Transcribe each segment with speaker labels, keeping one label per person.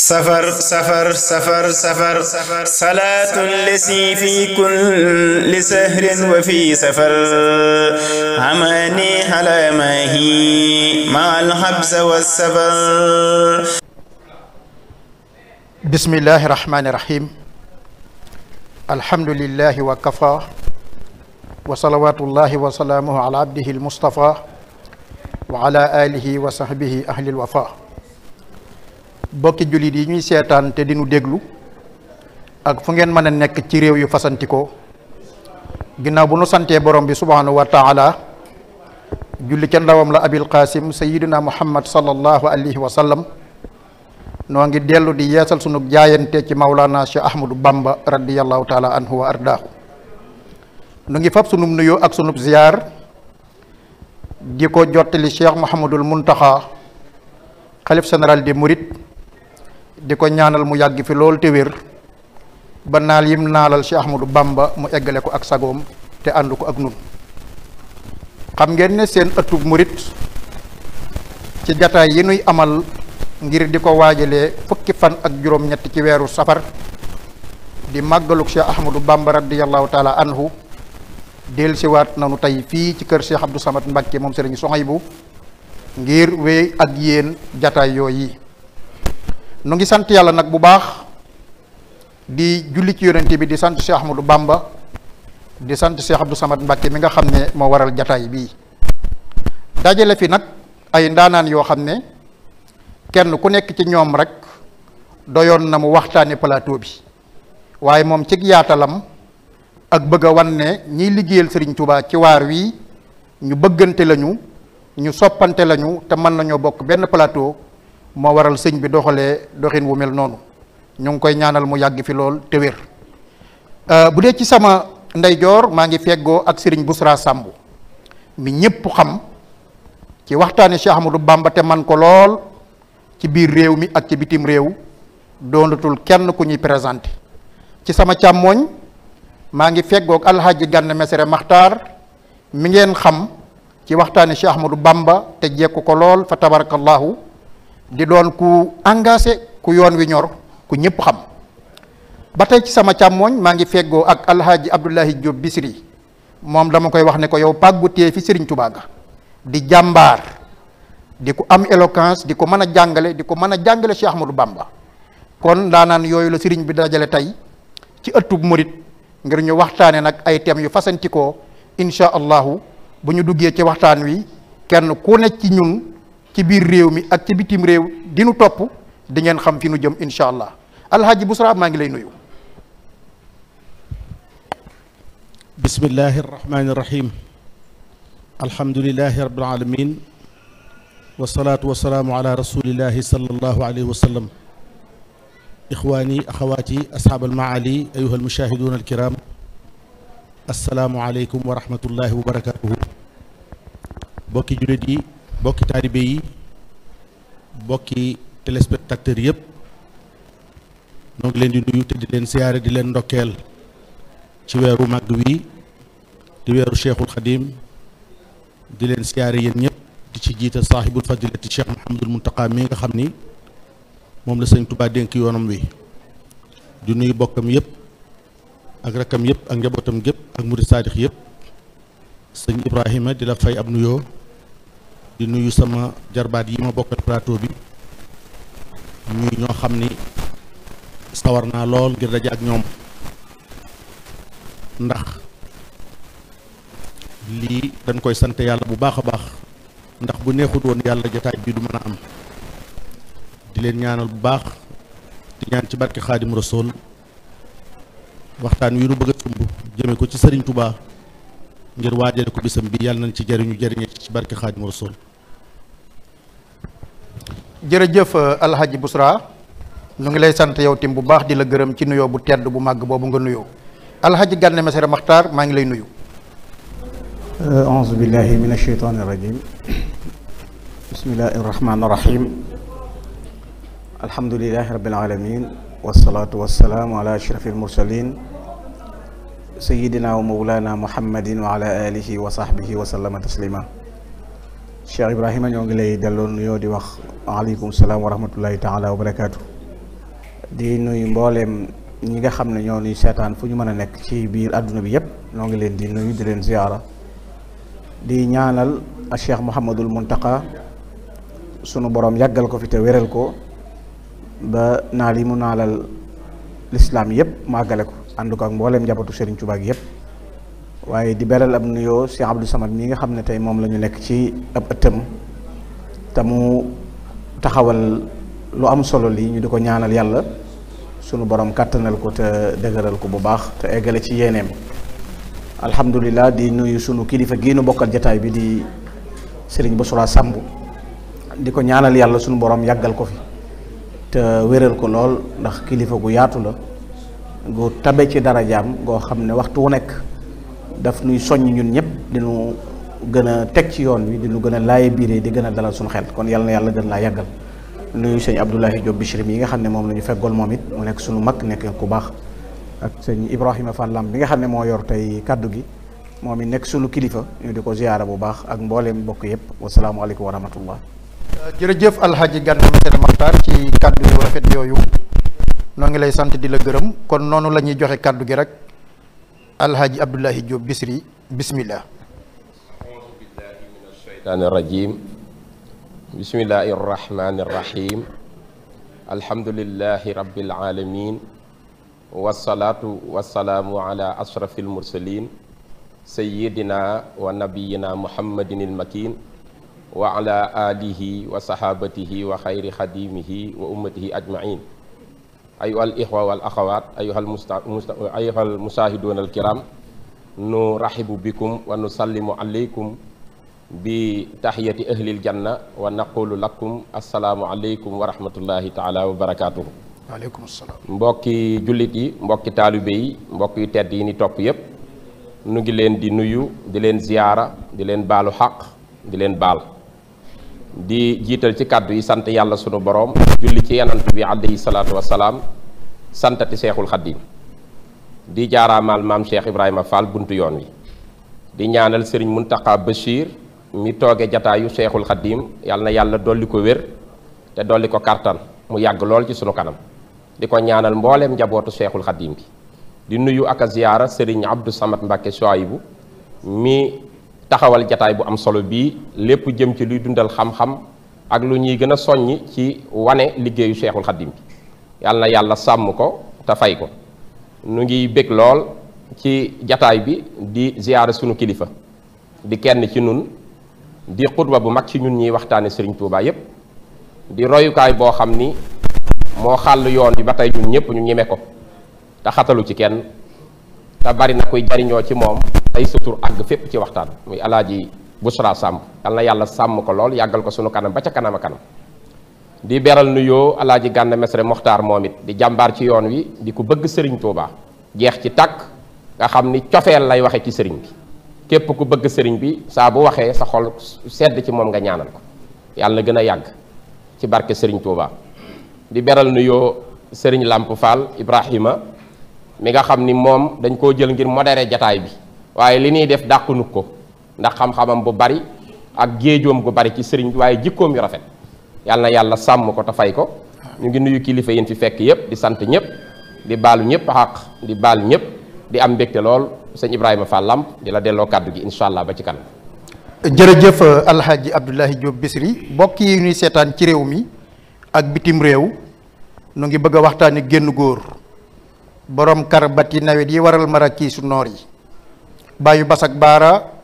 Speaker 1: سفر سفر سفر سفر صلاة لسي في كل سهر وفي سفر عماني على ما هي مع الحبس والسفر
Speaker 2: بسم الله الرحمن الرحيم الحمد لله وكفى وصلوات الله وسلامه على عبده المصطفى وعلى آله وصحبه أهل الوفاء bokki Juli yi ñuy seetaan te dinu déglu ak fu ngeen mën a nekk ci réew yu fasantikoo ginnaaw bu nu santee borom bi subhanahu wa taala julli ca ndawam la abil qasim Sayyidina muhammad sallallahu Alaihi wa sallam noo ngi dellu di yeesal maulana jaayante ci cheikh ahmadou bamba radiallahu taala anhu wa ardaahu nu ngi fab sunub nuyoo ak sunub ziar di ko jottali cheikh muhammadul muntaha xalif général de murit diko ñaanal mu yagg fi lol te wér ba naal yim naalal Cheikh Ahmadou Bamba mu eggale ko ak sagom te ànd ko ak nun xam ngeen ne seen murit ci jotaay yi nuy amal ngir diko wajale fukki fan ak juroom ñet ci safar di magaluk Cheikh Ahmadou Bamba radiyallahu taala anhu wat nanu tay fi ci kër Cheikh Abdou Samad Mbacke mom Serigne sohaybu ngir we ak yéen yoi. nu ngi sant yàlla nag bu baax di julli ci yonente bi di sant Cheikh Ahmadou bàmba di sant Cheikh Abdou Samad Mbacke mi nga xam ne moo waral jataay bii dajale fi nag ay ndaanaan yoo xam ne kenn ku nekk ci ñoom rek doyoon na mu waxtaane plateau bi waaye moom cig yaatalam ak bëgg a wan ne ñiy liggéeyal sëriñ Touba ci waar wi ñu bëggante lañu ñu soppante lañu te mën nañoo bokk benn plateau moo waral sëñ bi doxalee doxin wu mel noonu ñu ngi koy ñaanal mu yàgg fi lool te wér euh, bu dee ci sama ndeyjoor maa ngi feggoo ak sëriñ Busra Sàmb mi ñëpp xam ci waxtaane Cheikh Ahmadou Bamba te man ko lool ci biir réew mi ak ci bitim réew doonatul kenn ku ñuy présente ci sama càmmooñ maa ngi feggoog alxaaji Gànn Mesere maxtar mi ngeen xam ci waxtaane Cheikh Ahmadou bàmba te jekku ko lool fa tabarakallahu di doon ku engagé ku yoon wi ñor ku ñëpp xam ba tey ci sama càmmooñ maa ngi feggoo ak alhaaji Abdoulahi Diop bisiri moom dama koy wax ne ko yow pàggu tee fi Serigne Touba di jàmbaar di ko am éloquence di ko mën a jàngale di ko mën a jàngale Cheikh Ahmadou Bamba kon daanaan yooyu la Serigne bi dajale tey ci ëttub murit ngir ñu waxtaane nag ay thèmes yu fasantikoo incha allahu bu ñu duggee ci waxtaan wi kenn ku nekk ci ñun ci biir réew mi ak ci bitim réew di nu topp di ngeen xam fi nu jëm incha allah alhaji Busra maa ngi lay nuyu.
Speaker 1: bismillahi rahmaani rahim alhamdulilahi rabbil alamin wasalaatu wasalaamu ala rasulillahi sallallahu alayhi wa sallam ixwaani axawaati asxaab almaali ayuha almushaahiduuna alkiram asalaamu aleykum wa rahmatullahi wa barakatuhu bokki jullit yi bokki taalibe yi bokki téléspectateur yëpp ñoo ngi leen di nuyu te di leen siyaare di leen ndokkeel ci weeru màgg wi di weeru cheikhul xadim di leen siyaare yéen ñëpp di ci jiital saahibul fadilati cheikh Mouhamadul Muntaqa mi nga xam ni moom la sëñ Touba dénk yoonam wi di nuyu bokkam yëpp ak rakkam yëpp ak njabootam gépp ak murid saadix yëpp sëñ Ibrahima di la fay ab nuyoo di nuyu sama jarbaat yi ma bokkal plateau bi ñuy ño xamni ni sawar lool ngir daje ak ñoom ndax li dañ koy sante yalla bu baaxa a baax ndax bu neexut won yalla jotaay bi du mëna am di leen ñaanal bu baax di ñaan ci barke khadim rasool waxtaan wi ñu bëgg sumb jëme ko ci serigne touba ngir waajale ko bisam bi yalla nañ ci jariñu jariñe ci barke khadim jërëjëf alhaji busra
Speaker 2: nu ngi lay sant yow tim bu baax di la gërëm ci nuyo bu tedd bu mag bobu nga nuyo alhaji Gànne masere
Speaker 3: Maxtaar ma ngi lay nuyo a'udhu billahi minash shaitanir rajim bismillahir rahmanir rahim alhamdulillahi rabbil alamin wasalaatu wasalaamu ala ashrafi almursalin sayidina wa mawlana muhammadin wa ala alihi wa sahbihi wa sallama taslima Cheikh Ibrahima ñoo ngi lay delloo nuyoo di wax waaleykum salaam wa rahmatullahi taala wa barakaatu di nuyu mbooleem ñi nga xam ne ñoo nuy seetaan fu ñu mën a nekk ci biir àdduna bi yépp ñoo ngi leen di nuyu di leen ziyaara di ñaanal Cheikh Mouhamadul Muntaqa sunu borom yàggal ko fi te wéral ko ba naa yi mu naalal lislaam yépp màggale ko ànd ko ak mbooleem njabootu Serigne Touba gi yépp waaye di beral ab nuyoo Cheikh Abdou Samad mi nga xam ne tey moom la ñu nekk ci ab ëttam te mu taxawal lu am solo lii ñu di ko ñaanal yàlla sunu borom kàttanal ko te dëgëral ko bu baax te eggale ci yéeneem alhamdulilah di nuyu sunu kilifa gii nu bokkal jataay bi di Serigne Bassirou Samb di ko ñaanal yàlla sunu borom yàggal ko fi te wéral ko lool ndax kilifa gu yaatu la gu tabe ci darajaam goo xam ne waxtu wu nekk. daf nuy soññ ñun ñëpp dinu gën a teg ci yoon wi dinu gën a laaye biiree di gën a dalal suñu xel kon yàlla na yàlla gën laa yàggal nuyu sëñ Abdoulahi Diop Bichri yi nga xam ne moom la ñu feggool moom it mu nekk suñu mag nekk ku baax ak sëñ Ibrahima Fall Lam bi nga xam ne moo yor tey kaddu gi moom it nekk suñu kilifa ñu di ko ziyaara bu baax ak mbooleem bokk yëpp wasalaamualeykum wa rahmatullah
Speaker 2: jërëjëf alxaaji Gana Messere Maxtaar ci kaddu yu rafet yooyu noo ngi lay sant di la gërëm kon noonu la ñuy joxe kaddu gi rek الحاج عبد الله جوب بسري بسم الله أعوذ
Speaker 4: بالله من الشيطان الرجيم بسم الله الرحمن الرحيم الحمد لله رب العالمين والصلاة والسلام على أشرف المرسلين سيدنا ونبينا محمد المكين وعلى آله وصحابته وخير خديمه وأمته أجمعين أيها الإخوة والأخوات أيها, المست... أيها المشاهدون الكرام نرحب بكم ونسلم عليكم بتحية أهل الجنة ونقول لكم السلام عليكم ورحمة الله تعالى وبركاته عليكم السلام mbokki جلتي yi mbokki taalibe تديني mbokk yu tedd yi ni topp yépp nu ngi di jiital ci kàddu yi sant yàlla sunu boroom julli ci yanant bi alayhi salaatu wasalaam santati seexul xaddim di jaaraamaal maam Cheikh Ibrahima Fall buntu yoon wi di ñaanal sëriñ Muntaqa Bachir mi tooge jataayu seexul xaddim yàlla na yàlla dolli ko wér te dolli ko kàttan mu yàgg lool ci sunu kanam di ko ñaanal mbooleem njabootu seexul xaddim bi di nuyu ak a ziyaara sëriñ Abdou Samad Mbàkke Soyibu mi taxawal jataay bu am solo bii lépp jëm ci luy dundal xam-xam ak lu ñuy gën a soññi ci wane liggéeyu Seexul Xaddim bi yàlla na yàlla sàmm ko te fay ko nu ngi bég lool ci jataay bi di ziyaara sunu kilifa di kenn ci nun di xutba bu mag ci ñun ñuy waxtaane Sëriñ Tuubaa yépp di royukaay boo xam ni moo xàll yoon bi ba tey ñun ñëpp ñu ñeme ko te xatalu ci kenn te bari na koy jariñoo ci moom ay sutur ag fépp ci waxtan muy alaaji busra sam yalla yalla sam ko lol yagal ko sunu kanam ba ca kanam kanam di beral nuyo alaaji Gana mesre Mokhtar momit di jambar ci yoon wi di ku bëgg serigne Touba jeex ci tak nga xamni ni lay waxe ci serigne bi kep ku bëgg serigne bi sa bu waxe sa xol sedd ci mom nga ñaanal ko yalla gëna yag ci barke serigne Touba di beral nuyo sering Lamp Fall Ibrahima mi nga xamni ni dañ ko jël ngir modéré jotaay bi waye li ni def dakku nuko ndax xam-xamam bu bari ak geejjom gu bari ci serigne waye jikko mi rafet yalla yalla sam ko ta fay ko ñu ngi nuyu kilifa yeen fi fekk yeb di sante ñep di balu ñep haq di bal ñep di am mbégte lol serigne Ibrahima Fall Lamp di la delo kaddu gi inshallah ba ci
Speaker 2: Alhaji abdullah Job bisri bokk yi ñuy seetaan ci rew mi ak bitim rew nu ngi bëgg genn goor borom karabat yi nawet yi waral marakiisu noor yi. Bayu basak bara,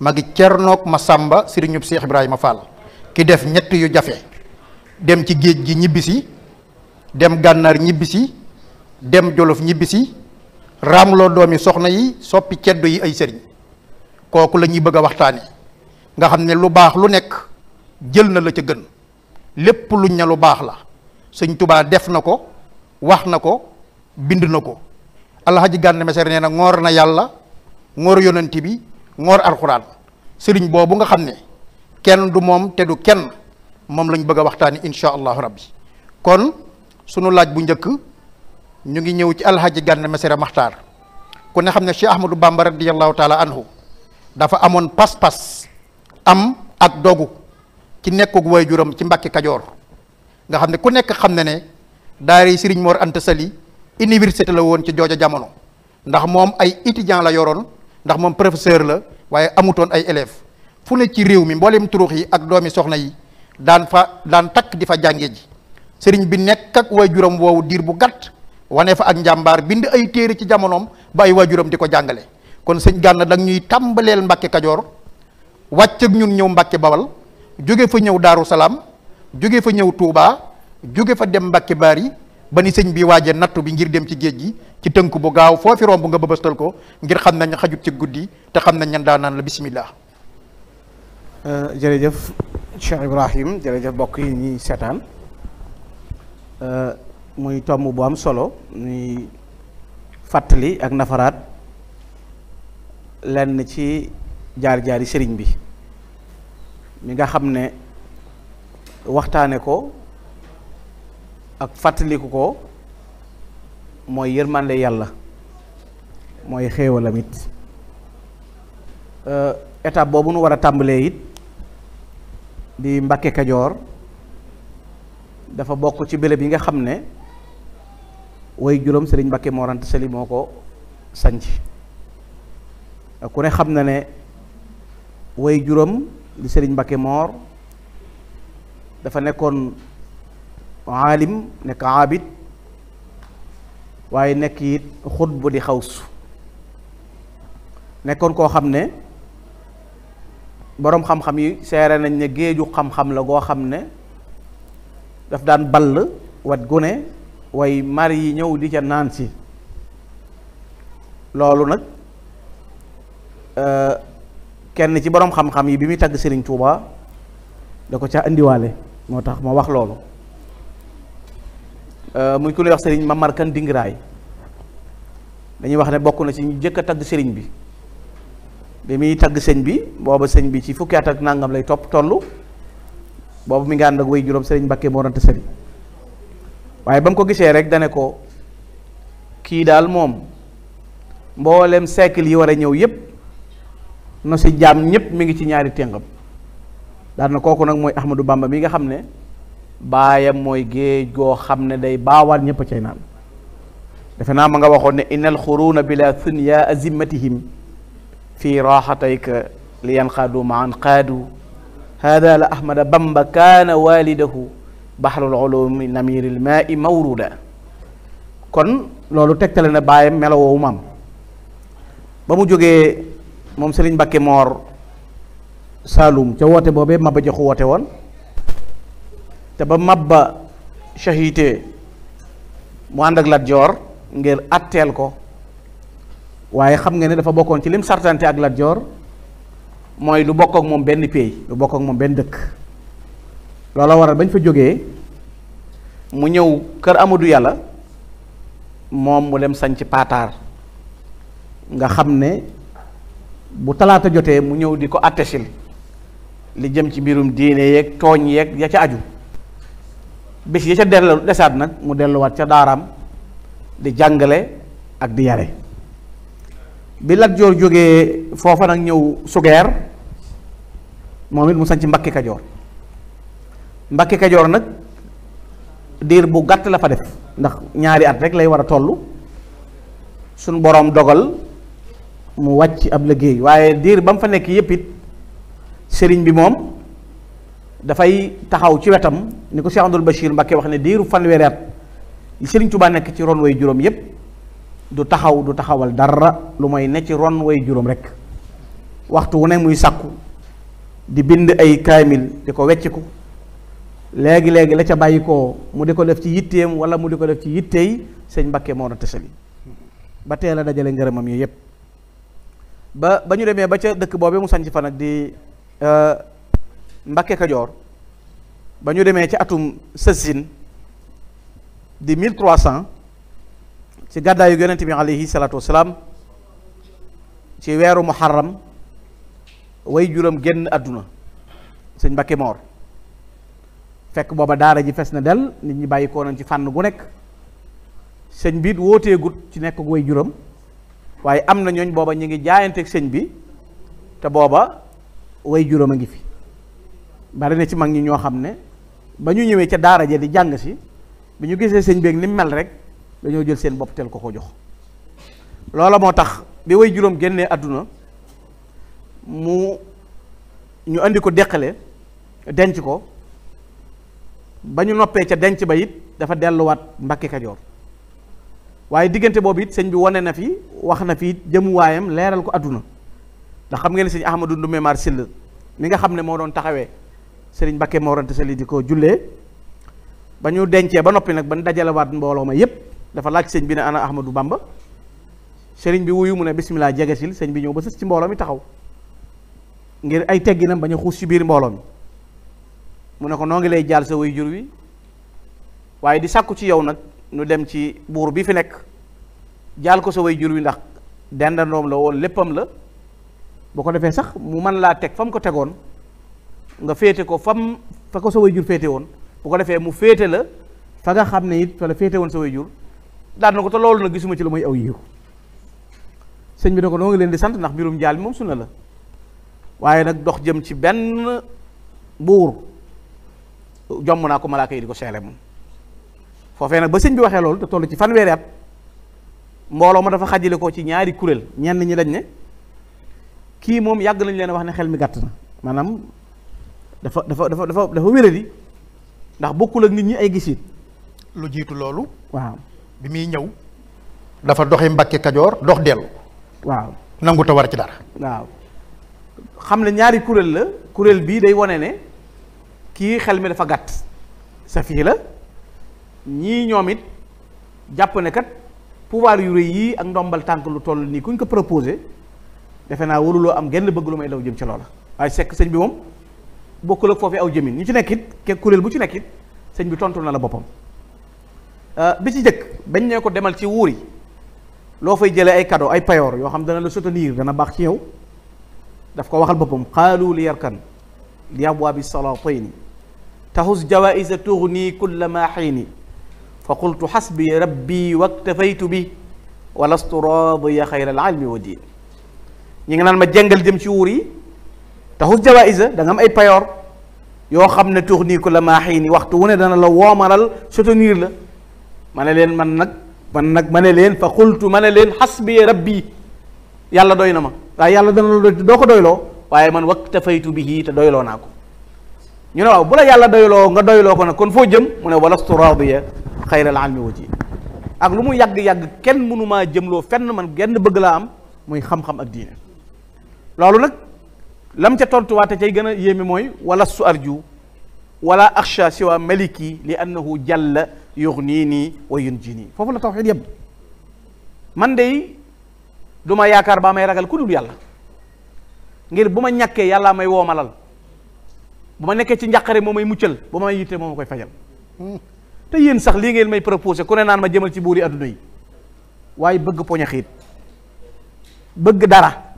Speaker 2: magi cernook masamba serigne cheikh Ibrahima Fall ki def ñett yu jafe dem ci geej gi ñibisi dem gannar ñibisi dem jolof ñibisi Ramlo domi soxna yi soppi ceddu yi ay serigne koku lañuy bëgg waxtani nga xamne lu baax lu nek jël na la ci gën lepp lu ñal lu baax la serigne touba def nako wax nako bind nako alhaji gann meser nee na ngor na yalla ngor yonenti bi ngor alquran serigne bobu nga xamne kenn du mom te du kenn mom lañ bëgg waxtani inshallah rabbi kon sunu laaj bu ñëk ñu ngi ñëw ci alhaji ganna masira maxtar ku ne xamne cheikh ahmadou bamba radiyallahu ta'ala anhu dafa amon pas pas, am ak dogu ci nekkuk wayjuram ci mbacke kadior nga xamne ku nek xamne ne daari serigne mor antassali université la won ci jojo jamono ndax mom ay étudiant la yoron ndax mom professeur la waye amutone ay élève fu ne ci rew mi mbooleem turux yi ak doomi soxna yi dan fa dan tak di fa jànge ji serigne bi nek ak wajuram wowo diir bu gat wane fa ak njambar bind ay téré ci jamonom ba wajuram diko di kon serigne gann dag ñuy tambalel mbacké kadior wacc ak ñun ñew mbacké Bawal jóge fa ñew daru salam jóge fa ñew touba jóge fa dem mbacké bari ba ni bi waje natou bi ngir dem ci geej gi ci tënk bu gaaw foofi rombu nga bëbëstal ko ngir xam nañ xajut ci guddi te xam ñan daanaan la bismillah
Speaker 3: jeuf Cheikh Ibrahim jeuf bokk yi setan euh muy tomb bu am solo ni fatli ak nafarat lenn ci jaar-jaari serigne bi mi nga xamne waxtane ko ak fàttaliku ko mooy yërmande yàlla mooy xéewalam it euh, étape bobu nu wara a tàmbalee it di Mbàkke Kajoor dafa bokk ci bele yi nga xam ne way juróom Sëriñ Mbàkke Mor Anta ko euh, ku ne xam ne way di sering mbake mor dafa nekkoon aalim nekk aabid waaye nekk it bu di xawsu nekkoon koo xam ne boroom xam-xam yi seere nañ ne géeju xam-xam la goo xam ne daf daan ball wat gune way mar yi ñëw di ca naan si loolu nag eh, kenn ci boroom xam-xam yi bi muy tagg Sëriñ Tuuba da ko ca indiwaale moo tax ma wax loolu Euh, muy ku wax sëriñ ma Kan Dingiraay dañuy wax ne bokk na ci ñu jëkk a tagg sëriñ bi bi muy tagg sëñ bi booba sëñ bi ci fukki at ak nangam lay topp toll boobu mu ngi ànd ak way juróom sëriñ Mbàkke moo ranta sëriñ waaye ba mu ko gisee rek dane ko kii daal moom mboolem siècle yi war a ñëw yépp no si jaam ñépp mi ngi ci ñaari téngam daal kooku nag mooy Ahmadou bàmba mi nga xam ne baayam mooy géej goo xam ne day baawaan ñëpp a naan defe naa ma nga waxoon ne innal xuruuna bila sunya azimmatihim fi raxatayka li yanqaadu ma an qaadu hada la ahmada bamba kaana walidahu bahrul ulumi namiril maai mawruda kon loolu tegtale na baayam melowoowu maam ba mu jógee moom Sëriñ Mbakke Moor Saalum ca woote boobee Maba Jaxu woote woon te ba mabba shahite mu ànd ak Lat Joor ngir atteel ko waaye xam nga ne dafa bokkoon ci lim sartante ak Lat Joor mooy lu bokk ak moom benn pays lu bokk ak moom benn dëkk loola waral bañ fa jógee mu ñëw kër Amadou Yàlla moom mu dem sañ ci paataar nga xam ne bu talaata jotee mu ñëw di ko attesil li jëm ci biirum diine yeeg tooñ yeeg ya ca aju bés yi ca dellu desaat nag mu delluwaat ca daaraam di jàngale ak di yare bi Lat Joor jógee foofa nag ñëw sugeer moom it mu sañ ci Mbàkke Kajoor Mbàkke Kajoor nag diir bu gàtt la fa def ndax ñaari at rek lay war a toll suñ boroom dogal mu wàcc ab liggéey waaye diir ba mu fa nekk yépp it sëriñ bi moom dafay taxaw ci wetam ni ko Cheikh ba Bachir Mbacké wax ne diiru fanweeri at yi Sëriñ nekk ci ron way juróom yépp du taxaw du taxawal dara lu mooy ne ci ron way juróom rek waxtu wu ne muy sàkku di bind ay kaamil di ko wecciku léegi léegi la ca bàyyi ko mu di ko def ci yitteem wala mu di ko def ci yitteey sëñ Mbacké moo na tësali ba teel a dajale ngërëmam yooyu yépp ba ba ñu demee ba ca dëkk boobee mu sanc fa nag di euh, mbakke kajoor ba ñu démé ci atum sësin di 1300 ci gadda yu gàddaayu yonent bi alayhi salatu wassalam ci wéru muharram way juróom genn aduna señ mbakke moor fekk boba daara ji fess na del nit ñi bayiko non ci fann gu nek señ biit wote gut ci way juróom waye amna na boba ñi ngi jaayante ak señ bi te boba way juróom fi bari na ci mag ñi ñoo xam ne ba ñu ñëwee ca daara ja di jàng si bu ñu gisee sëñ beeg ni mu mel rek dañoo jël seen bopp ko ko jox loola moo tax bi way juróom génnee àdduna mu ñu indi ko deqale denc ko ba ñu noppee ca denc ba it dafa delluwaat Mbàkke Kajoor waaye diggante boobu it sëñ bi wane na fi wax na fi jëmuwaayam leeral ko àdduna ndax xam nga ne sëñ Ahmadou Ndoumé Mar Syll mi nga xam ne moo doon taxawee sëriñ Mbakke Mor Anta Sali di ko jullee ba ñu dencee ba noppi nag ba ñu dajalewaat mbooloo ma yépp dafa laaj sëñ bi ne ana Ahmadou Bamba sëriñ bi wuyu mu ne bismillah jegesil sëñ bi ñëw ba sës ci mbooloo taxaw ngir ay tegginam bañ a xuus ci biir mbooloo mi mu ne ko noo ngi lay jaal sa way jur wi waaye di sàkku ci yow nag nu dem ci buur bi fi nekk jaal ko sa way jur wi ndax dendandoom la woon léppam la boo ko defee sax mu mën laa teg fa mu ko tegoon nga féete ko fam fa ko sa wayjur féete woon bu ko defee mu féete la fa nga xam ne it fa féete woon sa wayjur daan ko te loolu nag gisuma ci lu muy aw yiw sëñ bi ne ko noo ngi leen di sant ndax mbirum jaal mi moom ne la waaye nag dox jëm ci benn buur jomm naa ko malaaka yi di ko seele moom foofee nag ba sëñ bi waxee loolu te toll ci fanweeri at mbooloo ma dafa xajale ko ci ñaari kuréel ñenn ñi dañ ne kii moom yàgg nañ leen wax ne xel mi gàtt maanaam dafa dafa dafa dafa dafa wéradi ndax bokkul ak nit ñi ay gisit lu jiitu loolu. waaw
Speaker 2: bi muy ñëw. dafa doxi Mbàkke Kajoor dox dellu. waaw nangu te war
Speaker 3: ci dara. waaw xam ne ñaari kuréel la kuréel bii day wane ne kii xel mi dafa gàtt. sa fii la ñii ñoom it jàpp ne kat pouvoir yu rëy yii ak ndombal tànk lu toll nii kuñ ko proposé defe naa waruloo am genn bëgg lu may daw jëm ci loola waaye sekk sëñ bi moom. bokul ak foofu aw jëmin ñu ci nekk it ke kuréel bu ci nekk it sëñ bi tontu na la euh bi ci jëkk bañ ne ko demal ci wuri lo fay jëlé ay cadeau ay payor yo xam dana la soutenir dana bax ci yow daf ko waxal bopam qalu li yarkan li abwaabi salaatayni tahus jawaisa tugni kulla ma xiini fa qultu xasbi rabbi waktafaytu bi walastu raadiya xayra al almi wa diin ñi nga naan ma ci تخوك جوائز دانغام اي بايور يو خامنا تورني كل ما حين وقتو وني دانا لو وامرال سوتونير لا مانلين مان نك مان نك مانلين فقلت مانلين حسبي ربي يالا دوينا ما لا يالا دانا لو دوكو دويلو واي مان وقت فايتو به تا ناكو ني نو بولا يالا دويلو nga دويلو كون كون فو جيم مون ولست راضيا خير العلم وجي ak lu mu yag yag kenn munuma jëmlo fenn man genn bëgg la am muy xam xam ak lam ca tontuwaate cay gën a yéeme mooy wala su arju wala axsha siwa maliki li annahu jalla yugnini wa yunjini foofu la tawxid yëpp man day du ma yaakaar baa may ragal ku dul yàlla ngir bu ma ñàkkee yàlla may woomalal bu ma nekkee ci njàqare moo may muccal bu ma yitte moom ma koy fajal te yéen sax lii ngeen may proposé ku ne naan ma jëmal ci buuri adduna yi waaye bëgg poñaxiit bëgg dara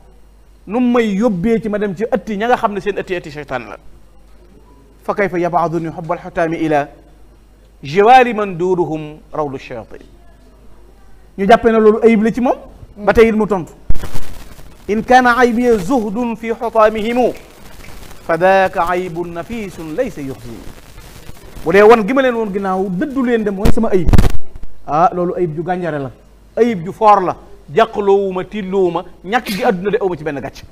Speaker 3: نم يوبيت مدام تي اتي نيغا خامن سين اتي اتي شيطان لا فكيف يبعدني حب الحتام الى جوار من دورهم رول الشياطين ني جابنا لولو ايب لي تي موم ان كان عيب زهد في حطامهم فذاك عيب نفيس ليس يخزي ولي وان جيمالين وون غيناو ددولين دم سما ايب اه لولو ايب جو غانيار لا ايب جو فور لا jàqaloowuma tilluwuma ñàkk gi àdduna de awma ci benn gàcc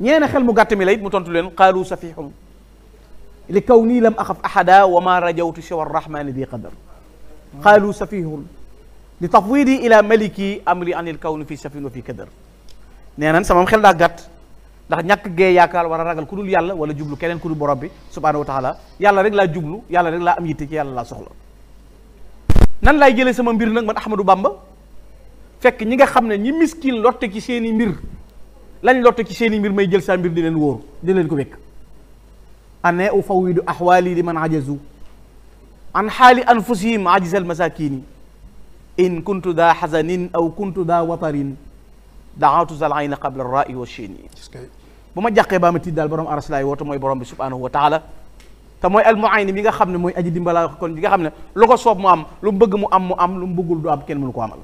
Speaker 3: ñeena xel mu gàtt mi la mu tontu leen qaalu safihum li kaw nii lam axaf axada wa ma rajawtu siwa arrahmani di qadar qaalu safihum li tafwidi ila maliki amri anil il kawni fi safin wa fi kadar nee samam xel daa gàtt ndax ñàkk gee yaakaar war a ragal ku dul yàlla wala jublu keneen ku dul borom subhanahu wa taala yàlla rek laa jublu yàlla rek laa am yitte ci yàlla laa soxla nan laay jëlee sama mbir nag man Ahmadou Bamba fekk ñi nga xamne ñi miskin lotte ci seeni mbir lañ lotte ci seeni mbir may jël sa mbir di len wor di len ko wekk ane u fawidu ahwali liman ajazu an hali anfusihim ajisal masakin in kuntu da hazanin aw kuntu da watarin da'atu zal ayn qabla rai wa shini buma jaxé ba ma tidal borom arsalay wota moy borom bi subhanahu wa taala ta moy al almuayin bi nga xamne moy aji dimbalaa kon gi nga xamne ne lu ko soob mu am lu bëgg mu am mu am lu bëggul du am kenn mu ko amal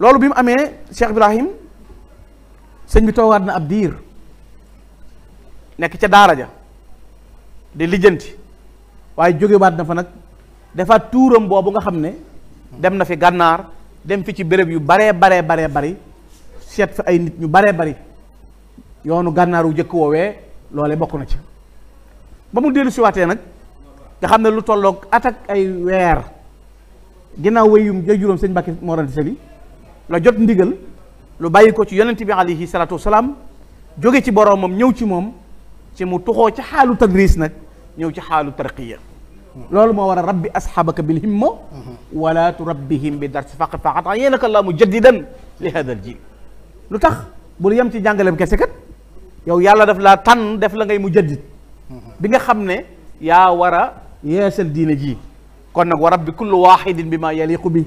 Speaker 3: loolu bi mu amee Cheikh Ibrahim sëñ bi toogaat na ab diir nekk ca daara ja di lijjanti waaye jógewaat na fa nag defaat tuuram boobu nga xam ne dem na fi gànnaar dem fi ci bërëb yu baree baree baree bari seet fi ay nit ñu baree bari yoonu gànnaaru jëkk woowee loole bokk na ci ba mu dellu siwaatee nag nga xam ne lu tollook at ak ay weer ginnaaw wéyum juróom sëñ Mbàkke Mor Anta Sali la jot ndigal lu bayiko ci yonent bi alayhi salaatu wasalaam jóge ci borom mom ñëw ci mom ci mu tuxo ci halu tadris nak ñëw ci halu tarqiya lolu mo wara rabbi ashabaka bil himma wala turabbihim bi dars faq faqat yeenaka laa mujaddidan li hada al jil lutax bu yam ci jangalem kesse kat yow yàlla daf la tan def la ngay mujaddid bi nga xamne ya wara yeesal diina ji kon nak wa rabbi kullu wahidin bima yaliqu bi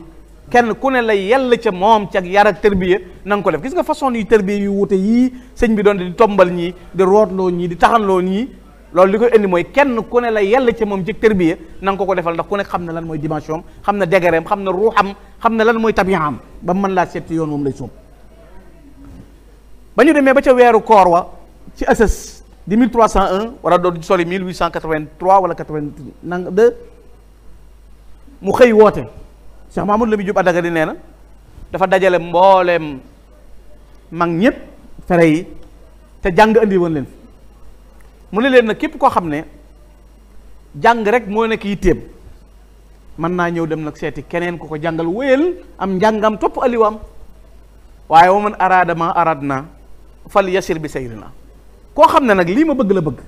Speaker 3: kenn ku ne la yell ca moom ca yar ak tërbiya na nga ko def gis nga façon yu tërbiya yu wute yii sëñ bi doon di tombal ñii di rootloo ñii di taxanloo ñii loolu li koy indi mooy kenn ku ne la yell ca moom ci tërbiya na nga ko ko defal ndax ku ne xam na lan mooy dimension am xam na degereem xam na ruuxam xam na lan mooy tabiyaam ba mën laa seet ci yoon moom lay sóob ba ñu demee ba ca weeru koor wa ci asas di 1301 wala doon soli 1883 wala 82 mu xëy woote Cheikh Mahamadou Lamine Diop Adagari nee na dafa dajale mbooleem mag ñëpp fere yi te jàng andi leen mu ne leen nag képp koo xam ne jàng rek moo nekk yitteem mën naa ñëw dem nag seeti keneen ku ko jàngal wéyal am njàngam topp aliwaam waaye wa araada ma araad na fal yasir bi sayri na koo xam ne nag lii ma bëgg la bëgg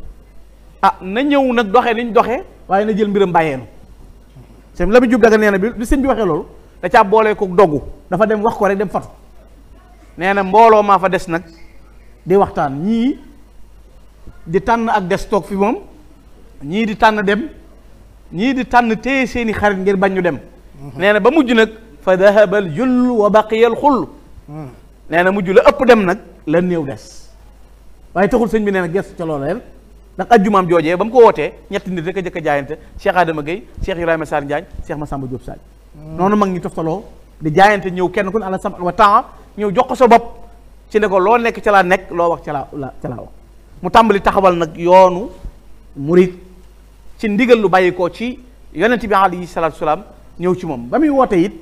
Speaker 3: ah na ñëw nag doxe niñ doxee waaye na jël mbiram bàyyeenu lebih Lamine Diop daga neena bi bi sëñ bi waxe lolou da ca bolé ko dogu dafa dem wax ko rek dem fat neena mbolo ma fa des nak di waxtan ñi di tan ak dess tok fi mom ñi di tan dem ñi di tan téye seeni xarit ngir bañ dem mhm. neena ba mujj nak fa dhahabal jul wa baqiya al khul mhm. neena mujj la ëpp dem nak la neew dess waye taxul sëñ bi neena gess ci lolou ndax ajjumaam joojee ba mu ko wootee ñetti nit rek a jëkk a jaayante Cheikh Adama Gueye Cheikh Ibrahima Sarr Ndiagne Cheikh Massamba Diop Sadji hmm. noonu mag ñi toftaloo di jaayante ñëw kenn ku ne ala sam wa ñëw jox ko sa bopp ci ne ko loo nekk ca laa nekk loo wax ca laa la ca mu tàmbali taxawal nag yoonu murit ci ndigal lu bàyyi ko ci yonent bi alayhi salaatu salaam ñëw ci moom ba muy wootee it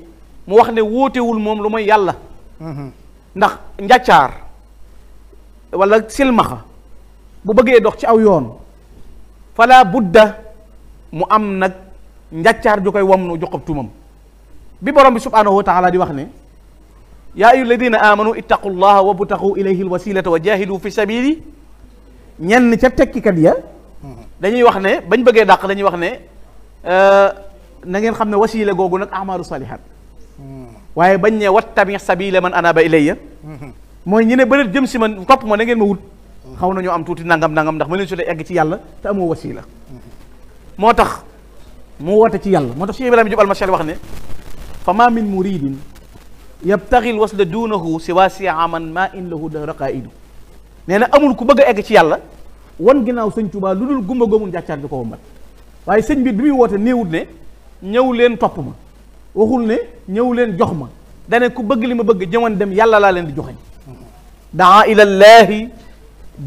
Speaker 3: mu wax ne wóotewul moom lu mooy yàlla ndax njàccaar wala silmaxa bu bëggee dox ci aw yoon fala budda mu am nag njàccaar ju koy wom nu joxob tumam bi borom bi subhaanahu wa taala di wax ne yaa ayu alladina amanu ittaqu llaha wabtaxu ilayhi alwasilata wa jahidu fi sabili ñenn ca tekkikat ya dañuy wax ne bañ bëggee dàq dañuy wax ne euh, na ngeen xam ne wasila googu nag amalu salihat waaye bañ ne wattabi sabila man anaba ilayya mooy ñu ne bëreet jëm si man topp ma na ngeen ma wut xaw nañoo am tuuti nangam nangam ndax ma leen sotee egg ci yàlla te amoo wasila moo tax mu woote ci yàlla moo tax Cheikh Ibrahima Jóob almashal wax ne fa ma min muridin yabtaxil wasla duunahu si waa siaman ma in lahu da raqaidu nee na amul ku bëgg egg ci yàlla wan ginnaaw sëñ Tuubaa lu dul gumba goomul njàccaar di ko wombat waaye sëñ bi bi muy woote néewut ne ñëw leen topp ma waxul ne ñëw leen jox ma dane ku bëgg li ma bëgg jëman dem yàlla laa leen di joxeñ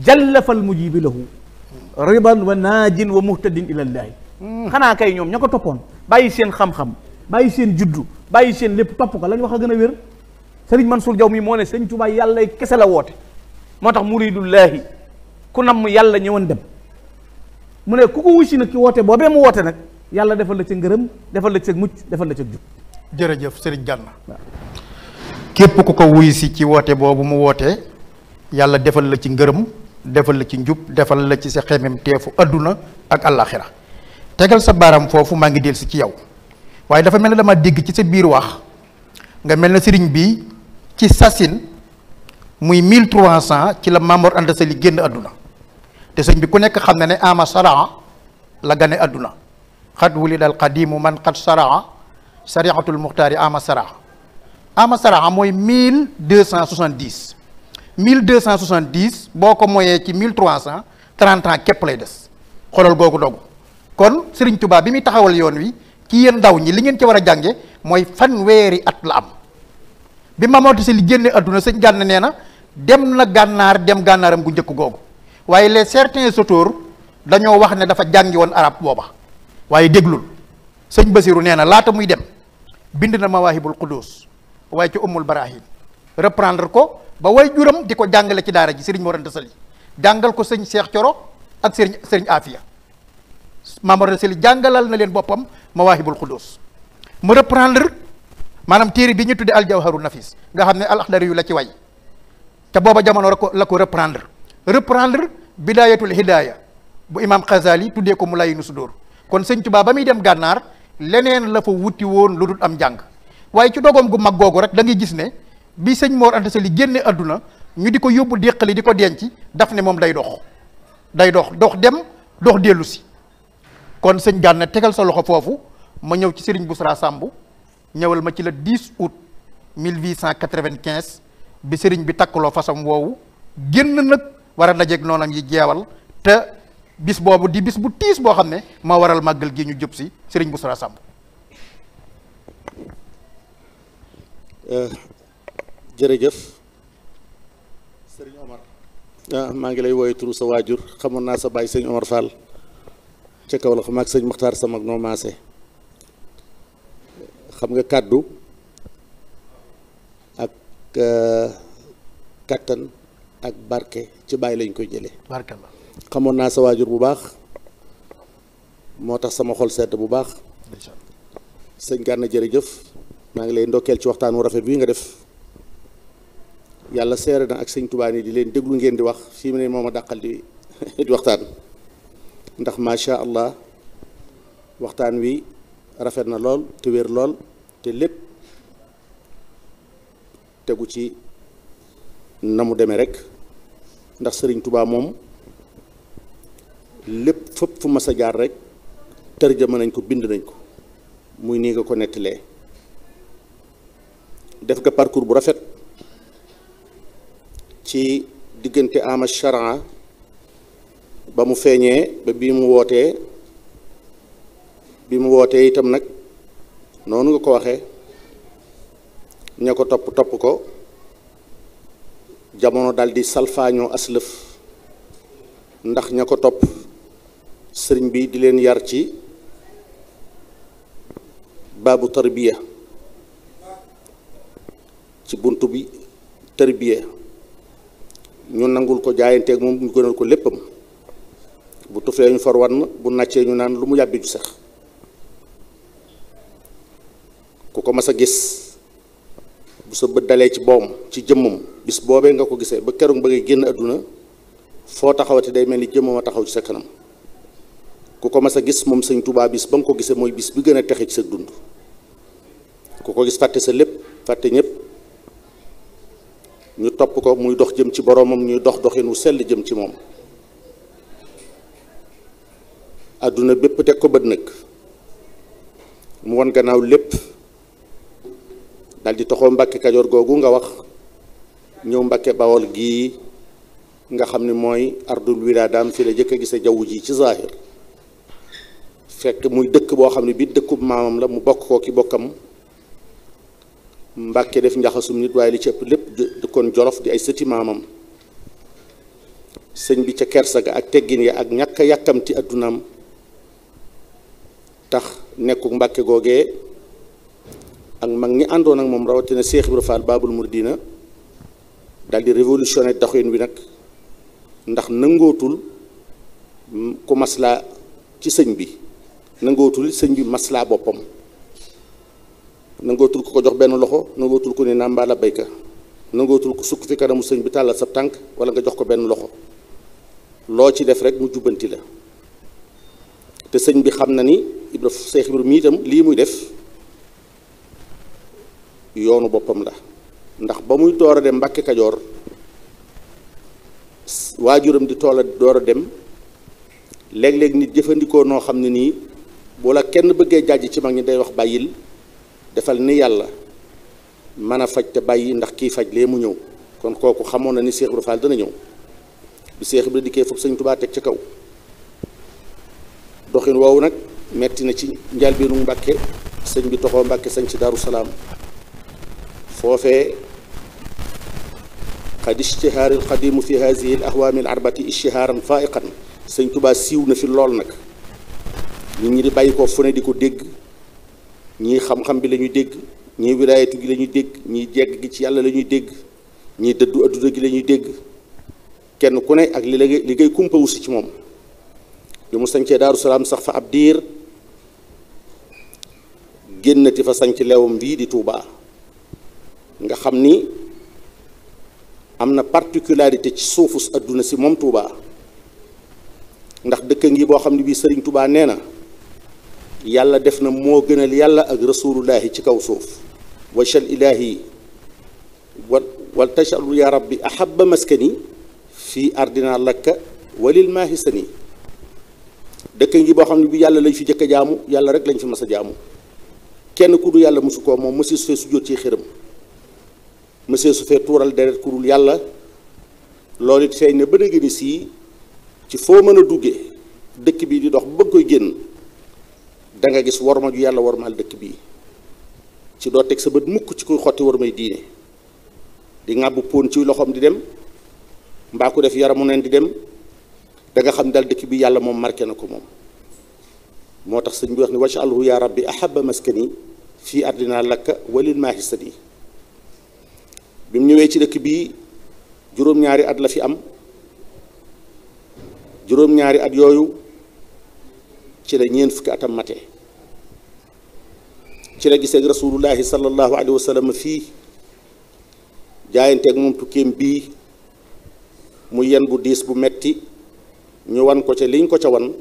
Speaker 3: jalla fal mujibi lahu riban wa naajin wa muhtadin ilallaahi hmm. xanaa kay ñoom ña ko toppoon bàyyi seen xam-xam bàyyi seen juddu bàyyi seen lépp topp ko lañu wax a gën a wér sëriñ mansul Diaw mi moo ne sëñ Tuubaa yàlla kese la woote moo tax muridullaahi ku namm yàlla ñëwoon dem mu ne ku ko wusi nag ki woote boobee mu woote nag yàlla defal la ca ngërëm defal la ca mucc defal la ca jub jërëjëf sëriñ
Speaker 2: Gana képp ku ko wuy si ci woote boobu mu woote yàlla defal la ci ngërëm defal la ci njub defal la ci sa xemem teefu adduna ak àllaaxira tegal sa baaraam foofu maa ngi del si ci yow waaye dafa mel ne dama dégg ci sa biir wax nga mel na sëriñ bi ci sasin muy mille trois ci la Mamor Anta Sali génn àdduna te sëñ bi ku nekk xam na ne ama saraa la gane àdduna xat wuli dal qadimu man xat saraa sariatul muxtaari ama saraa ama saraa mooy mille deux cent soixante-dix mille deux cent soixante dix boo ko moyee ci mille trois cent trente ans képp lay des xoolal googu dogu kon Serigne Touba bi muy taxawal yoon wi ci yéen ndaw ñi li ngeen ci war a jànge mooy fanweeri at la am bi ma Mamadou si li génne adduna sëñ gànn nee na dem na gànnaar dem gànnaaram gu njëkk googu waaye les certains auteurs dañoo wax ne dafa jàngi woon arab booba waaye déglul sëñ Basiru nee na laata muy dem bind na Mawaahibul Quddus waaye ci Ummul Barahin reprendre ko ba way juram diko jangale ci daara ji serigne mourad Anta Sali ko serigne Cheikh Coro ak serigne serigne Afia mamour Mor janggalal Sali jàngalal na len kudus. mawahibul Xudus mu reprendre manam téré bi ñu al Nafis nga xam ne al akhdar yu la ci way ta boba jamono rek la ko reprendre reprendre bidayatul hidayah bu Imam Xazali tuddé ko Mulayyinu Sudur kon serigne diam bamuy dem gannar leneen la fa wuti won lu am jang waye ci dogom gu mag rek da ngay gis ne bi sëñ Mor Anta Sali génne aduna ñu di ko dekkali diko di ko denc daf ne mom day dox day dox dox dem dox dellu si kon sëñ Gana tegal sa loxo fofu ma ñew ci Serigne Bousra sambu ñewal ma ci le 10 août 1895 bi Serigne bi takkaloo fasam woowu genn nak wara dajek nonam yi jeewal te bis bobu di bis bu tis bo xam ne waral magal gi ñu jup si Serigne Bousra sambu
Speaker 1: euh, jerejef serigne Omar ah ya, ma ngi lay woy turu sa wajur xamona sa baay serigne Omar Fall ci kaw la xam ak serigne sama ak no maase xam nga kaddu ak euh, katan ak barke ci baay lañ koy jëlé barke la xamoon sa wajur bu baax motax sama xol sedd bu baax serigne Gana jërëjëf ma ngi lay ndokel ci waxtan wu rafet nga def yalla seere na ak seigne touba ni di len déglu ngeen di wax fi mu moma dakal di di waxtaan ndax sha allah waxtaan wi rafet na lol te wér lol te lépp tegu ci namu mu rek ndax seigne touba mom lepp fépp fu mas jaar rek tërjëma nañ ko bind nañ ko muy ni nga ko netlé def ga parcours bu rafet ci diggante ama charan ba mu feeñee ba bi mu wootee bi mu wootee itam nag noonu nga ko waxe ña ko topp topp ko jamono daldi di salfaañoo aslëf ndax ña ko topp sëriñ bi di leen yar ci baabu tarbiya ci bunt bi tarbiya ñu nangul ko jaayanteeg moom ñu gënal ko léppam bu tuflee ñu far wann bu nàccee ñu naan lu mu yàbbi ju sax ku ko mas a gis bu sa bët dalee ci boom ci jëmmam bis boobee nga ko gisee ba keroog ba ngay génn àdduna foo taxawati day mel ni jëmmam a taxaw ci sa kanam ku ko mas a gis moom sañ Tuubaa bis ba nga ko gisee mooy bis bi gën a texe ci sa dund ku ko gis fàtte sa lépp fàtte ñëpp ñu topp ko muy dox jëm ci boroomam ñuy dox doxin wu sell jëm ci moom àdduna bépp teg ko bët nag mu wan gannaaw lépp daldi toxoo mbàkke kajoor googu nga wax ñëw mbàkke bawol gi nga xam ni mooy ardul wilaadaam fi la jëkk a gise jaww ji ci zaahir fekk muy dëkk boo xam ne bi dëkkub maamam la mu bokk ko ki bokkam Mbàkke def njaxasum nit waaye li ci ëpp lépp kon jolof di ay sëti maamam sëñ bi ca kersa ga ak teggin ya ak ñàkk yàkkamti àddunaam tax nekku Mbàkke googee ak mag ñi àndoon ak moom rawatina Seex Ibra Faal Baabul Muridiina daal di révolutionné doxin wi nag ndax nangootul ku maslaa ci sëñ bi nangootul sëñ bi maslaa boppam nangootul ko ko jox benn loxo nangootul ko ni nàmbaala mbaala nangootul ko sukk fi kanamu sëñ bi tàllal sab tànk wala nga jox ko benn loxo loo ci def rek mu jubbanti la te sëñ bi xam na ni Ibra Seex Ibra mi tam lii muy def yoonu boppam la ndax ba muy door a dem Mbàkke Kajoor waajuram di tool a door a dem léeg-léeg nit jëfandikoo noo xam ne nii wala kenn bëggee jàjj ci mag ñi day wax bàyyil defal ni yàlla mën a faj te bàyyi ndax kii faj lee mu ñëw kon kooku xamoon na ni Cheikh Ibra Fall dana ñëw bi Cheikh Ibra dikkee foofu sëñ Tuubaa teg ci kaw doxin woowu nag metti na ci njëlbéenu Mbàkke sëñ bi toxoo Mbàkke sañ ci Daaru Salaam foofee xad ishtihaari alqadimu fi hadihi al ahwaami al arbati siiw na fi lool nag nit ñi di bàyyi ko fu ne di ko dégg ñii xam-xam bi la dégg ñii wilaayatu gi la ñuy dégg ñii jegg gi ci yàlla la ñuy dégg ñii dëddu adduna gi la dégg kenn ku ne ak li la li ngay kumpawu si ci moom bi mu sañcee daaru salaam sax fa ab diir génnati fa sañc lewam bii di Touba nga xam ni am na particularité ci suufus adduna si moom Touba ndax dëkk ngi boo xam ne bii Serigne Touba nee na yàlla def na moo gënal yàlla ak rasulullahi ci kaw suuf wachal ilahi wa wal tajalu ya rabbi ahaba maskani fii ardina lakka walil maahisani dëkk ngi boo xam ne bi yàlla lañ fi jëkk a jaamu yàlla rek lañ fi mas a jaamu kenn ku du yàlla mosu koo moom monsieur su fee su jot ci xiram monsieur su fee tuural deret ku dul yàlla loolu it feeñ ne ba dëgg ni sii ci foo mën a duggee dëkk bi di dox ba bëgg koy génn da nga gis worma ju yalla wormal dekk bi ci do tek sa beut mukk ci koy xoti wormay diine di ŋàbbu pon ci loxom di dem mba ko def yaramu neen di dem da nga xam dal dekk bi yalla mom na mom motax señ bi wax ni sha'allahu ya rabbi ahaba maskani fi ardina lak walil maahisani bi mu ci dekk bi jurom ñaari at la fi am jurom ñaari at yoyu ci la ñeen fukki atam mate ci la giseeg rasulullahi sallallahu alayhi wa sallam fii jaayanteeg moom tukkeem bii mu yen bu diis bu metti ñu wan ko ca liñ ko ca wan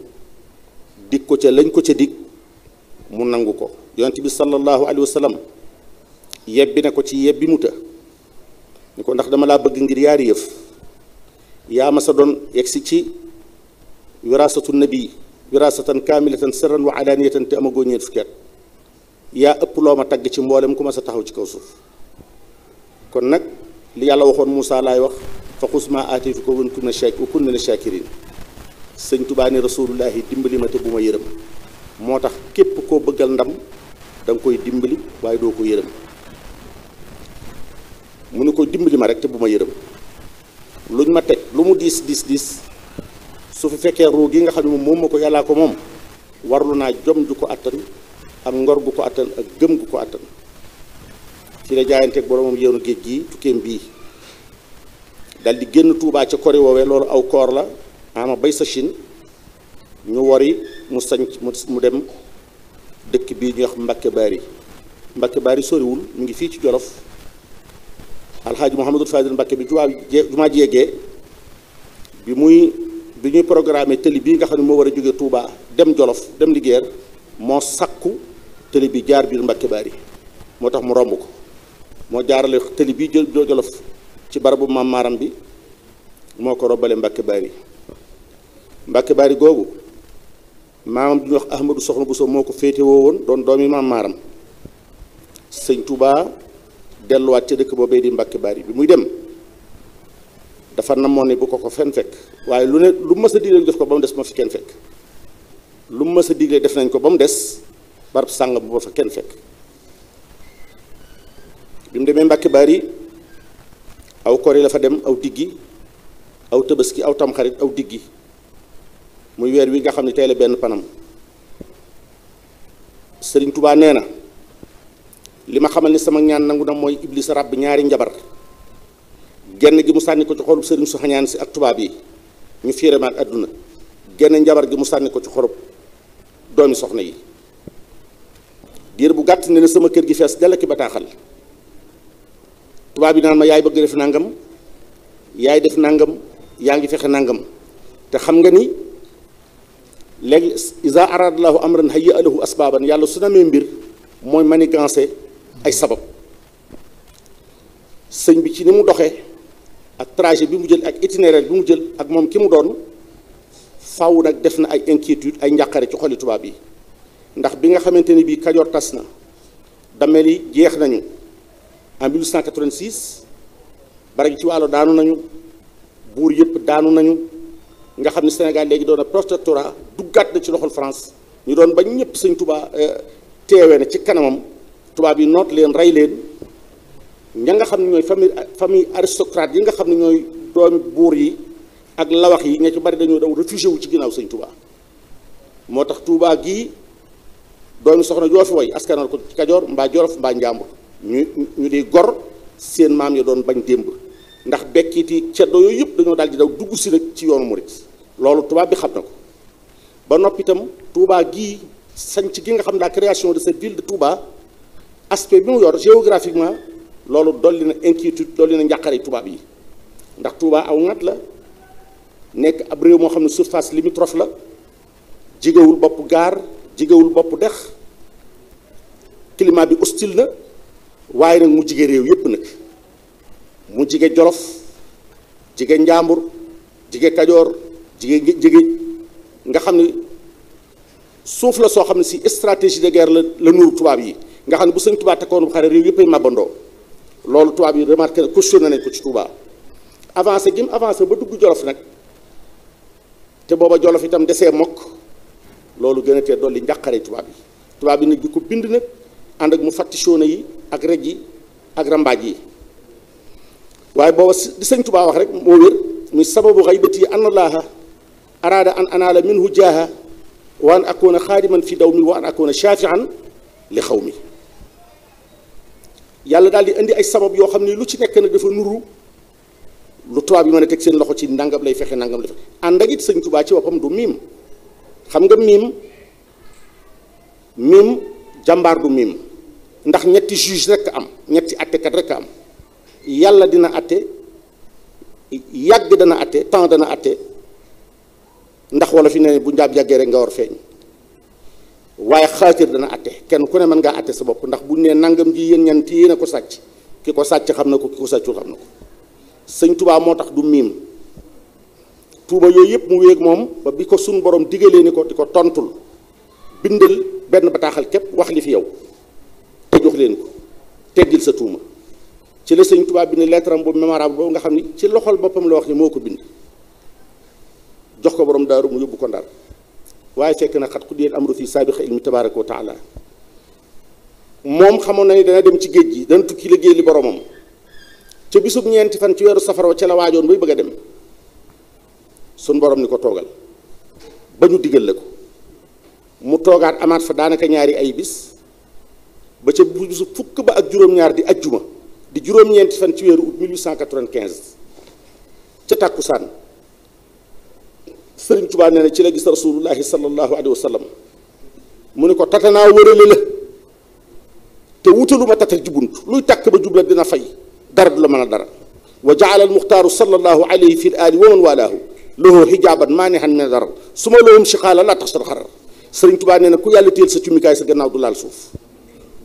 Speaker 1: dig ko ca lañ ko ca dig mu nangu ko yonent bi sallallahu alayhi wa sallam yebbi na ko ci yebbi mu ta ko ndax dama laa bëgg ngir yaari yëf yaa ma sa doon yegsi ci wirasatu nabi wirasatan kaamilatan sirran wa alaniyatan te amagoo ñeent fukki at yaa ëpp loo ma tagg ci mboolem ku ma sa taxaw ci kaw suuf kon nag li yàlla waxoon Moussa laay wax fa xus aati aatiitu ko wan kunna shak wa na shakirin sëñ Tubaa ne rasulullahi dimbali ma te bu ma yërëm moo tax képp koo bëggal ndam da nga koy dimbali waaye doo ko yërëm mu ne ko dimbali ma rek te bu ma yërëm luñ ma teg lu mu diis diis diis su fi fekkee ruu gi nga xam ne moom ma ko yàllaa ko moom warlu naa jom ju ko attan ak ngor gu ko attan ak gëm gu ko attan ci la jaayanteeg boromam yoonu géej gi tukkeem bii dal di génn Touba ca kori woowee loolu aw koor la a bay sa Chine ñu wari mu sañ mu dem dëkk bi ñuy wax Mbakke Baari Mbakke Baari soriwul mu ngi fii ci Jolof alxaaji Mouhamadou Fadil Mbakke bi jumaa jumaa jéegee bi muy bi ñuy programme tëli bii nga xam ne moo war a jóge Touba dem Jolof dem Linguère moo sakku teli bi jaar bi mbacke bari motax mu romb ko mo jaarale teli bi jël jojolof ci barabu mam maram bi moko ko mbacke bari mbacke ke gogou googu di bi wax ahmadou Soxna bu so moko fété woo don domi mam maam maaram sëñ Touba wat ci dekk bobé di mbacke bari bi muy dem dafa namone bu ko ko fen fek waye lu ne lu mës a def ko bam dess ma fi ken fek lu mës a def nañ ko bam dess des barab sàngam bu fa kenn fekk bi mu demee Mbàkke Bari aw kor la fa dem aw diggi aw tëbaski aw tamxarit aw diggi muy weer wi nga xam ne tey la benn panam Sëriñ Tubaa nee na li ma xamal ni sama ñaan nangu na mooy iblis ràbb ñaari njabar genn gi mu sànni ko ci xolub sëriñ su xañaan si ak tubaab yi ñu fiire ma ak àdduna genn njabar gi mu sànni ko ci xorob doomi soxna yi dir bu gàtt ne sama keur gi fess dell ak bataaxal tuba bi nan ma yaay beug def nangam yaay def nangam yaangi ngi fexe nangam te xam nga ni leg iza arad llaahu amran hayya lahu asbaban yàlla suna me mbir mooy manigancé ay sabab sëñ bi ci nimu doxé ak trajet bi mu jël ak itinéraire bi mu jël ak mom ki mu doon faaw nak def na ay inquiétude ay njàqare ci xoli tuba bi ndax bi nga xamante ni bii Kajoor tas na damel yi jeex nañu en 1886 barag ci wàllu daanu nañu buur yëpp daanu nañu nga xam ne Sénégal léegi doon na protectorat duggaat na ci loxol France ñu doon ba ñëpp sëñ Touba euh, teewee na ci kanamam tubaab yi noot leen rey leen ña nga xam ne ñooy famille famille aristocrate yi nga xam ne ñooy doomi buur yi ak lawax yi ña ci bari dañoo daw réfugié wu ci ginnaaw sëñ Touba moo tax tuubaa gii. doomi soxna yoo fi way askanal ko ci kajoor mbaa jolof mbaa njàmbur ñu ñu di gor seen maam ya doon bañ démb ndax bekkiti ceddo yooyu yëpp dañoo daal di daw dugg si nag ci yoonu murit loolu tubaab bi xam na ko ba noppitam itam Touba gii sanc gi nga xam la création de cette ville de Touba aspect bi mu yor géographiquement loolu dolli na inquiétude dolli na njàqare tubaab yi ndax Touba aw nat la nekk ab réew moo xam ne surface limitrophe la jigéewul bopp gaar jigéewul bopp dex climat bi hostile na waaye nag mu jige réew yépp nag mu jige jolof jige njaambur jige kajoor jige jige nga xam ne suuf la soo xam ne si stratégie de guerre la la nuuru tubaab yi nga xam ne bu sëñ Tuubaa takkoon bu xare réew yéppay màbbandoo loolu tubaab yi remarqué na questionné nañ ko ci Tuubaa avancé gi mu avancé ba dugg jolof nag te booba jolof itam desee mokk loolu gën a tee dolli njàqare tubaab yi tubaab yi nag di ko bind nag ànd ak mu fàtti soona yi ak rej yi ak rambaaj yi waaye booba di sëñ tubaa wax rek moo wér muy sababu xaybati an allaha araada an anaala minhu jaaha wa an akoona xaadiman fi daw mi wa an akoona shaafian li xaw mi yàlla daal di indi ay sabab yoo xam ni lu ci nekk nag dafa nuru lu tubaab yi mën a seen loxo ci nangam lay fexe nangam lay fexe ànd ak it sëñ tubaa ci boppam du mii xam nga miim miim jàmbaar du miim ndax ñetti juge rek am ñetti attekat rek am yàlla dina atte yàgg dana atte temps dana atte ndax wala fi ne bu njaab yàggee rek nga war feeñ waaye xaatir dana atte kenn ku ne man ngaa atte sa bopp ndax bu ne nangam ji yéen ñanti yéen a ko sàcc ki ko sàcc xam na ko ki ko sàccul xam na ko sëñ Tuubaa moo tax du miim tuuma yooyu yëpp mu wéeg moom ba bi ko suñ borom digalee ni ko di ko tontul bindal benn bataaxal képp wax li fi yow te jox leen ko teggil sa tuuma ci la sëñ Tuubaa bind lettre am bu mémorable boobu nga xam ni ci loxol boppam la wax ni moo ko bind jox ko borom daaru mu yóbbu ko ndar waaye fekk na xat ku diyeen amru fi saabixa ilmi tabaraka wa taala moom xamoon na ni dana dem ci géej gi dana tukki liggéey li boromam ca bisub ñeenti fan ci weeru safara ca la waajoon bëgg a suñ borom ni ko toogal ba ñu digal la ko mu toogaat amaat fa daanaka ñaari ay bis ba ca su fukk ba ak juróom-ñaar di ajjuma di juróom-ñeenti fan ci weeru août 1895 ca tàkkusaan sëriñ Tuubaa nee na ci la gis rasulullahi sallallahu alayhi wa sallam mu ne ko naa wërale la te wutaluma tata ji bunt luy tàkk ba jubla dina fay dara du la mën a dara wa jaala almuxtaaru sallallahu alayhi fi al ali wa man loxoo xijaaban maa ne xam ne dara su ma loxum si xaala laa tax sa xarar sëriñ tubaa nee na ku yàlla téel sa cumikaay sa gannaaw du laal suuf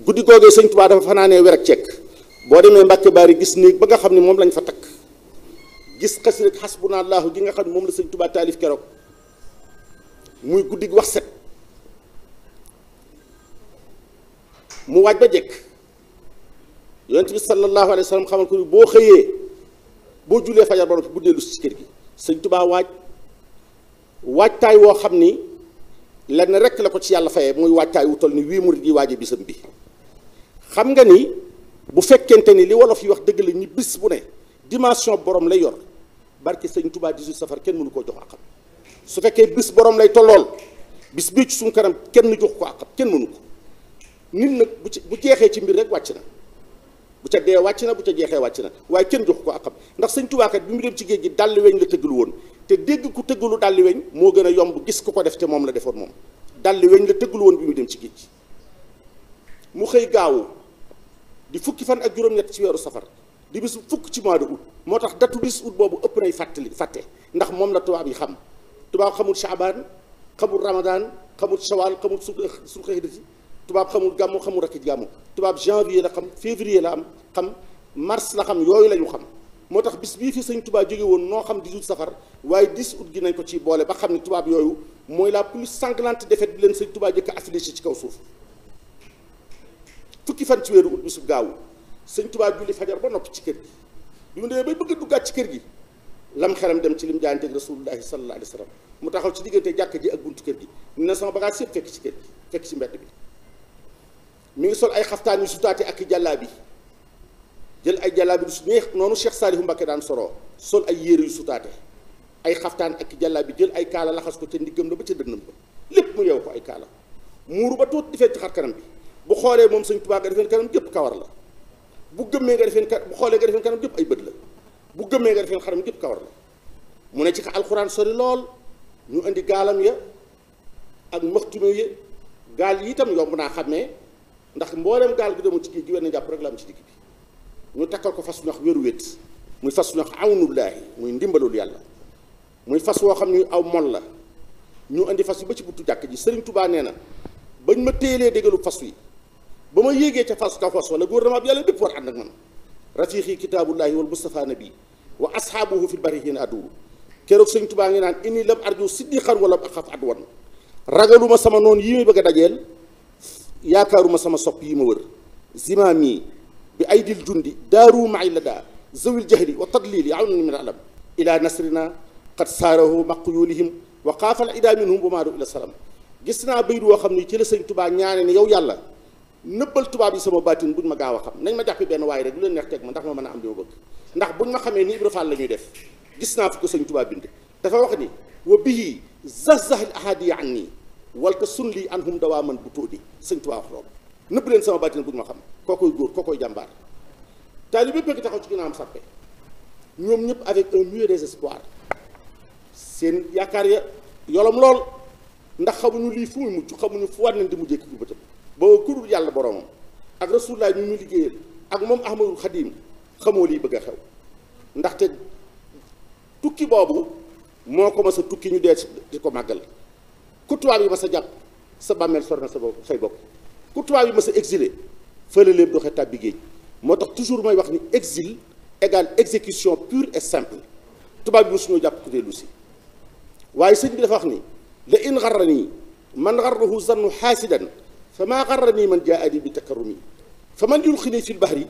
Speaker 1: guddi googee sëriñ tubaa dafa fanaanee wer ak boo demee mbàkke baari gis néeg ba nga xam ne moom lañ fa takk gis xasirit xasbuna allaahu gi nga xam ne moom la sëriñ tubaa taalif keroog muy guddi wax set mu waaj ba jekk yonent bi sallallahu alayhi wa sallam xamal ko ni boo xëyee boo jullee fajar ba noppi bu dellu si gi sëñ tubaa waaj waajtaay woo xam ni na rek la ko ci yàlla fayee muy waajtaay wu toll ni wii murit yi waaje bisam bi xam nga ni bu fekkente ni li wolof yi wax dëgg la ñu bis bu ne dimension borom lay yor barke sëñ tubaa 18 safar kenn mënu ko jox àqam su fekkee bis borom lay tollool bis bii ci kanam kenn jox ko àqam kenn mënu ko nit nag bu bu jeexee ci mbir rek wàcc na bu ca dee wàcc na bu ca jeexee wàcc na waaye kenn jox ko akam ndax sañ Tuubaa bi mu dem ci géej gi dàll weñ la tëggul woon te dégg ku tëggulu dàll weñ moo gën a yomb gis ku ko def te moom la defoon moom dàll weñ la tëggul woon bi mu dem ci géej xëy gaawu di fukki fan ak juróom-ñett ci weeru safar di bis fukk ci mois de moo tax datu 10 août boobu ëpp nay fàttali fàtte ndax moom la tubaab yi xam tubaab xamul Chaabaan xamul Ramadan xamul Shawal xamul su su xëy tubab xamul gàmmu xamul rakit gàmmu tubab janvier la xam février la am xam mars la xam yoy lañu xam motax bis bi fi seigne tubaab jóge won no xam 18 safar waye 10 août gi nañ ko ci bolé ba xamni tubab tubaab moy la plus sanglante défaite bi len seigne tubaab jëk a affligé ci kaw souf fukki fan ci wéru bisu gaaw seigne tubaab julli fajar ba noppi ci kër gi bi mu ndé bay bëgg dugga ci kër gi lam xaram dem ci lim jaayanteeg rasulullah sallallahu alayhi wasallam mu taxaw ci digënté jàkk ji ak buntu kër gi ne na sama bagage yëpp fekk ci kër gi fekk ci mbéd bi mu ngi sol ay xaftaan yu sutaate ak jàllaabi jël ay jàllaabi du su neex noonu Cheikh Saalihu Mbakke daan solo sol ay yére yu sutaate ay xaftaan ak jàllaabi jël ay kaala laxas ko ca ndiggam la ba ca dënnam ba lépp mu yeew ko ay kaala muuru ba tuut di feeñ ci xar kanam bi bu xoolee moom Sëñ Tuubaa nga defeen kanam gépp kawar la bu gëmmee nga defeen bu xoolee nga defeen kanam gépp ay bët la bu gëmmee nga defeen xaram gépp kawar la mu ne ci ka alxuraan sori lool ñu indi gaalam ya ak maxtume yi itam yomb naa xàmmee ndax mbolam gal gi demu ci géej gi wenn njàpp rek la am ci dig bi ñu takkal ko fas ñox wër wét muy fas ñox awnu awnullaahi muy ndimbalul yàlla muy fas wo xamni aw mol la ñu andi fas yi ba ci buttu jàkk ji Serigne Touba neena bañ ma téyelé dégelu fas yi ba ma yéegee ca fas ka fas wala gouvernement bi yàlla bépp war ànd ak man rafiqi kitaabullaahi wal mustafa nabi wa ashabuhu fil barihin adu kéro Serigne Touba ngi naan inni lam arju siddiqan wala akhaf adwan ragaluma sama non yimi bëgg dajel yaakaaruma sama sopp yi ma wër zimaami bi aydil jundi daaru maay la daa zawil jahli wa tadlili aw na min alam ila nasrina qad saarahu maqyulihim wa qaafal ida minhum bu maadu ila salam gis naa bayit woo xam ne ci la sëñ tubaa ñaane ne yow yàlla nëbbal tubaab yi sama baatin buñ ma gaaw a xam nañ ma jàppi benn waay rek lu leen neex teg ma ndax ma mën a am li ma bëgg ndax buñ ma xamee ni Ibra Fall la ñuy def gis naa fu ko sëñ tubaa bind dafa wax ni wa bihi zahzahil ahadiya an nii wal ka sun lii an hum dawaa man bu tóodi sëñ Tuubaa wax loolu leen sama bàttin bu ma xam kookoy góor kookoy jàmbaar taali bi bëgg taxaw ci ginnaawam sàppe ñoom ñëpp avec un seen yaakaar ya yolom lool ndax xamuñu lii fu mujj xamuñu fu war nañ di mujjee ki bëtam boo kurul yàlla boromam ak rasulullah ñu muy liggéeyal ak moom ahmadul xadim xamoo lii bëgg a xew ndaxte tukki boobu moo ko mas a tukki ñu dee di ko la ku tubaab yi ma sa jàpp sa bàmmeel sor na sa bopp say bopp ku tubaab yi ma sa exilé fële leen doxee tàbbi géej moo tax toujours mooy wax ni exil égale exécution pure et simple tubaab bi mosuñoo jàpp ku dellu si waaye sëñ bi dafa wax ni la in xarra nii man xarrahu zannu xaasidan fa maa xarra nii man jaa ani bi takarrumi fa man yulxi nii fil bahri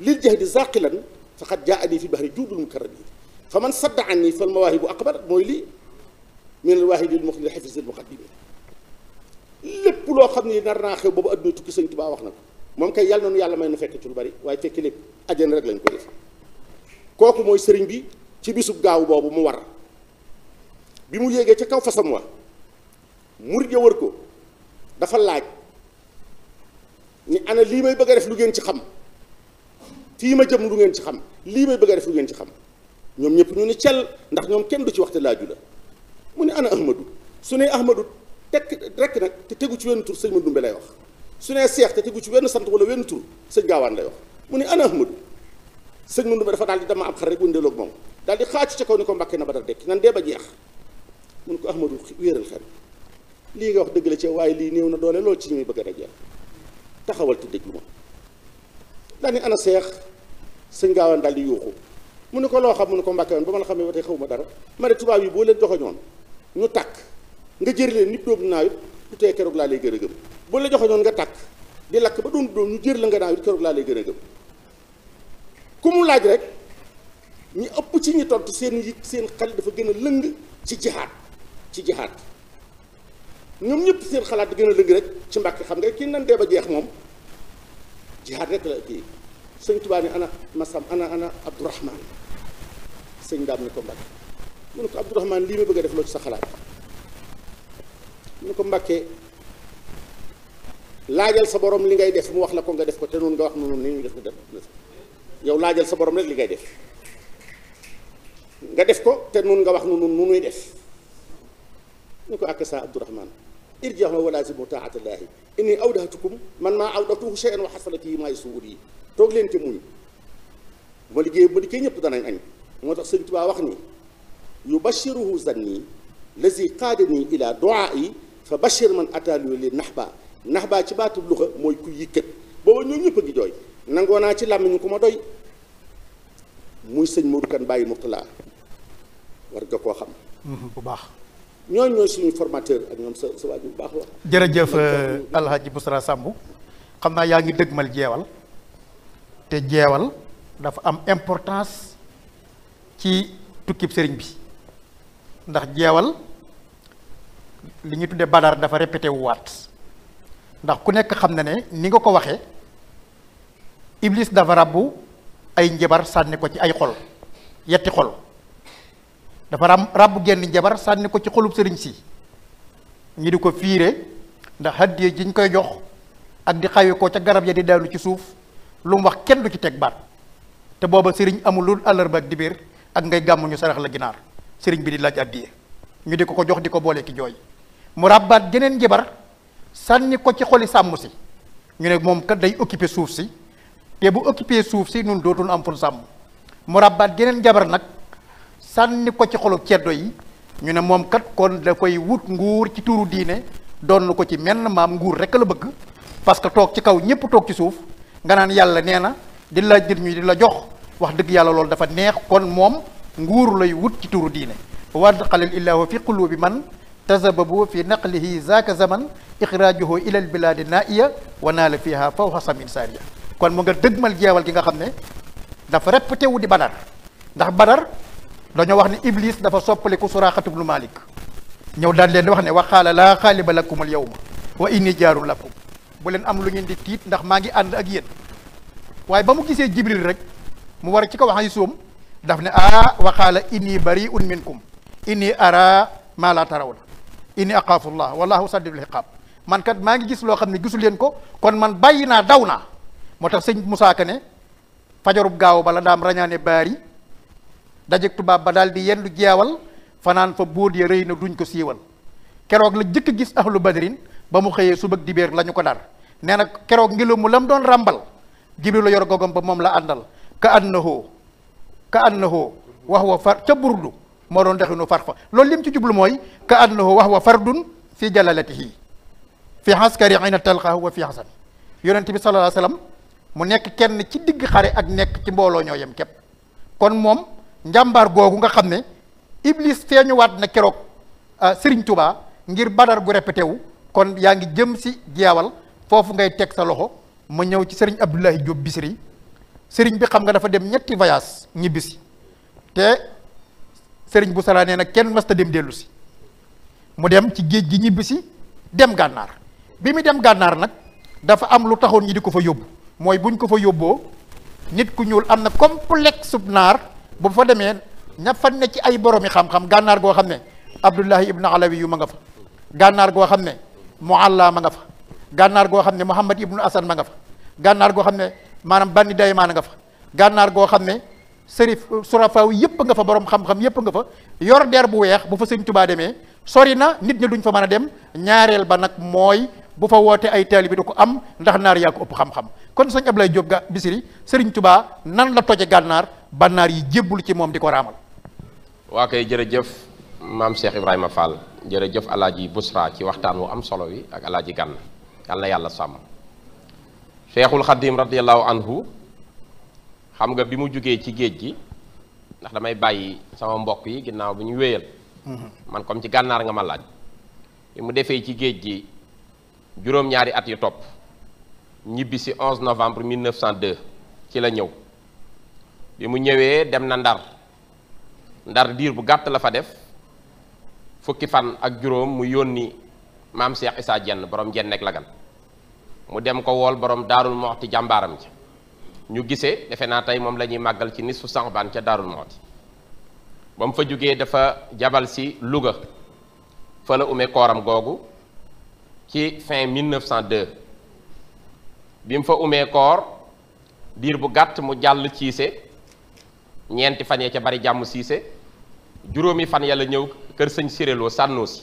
Speaker 1: lil jahdi zaqilan faqad jaa ani fil bahri juudul mukarrami fa man sadda an nii fal mawaahibu aqbar mooy lii من الواحد المخلي حفظ المقدمين لب لو خدني نرى خي بابا ادنو تكي سنك با وخنا ممكن يالنا نو يالا ما ينفك تول باري واي فك لب اجن رجل نكو ديف كوكو موي سرين بي تي بي سوب غاو بابا موار بي مو ييغي تي كاو فاسام وا مورجا وركو دا فا لاج ني انا لي ماي بغا ديف لو ген تي خام في ما جم لو ген تي خام لي ماي بغا ديف لو ген تي خام نيوم نيب نيو ني تيل نداخ نيوم mu ne ana Ahmadou su ne Ahmadou tekk rekk nag te tegu ci wenn tur sëñ Mandoumbe lay wax su ne Seex te tegu ci wenn sant wala wenn tur sëñ Gaawaan lay wax mu ne ana Ahmadou sëñ Mandoumbe dafa daal di dama am xar rek wëndeeloo moom daal di xaacu ca kaw ko mbàkke na ba dara dekk nan dee ba jeex mu ne ko Ahmadou wéeral xel lii nga wax dëgg la ci waaye lii néew na doole lool ci ñuy bëgg a dajeel taxawal te déglu ma daal ni ana Seex sëñ ne ko loo xam mu ne ko mbàkke woon ma la xamee ba tey xaw ma dara ma ne tubaab yi boo leen joxoñoon ñu tàkk nga jër leen nit doomu naawit du tee keroog laa lay gën a gëm bu la joxe noonu nga tàkk di lakk ba doon doom ñu jër la nga naawit keroog laa lay gën a gëm ku mu laaj rek ñu ëpp ci ñu tontu seen yi seen xel dafa gën a lëng ci jihaat ci jihaat ñoom ñëpp seen xalaat di gën a lëng rek ci mbàkk xam nga kii nan ba jeex moom jihaat rek la kii sëñ Tuubaa ni ana masam ana ana Abdourahman sëñ daam ni ko mbàkk mu ne ko Abdourahmane lii ma bëgg a def loo ci sa xalaat mu ne ko Mbàkke laajal sa borom li ngay def mu wax la ko nga def ko te noonu nga wax noonu ni ñu def nga def yow laajal sa borom rek li ngay def nga def ko te noonu nga wax noonu nu nuy def ñu ko àkk saa Abdourahmane irjama walaazimu taatillaahi inni awdatukum man maa awdatuhu shay'an wa xasalati maay suur yi toog leen te muñ bu ma liggéey bu ma liggéey ñëpp danañ añ moo tax sëñ Tuubaa wax ni yu yubashiruhu zanni lazi qaadani ila duaai fa bashir man ataalu li naxba baa ci baatu luxa mooy ku yëkkat booba ñoom ñëpp a ngi nangoo naa ci làmmiñu ku ma doy muy sëñ Modou Kane Baye Mourtala war nga koo xam. Mhm, bu baax. ñooñu ñooy suñu formateur ak ñoom sa sa
Speaker 2: jërëjëf euh, El Hadj Boussra Samb xam naa yaa ngi dëgmal jeewal te jeewal dafa am importance ci tukkib sëriñ bi. ndax jeewal li ñu tuddé badar dafa répété wu wat ndax ku nekk xam na ni nga ko waxé iblis dafa rabbu ay njabar sanni ko ci ay xol yetti xol dafa ram rabbu genn njabar sanni ko ci xolub sëriñ si ñi diko firé ndax hàddiyee ji ñu koy jox ak di xawé ko ca garab ya di dalu ci suuf lu wax kenn du ci tek baat te booba amul lu ak ak ngay gamu ñu sarax la ginaar Sering bi di laaj addiye ñu di ko ko jox di ko ki joy mu ràbbaat geneen jabar sanni ko ci xoli sàmm ñu ne mom kat day occuper souf ci te bu occuper souf ci nun dootul am pour sàmm mu ràbbaat geneen jabar nak sanni ko ci xolu ceddo yi ñu ne mom kat kon da koy wut nguur ci turu diine ko ci menn maam nguur rek la bëgg parce que tok ci kaw ñepp tok ci souf nga naan yalla neena na di la jir ñu di la jox wax deug yalla loolu dafa neex kon mom nguur lay wut ci turu diine wa adxalal illahu fi qulubi man tasababu fi naqlihi zaaka zaman ixraajuhu ila al bilaadi naaiya wa naala fiha fawxa samin saaniya kon mu nga dëgmal jeewal gi nga xam ne dafa répété wu di badar ndax badar dañoo wax ne iblis dafa soppaliku suraaxatu bnu malik ñëw daan leen di wax ne wa xaala laa xaaliba lakum al yawma wa inni jaarun lakum bu leen am lu ngeen di tiit ndax maa ngi ànd ak yéen waaye ba mu gisee jibril rek mu war ci ko wax ay suum daf ne wa qala inni bariun minkum inni ara ma la tarawna inni aqafu allah wallahu saddidul hiqab man kat ma ngi gis lo xamni gisul len ko kon man bayina dawna motax seigne moo Moussa fajarub gaaw bala dam rañane bari dajek tuba ba daal di yendu jeewal fanaan fa bóod ya rëy duñ ko siwal kérok la jëk gis ahlu badrin ba mu subag dibéer lañu ko dar nee kérok keroog ngelaw mu lam doon rambal jibril la yor gogom ba mom la andal ka annahu ka annahu wax wa far ca burdu moo doon dexinu far fa loolu lim ci jublu mooy ka annahu wax wa fardun fi jalalatihi fi xaskari na talqaahu wa fi xasan yonent bi sallallahu alayhi mu nekk kenn ci digg xare ak nekk ci mbooloo ñoo yem kepp kon moom njàmbaar googu nga xam ne iblis feeñuwaat na keroog ah, Serigne Touba ngir badar gu répété wu kon yaa ngi jëm si jeewal foofu ngay teg sa loxo ma ñëw ci Serigne Abdoulahi Diop Bisri sering bi xam nga dafa dem ñetti voyage ñibbisi te serigne bu sala nee kenn mësta ta dem delusi mu dem ci geej gi dem gànnaar bi mi dem nak dafa am lu taxone ñi di fa yobbu moy buñ ko fa yobbo nit ku ñuul am complexe sub naar bu fa démé ña fa né ci ay boromi xam-xam go xamné abdullah Abdullahi ibn Alawi yu ma nga fa gànnaar go xamné Mualla ma nga fa gànnaar go xamné Muhammad ibnu Asan ma nga fa gànnaar go xamné manam bandi day maan nga fa gànnaar go xamne serif surafa surafaaw nga fa borom xam-xam yëpp nga fa yor der bu wex bu fa serigne touba sori na nit ñi duñ fa mëna dem ñaarel ba nak moy bu fa wote ay talib du ko am ndax nar ya ko upp xam-xam kon serigne Ablaye Diop ga bisiri serigne touba nan la toje gànnaar bannaar yi ci mom di ramal wa
Speaker 4: waa kay jërëjëf maam Cheikh Ibrahima Fall jërëjëf alaaji Busra ci waxtan wu am solo wi ak alaaji Gana yalla yalla sam cheikhul khadim radiyallahu anhu xam nga bimu mu ci géej gi ndax damay bayyi sama mbokk yi ginnaw buñu wëyel mm-hmm. man comme ci gannar nga ma laaj bi mu ci géej gi juroom ñaari at yu top ñibbi ci 11 novembre 1902 ci la ñëw bimu mu dem na ndar ndar diir bu gatt la fa def fukki fan ak juroom mu yoni maam Cheikh isa jenn borom Dieng nek Lagan mu dem ko wool boroom daarul moxti jàmbaaram ja ñu gise defe naa tey moom la ñuy màggal ci nisfu Saxbaan ca daarul moxti ba mu fa jógee dafa jabal si Louga fa la ume kooram googu ci fin 1902 bi mu fa umee koor diir bu gàtt mu jàll siise ñeenti fan ya ca bari jàmm siise juróomi fan ya la ñëw kër sañ Siréloo sànnoo si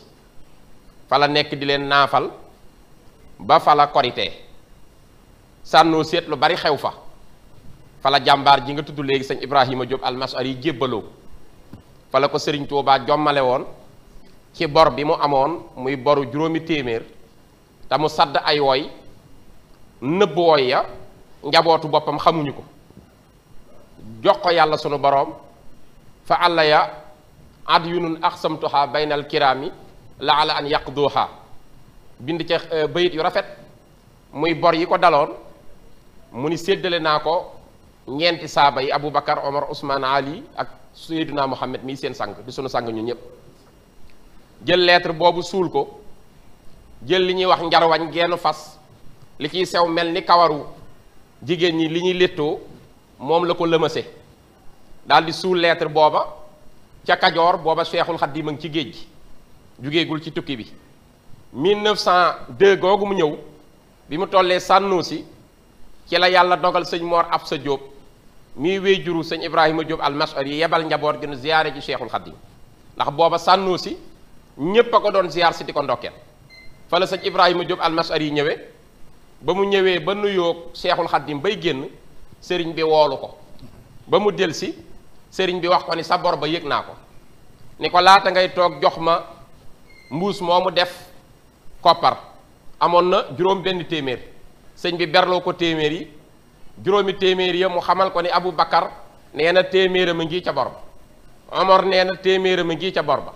Speaker 4: fa la nekk di leen naafal ba fa la korite sanno seet lu bari xew fa fa la jàmbaar ji nga tuddu legi seigne Ibrahima job almasar yi jébbaloo fa la ko sëriñ Tuubaa jomale won ci bor bi mu amone muy boru juromi temer te mu sadd ay woy neub woy ya njabotu bopam xamuñu ko jox ko yàlla sunu borom fa àlla ya adyunun aqsamtuha bainal kirami la ala an yaqduha bind ca euh, bayit yu rafet muy bor yi ko daloon mu ni séddale naa ko ñeenti saaba yi Aboubacar Omar Ousmane Ali ak Seydina Mohamed mii seen sang di sunu sang ñu ñëpp jël lettre boobu suul ko jël li ñuy wax njarwañ geenu fas li ciy sew mel ni kawaru jigéen ñi li ñuy léttoo moom la ko lëmase daal di suul lettre booba ca Kajoor booba Seexul Xadiim a ngi ci géej gi jugeegul ci tukki bi 1902 googu mu ñëw bi mu tollee Sànnuusi ci la yàlla dogal sëñ Mor Absa Diop mii wéy juru sëñ Ibrahima Diop almasar yi yebal njaboot gën ziyaare ci seexul Khadim ndax booba Sànnuusi ñépp a ko doon ziyaar si di ko ndokkeel fa la sëñ Ibrahima Diop almasar yi ñëwee ba mu ñëwee ba nuyoo Cheikhul Khadim bay génn sëriñ bi woolu ko ba mu delsi sëriñ bi wax ko ni sa bor ba yëg naa ko ni ko laata ngay toog jox ma mbuus moo mu def koppar amoon na juróom benn téeméer sëñ bi berloo ko téeméer yi juróomi téeméer ya mu xamal ko ni Abu Bakar nee na téeméeram a ngi ca bor ba Omar nee na téeméeram a ngi ca bor ba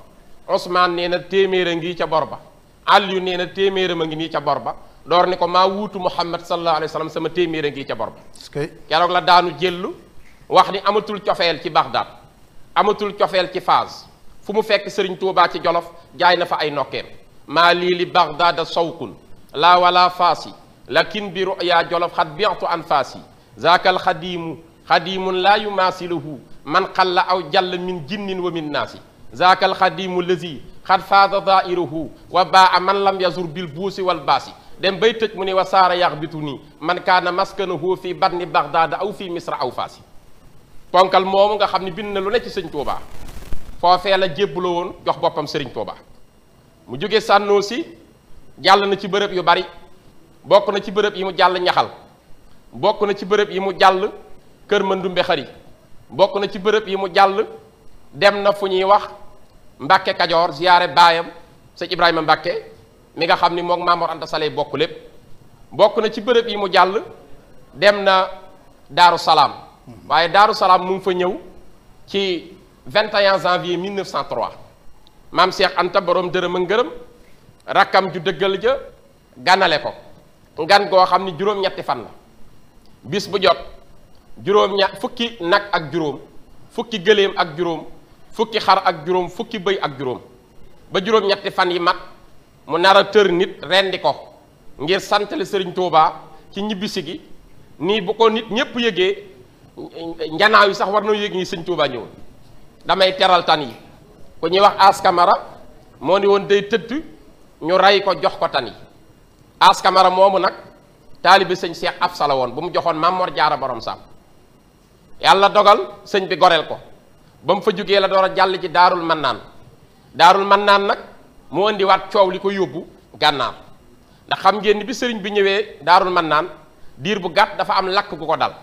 Speaker 4: Ousmane nee ngi ca bor ba Aliou nee na ngi nii ca bor ba ni ko maa wuutu Muhammad sallallahu alayhi wa sallam sama téeméer a ngi ca bor ba keroog la daanu jëllu wax ni amatul cofeel ci Bagdad amatul cofeel ci Faas fu fekk Sëriñ Tuubaa ci Jolof jaay na fa ay nokkeen مالي لبغداد صوك لا ولا فاسي لكن برؤيا جلف خد بعت عن فاسي ذاك الخديم خديم لا يماثله من قل أو جل من جن ومن ناس ذاك الخديم الذي خد فاض ضائره وباع من لم يزر بالبوس والباس دم بيتك مني وسار يغبطني من كان مسكنه في بدن بغداد أو في مصر أو فاسي ponkal moomu nga xam ne bind na lu ne ci sëñ Tuubaa foofee la jébbaloo woon jox boppam sëriñ Tuubaa mu jóge Sànnoosi jàll na ci bërëb yu bari bokk na ci bërëb yi mu jàll ñaxal bokk na ci bërëb yi mu jàll kër Mandumbe Xari bokk na ci bërëb yi mu jàll dem na fu ñuy wax Mbàkke Kajoor ziyaare baayam sëñ Ibrahima Mbàkke mi nga xam ni moom Maamoor Anta bokk lépp bokk na ci bërëb yi mu jàll dem na Daaru Salaam waaye Daaru Salaam mu fa ñëw ci 21 janvier 1903 mam Cheikh Anta borom deureum ngeureum rakam ju deugal ja ganale ko ngan go xamni ni ñetti fan la bis bu jot juróom-ña fukki nak ak juróom fukki geleem ak fuki fukki xar ak juróom fukki bëy ak juróom ba juróom-ñetti fan yi mat mu nar nit rendi ko ngir le serigne Touba ci ñibisi gi ni bu ko nit ñepp yegge njanaaw yi sax war na ni serigne Touba damay teral tan yi ku ñuy wax askamara moo ni woon day tëdd ñu rey ko jox ko tan yi askamara moomu nag taalibe sëñ Seex Absa la woon bu mu joxoon Mamor Jaara borom saam yàlla dogal sëñ bi goreel ko ba mu fa jógee la door a jàll ci daarul mannaan daarul mannaan nag mu indiwaat coow li ko yóbbu gànnaar ndax xam ngeen ni bi sëriñ bi ñëwee daarul mannaan diir bu gàtt dafa am lakk gu ko dal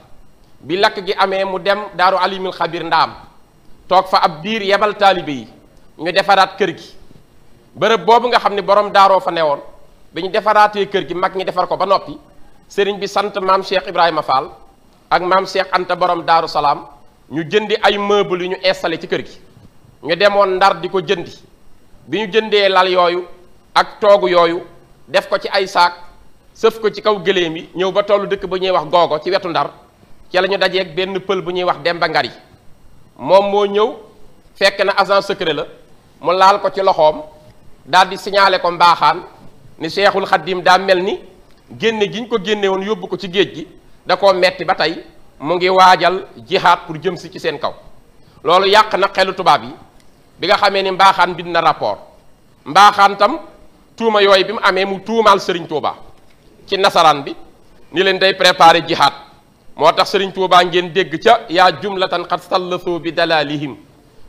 Speaker 4: bi lakk gi amee mu dem daaru alimul xabir ndaam toog fa ab diir yebal taalibe yi ñu defaraat kër gi bërëb boobu nga xam ne borom daaroo fa newoon bi ñu defaraatee kër gi mag ñi defar ko ba noppi sëriñ bi sant maam Cheikh ibraahima Fall ak maam Cheikh Anta borom daaru salaam ñu jëndi ay meubles yu ñu installé ci kër gi ñu demoon ndar di ko jëndi bi ñu jëndee lal yooyu ak toogu yooyu def ko ci ay saak sëf ko ci kaw gëléem yi ñëw ba tollu dëkk bu ñuy wax googo ci wetu ndar ci la ñu dajeeg benn pël bu ñuy wax Demba Ngari moom moo ñëw fekk na agent secret la mu laal ko ci loxoom daal di signalé ko mbaaxaan ni seexul xaddim daa mel ni génne gi ñu ko génnewoon yóbbu ko ci géej gi da koo metti ba tey mu ngi waajal jihaat pour jëm si ci seen kaw loolu yàq na xelu tubaab yi bi nga xamee ni mbaaxaan bind na rapport mbaaxaan tam tuuma yooyu bi mu amee mu tuumaal Serigne Touba ci nasaraan bi ni leen day préparé jihaat moo tax Serigne Touba ngeen dégg ca yaa jumlatan xat sallasoo bi dalalihim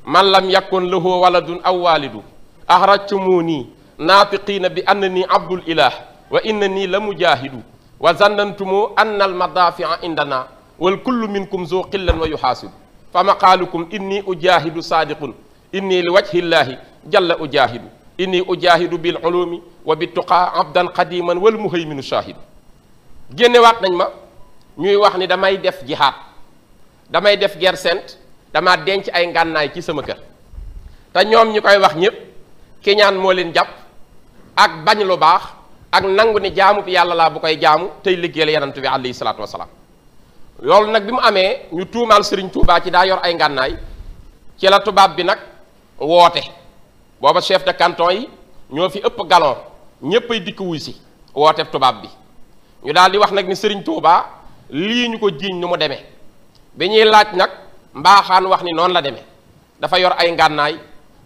Speaker 4: من لم يكن له ولد أو والد أهرجتموني ناطقين بأنني عبد الإله وإنني لمجاهد وزننتمو أن المدافع عندنا والكل منكم زو قلة ويحاسب فما قالكم إني أجاهد صادق إني لوجه الله جل أجاهد إني أجاهد بالعلوم وبالتقى عبدا قديما والمهيمن الشاهد جيني وقت نجمة نيو وحني دماي دف جهاد دماي دف جير سنت dama denc ay ngànnaay ci sama kër te ñoom ñi koy wax ñëpp kiñaan moo leen jàpp ak bañ lu baax ak nangu ni jaamu bi yàlla laa bu koy jaamu tey liggéeyal yanant bi alayhi salaatu loolu nag bi mu amee ñu tuumaal sëriñ Touba ci daa yor ay ngànnaay ci la tubaab bi nag woote booba chef de canton yi ñoo fi ëpp galon ñépp ay dikk wuy si wooteef tubaab bi ñu daal di wax nag ni sëriñ Touba lii ñu ko jiiñ nu mu demee bi ñuy laaj nag bahkan wax ni non la demé dafa yor ay ngannaay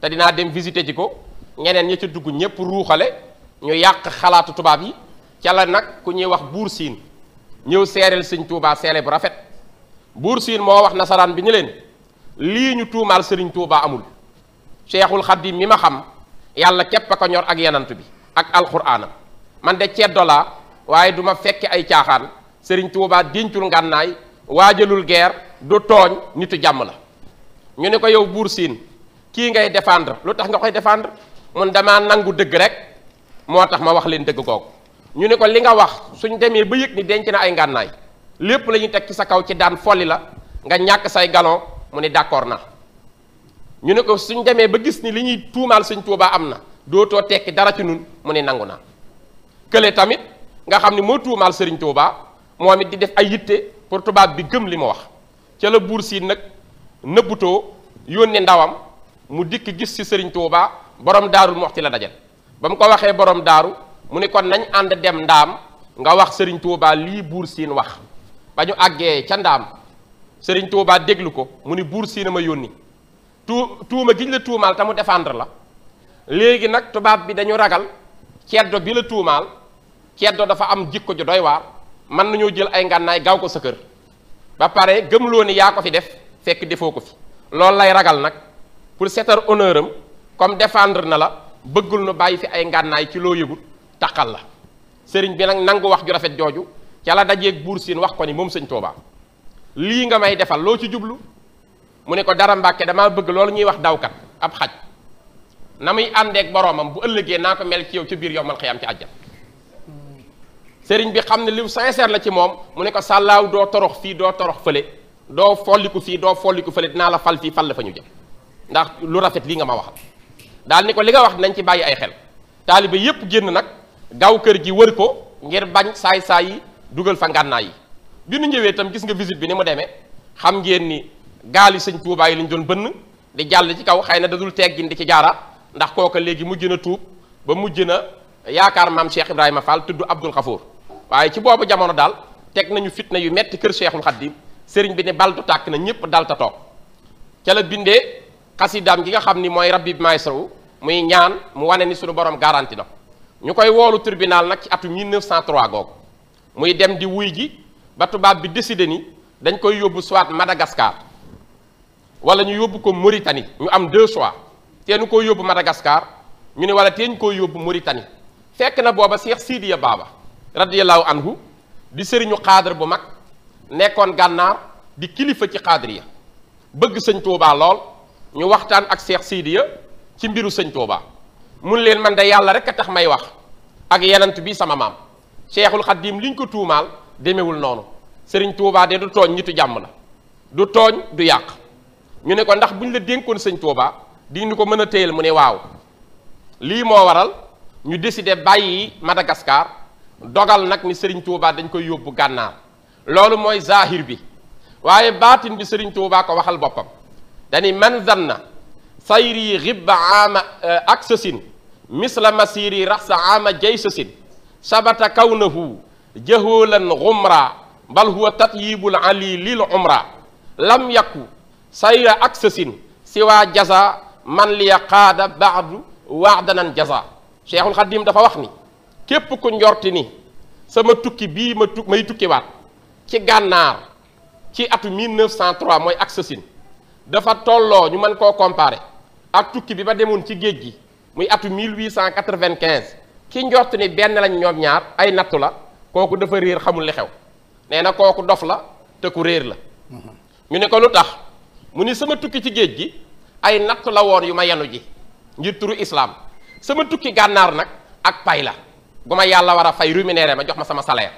Speaker 4: té dina dem visiter jiko ñeneen ñi ci dugg ñepp ruuxale ñu yaq xalaatu tuba bi ci la nak ku ñi wax buur ñew sérel seigne Touba seele bu rafet mo wax nasaran bi leen ñu tumal seigne Touba amul cheikhul khadim mi ma xam yalla kep ko ñor ak yanantu bi ak alquran man de ci dola waye duma fekke ay tiaxan serigne Touba dencul ngannaay wajalul guerre du togn nitu jàmm la ñu ne ko yow buur siin kii ngay défendre lutax nga koy défendre mun dama nangou deug rek motax ma wax leen deug gog ñu ne ko li nga wax suñ démé ba yek ni denc na ay ngannaay lepp lañu tek ci sa kaw ci daan folli la nga ñak say galon mu ne d'accord na ñu ne ko suñ démé ba gis ni liñuy tuumal tuumaal suñ amna doto tek dara ci nun mu ne nanguna na tamit nga xamni mo tuumal tuumaal touba momit di def ay yitte pour touba bi gëm li wax ci la buur nak nag yonne ndawam mu dik gis ci serigne Touba borom daru muxti la dajal bam ko waxe borom daru mu ne kon nañ and dem ndam nga wax serigne Touba li buur siin wax bañu agge ci ndam serigne Touba déglu ko mu ni buur siin ma yónni tuu tuuma giñ la tuumaal tamu défendre la léegi nak touba bi dañu ragal ceddo bi la dafa am jikko ju doy war man nañu jël ay ngànnaay gaw ko sa keur ba pare gëmloo ni yaa ko fi def fekk defoo ko fi loolu lay ragal nag pour setar honneur am comme défendre na la bëggul nu bàyyi fi ay ngànnaay ci loo yëgul taqal la sëriñ bi nag nangu wax ju rafet jooju ca la dajeeg buur siin wax ko ni moom sëñ Tuubaa lii nga may defal loo ci jublu mu ne ko dara mbàkke dama bëgg loolu ñuy wax dawkat ab xaj na muy àndeek boroomam bu ëllëgee naa ko mel ci yow ci biir yow mal xiyam ci àjjal sëriñ bi xam ne li sincère la ci moom mu ne ko sàllaaw doo torox fii doo torox fële doo folliku fii doo folliku fële dinaa la fal fii fal la fa ñu jëm ndax lu rafet lii nga ma waxal daal ni ko li nga wax nañ ci bàyyi ay xel taaliba yépp génn nag gaaw kër gi wër ko ngir bañ saay-saay yi dugal fa ngànnaay yi bi nu ñëwee itam gis nga visite bi ni mu demee xam ngeen ni gaal yi sëñ Tuubaa yi lañ doon bënn di jàll ci kaw xëy na dadul teggin di ci jaara ndax kooka léegi mujj na tuub ba mujj na yaakaar maam Cheikh Ibrahima Fall tudd Abdul Xafoor waye ci bobu jamono dal tek nañu fitna yu metti keur cheikhul khadim serigne bi ne bal du na ñepp dal ta tok ci la bindé qasidam gi nga xamni moy rabbi maestro muy ñaan mu wané ni suñu borom garanti na ñukoy wolu tribunal nak ci atum 1903 gog muy dem di wuy ji ba tuba bi décider ni dañ koy yobbu soit Madagascar wala ñu yobbu ko Mauritanie ñu am deux choix te ñu ko yobbu Madagascar ñu ni wala te ñu ko yobbu Mauritanie fekk na boba Cheikh Sidiya Baba an anhu di sëriñu xaadar bu mag nekkoon gànnaar di kilifa ci xaadar ya bëgg sëñ Touba lool ñu waxtaan ak Cheikh Sidiya ci mbiru sëñ Touba mun leen man de yàlla rek a tax may wax ak yenant bi sama maam Cheikhul Xaddim liñ ko tuumaal demewul noonu sëriñ Touba de du tooñ ñitu jàmm la du tooñ du yàq ñu ne ko ndax buñ la dénkoon sëñ Touba di ñu ko mën a téyel mu ne waaw lii moo waral ñu décidé bàyyi Madagascar dogal nak ni Serigne Touba dañ koy yóbbu gànnaar lolou moy zahir bi waye batin bi Serigne Touba ko waxal bopam dani man zanna sayri ribba ama aksasin misla masiri rahsa ama jaysasin sabata kawnahu jahulan ghumra bal huwa tatyibul ali lil umra lam yakku sayra aksasin siwa jaza man liya ba'du wa'danan jaza cheikhul khadim dafa wax ni képp ku njorti ni sama tukki bii ma tu may tukkiwaat ci gànnaar ci atu 1903 mooy ak sësin dafa tolloo ñu mën koo comparer ak tukki bi ba demoon ci géej gi muy atu 1895 ki njort ni benn lañ ñoom ñaar ay nattu la kooku dafa réer xamul li xew nee na kooku dof la te ku réer la mm-hmm. ñu ne ko lu tax mu ni sama tukki ci géej gi ay nattu la woon yu ma yenu ji ngir turu islaam sama tukki gànnaar nag ak pay la buma yalla wara fay ruminere ma jox ma sama salaire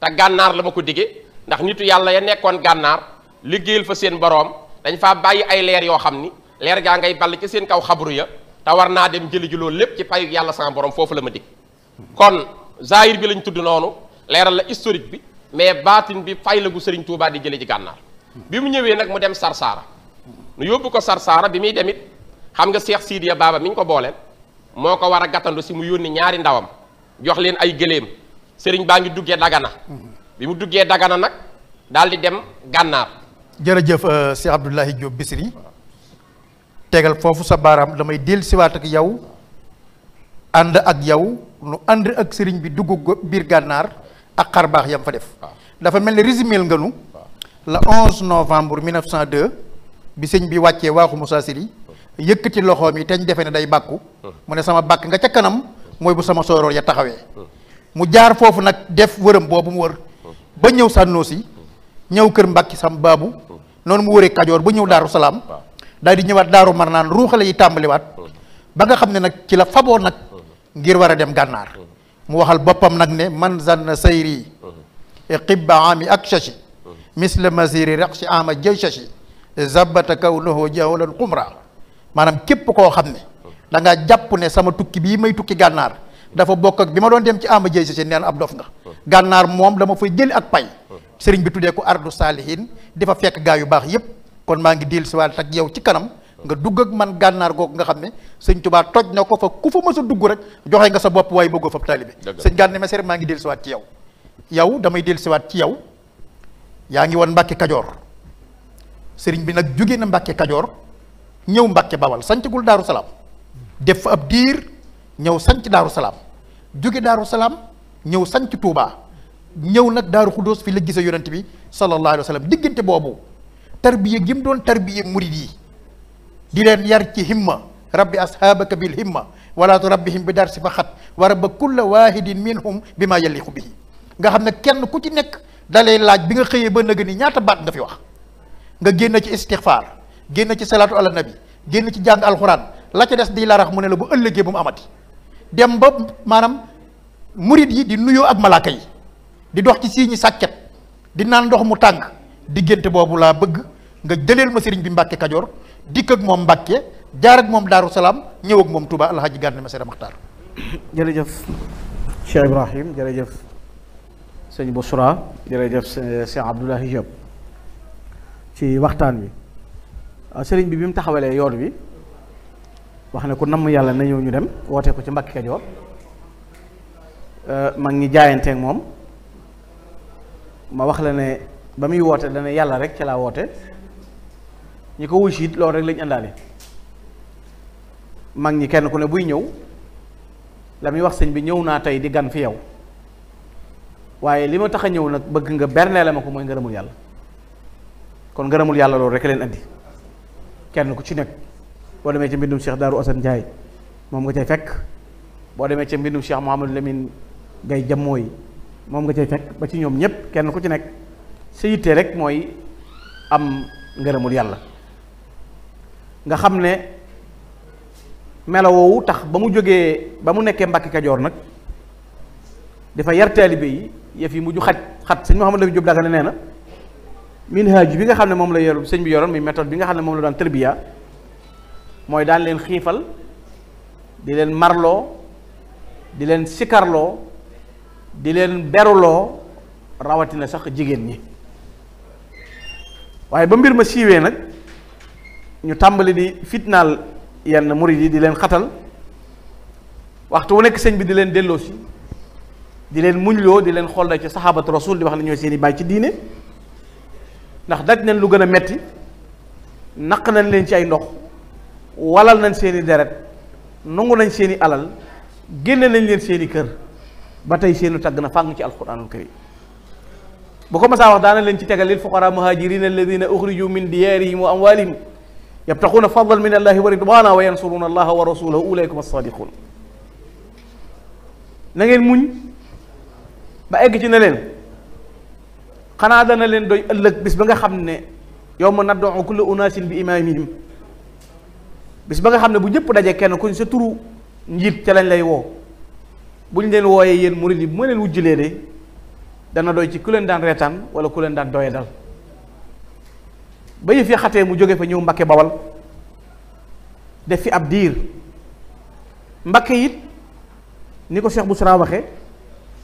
Speaker 4: ta ganar la ma ko ndax nitu yalla ya nekkon gànnaar liggéeyal fa seen borom dañ fa bayyi ay leer yo xamni leer ngay ball ci seen kaw xabru ya ta warna dem jëli ji loolu lepp ci payu yalla sama borom fofu la ma dig kon zahir bi lañ tuddu nonu leeral la historique bi mais batin bi fay la gu Serigne Touba di jële ji gànnaar bi mu ñëwee nak mu dem Sarsara nu yobbu ko Sarsara bi mi demit xam nga Cheikh Sidiya Baba miñ ko booleel moko wara gatandu mu yoni ñaari ndawam jox leen ay gëléem serigne baa duggé dagana bi mu duggé dagana nak dal di dem
Speaker 2: jere jeuf Cheikh Abdullahi Diop bisri tegal fofu sa baram damay del wat ak yaw and ak yaw nu and ak serigne bi duggu bir gannaar ak xar yam fa def dafa melni ni nga nu le 11 novembre 1902 bi serigne bi wacce waxu Moussa Siri yëkkati loxoom yi te ñu day bakku hmm. mune sama bak nga ca kanam mooy bu sama sooroor ya taxawee mu jaar foofu nag def wërëm boobu mu wër ba ñëw sànnoosi ñëw kër mbàkki sam baabu noonu mu wëree kajoor ba ñëw daaru salaam daal di ñëwaat daaru mar naan ruuxale yi tàmbaliwaat ba nga xam ne nag ci la faboo nag ngir war a dem gànnaar mu waxal boppam nag ne man zann sayri e xibba ami ak shashi misla masiri req si ama jay shashi zabata kaw nohoo jawlan xumra maanaam képp koo xam ne da nga japp ne sama tukki bi may tukki gannar dafa bok ak bima don dem ci amba jeey ci neen abdof nga gannar mom dama fay jël ak pay serigne bi tuddé ko ardu salihin difa fekk gaay yu bax yépp kon ma ngi dil ci wal tak yow ci kanam nga dugg ak man gannar gog nga xamné serigne touba toj nako fa ku fa mësa dugg rek joxe nga sa bop way bëggo fa talibé serigne ganne ma ser ma ngi dil ci wat ci yow yow damay dil ci wat ci yow ngi won mbacké kadior serigne bi nak joggé na mbacké kadior ñew mbacké bawal santigul daru salam def fa ab diir ñëw sanc daaru salaam jóge daaru salaam ñëw sañc Touba ñëw nag daaru xuddoos fi la gise yonent bi sallallahu alayhi wa diggante boobu tarbiya gi mu doon tarbiya murid yi di yar ci himma rabbi ashaabaka bil himma wala turabbihim bi dar si fa xat wa rabba kulla waahidin minhum bi maa yaliqu bihi nga xam ne kenn ku ci nekk dalay laaj bi nga xëyee ba ñaata baat nga fi nga génn ci istixfaar génn ci salaatu ala nabi génn ci jàng alxuraan la ci dess di larax mu ne bu ëllëgee bu mu amati dem ba manam murit yi di nuyo ak malaka yi di dox ci siiñi sakket di nan dox mu tang diggante bobu la bëgg nga jëleel ma sëriñ bi Mbàkke kadior dik ak mom Mbàkke jaar ak mom Daaru
Speaker 3: salam ñew ak mom Touba Alhaji Gana Messere jere jërëjëf Cheikh Ibrahim jërëjëf sëñ Bouchra jërëjëf sëñ Abdoulahi Diop ci waxtaan wi ah, sëriñ bi bi mu yoon bi wax ne ku namm yàlla na ñëw ñu dem woote ko ci Mbàkke Kajoor mag ñi jaayanteeg moom ma wax la ne ba muy woote dana yàlla rek ci laa woote ñi ko wuy siit loolu rek lañu àndaale mag ñi kenn ku ne buy ñëw la muy wax sëñ bi ñëw naa tey di gan fi yow waaye li ma tax a ñëw nag bëgg nga bernee la ma ko mooy ngërëmul yàlla kon ngërëmul yàlla loolu rek leen andi kenn ku ci nekk boo demee ca mbindum Cheikh Darou Assane moom nga cay fekk boo demee ca mbindum Cheikh Mouhamadou lemin ngay Jammoo yi moom nga cay fekk ba ci ñoom ñëpp kenn ku ci nekk sa yitte rek mooy am ngërëmul yàlla nga xam ne melo woowu tax ba mu jógee ba mu nekkee Mbàkke Kajoor nag dafa yar taalibe yi yëf yi mujj xaj xat sëñ Mouhamadou Lamine Diop Dagana nee na minhaaj bi nga xam ne moom la yor sëñ bi yoroon muy méthode bi nga xam ne moom la daan tërbiya mooy daan leen xiifal di leen marloo di leen sikkarloo di leen beruloo rawatina sax jigéen ñi waaye ba mbir ma siiwee nag ñu tàmbali di fitnaal yenn murid yi di leen xatal waxtu wu nekk sëñ bi di leen delloosi di leen muñloo di leen xool da ci saxaabatu rasul di wax ne seeni seen baay ci diine ndax daj nañ lu gën a metti naq nañ leen ci ay ndox walal nañ seeni deret nungu nañ seeni alal genn nañ leen seeni kër ba tey seenu tag na fàng ci alquranul karim bu ko massa wax daana leen ci tegal lil fuqara muhajirin alladhina ukhriju min diyarihim wa amwalihim yabtaxuuna fadlan min allahi wa ridwana wa yansuruna allaha wa rasulahu as-sadiqun na ngeen muñ ba egg ci ne leen xanaa dana leen doy ëllëg bis ba nga xam ne yow ma naddu kulla unaasin bi imaamihim bis ba nga xamne bu ñepp dajé kenn kuñ sa turu njit ci lañ lay wo buñ leen woyé yeen mouride mo bu ma leen wujjilee de dana doy ci ku leen daan reetaan wala ku leen daan doye dal ba yëf ya mu joggé fa ñew mbacké bawal def fi ab dir mbacké it niko cheikh bu waxé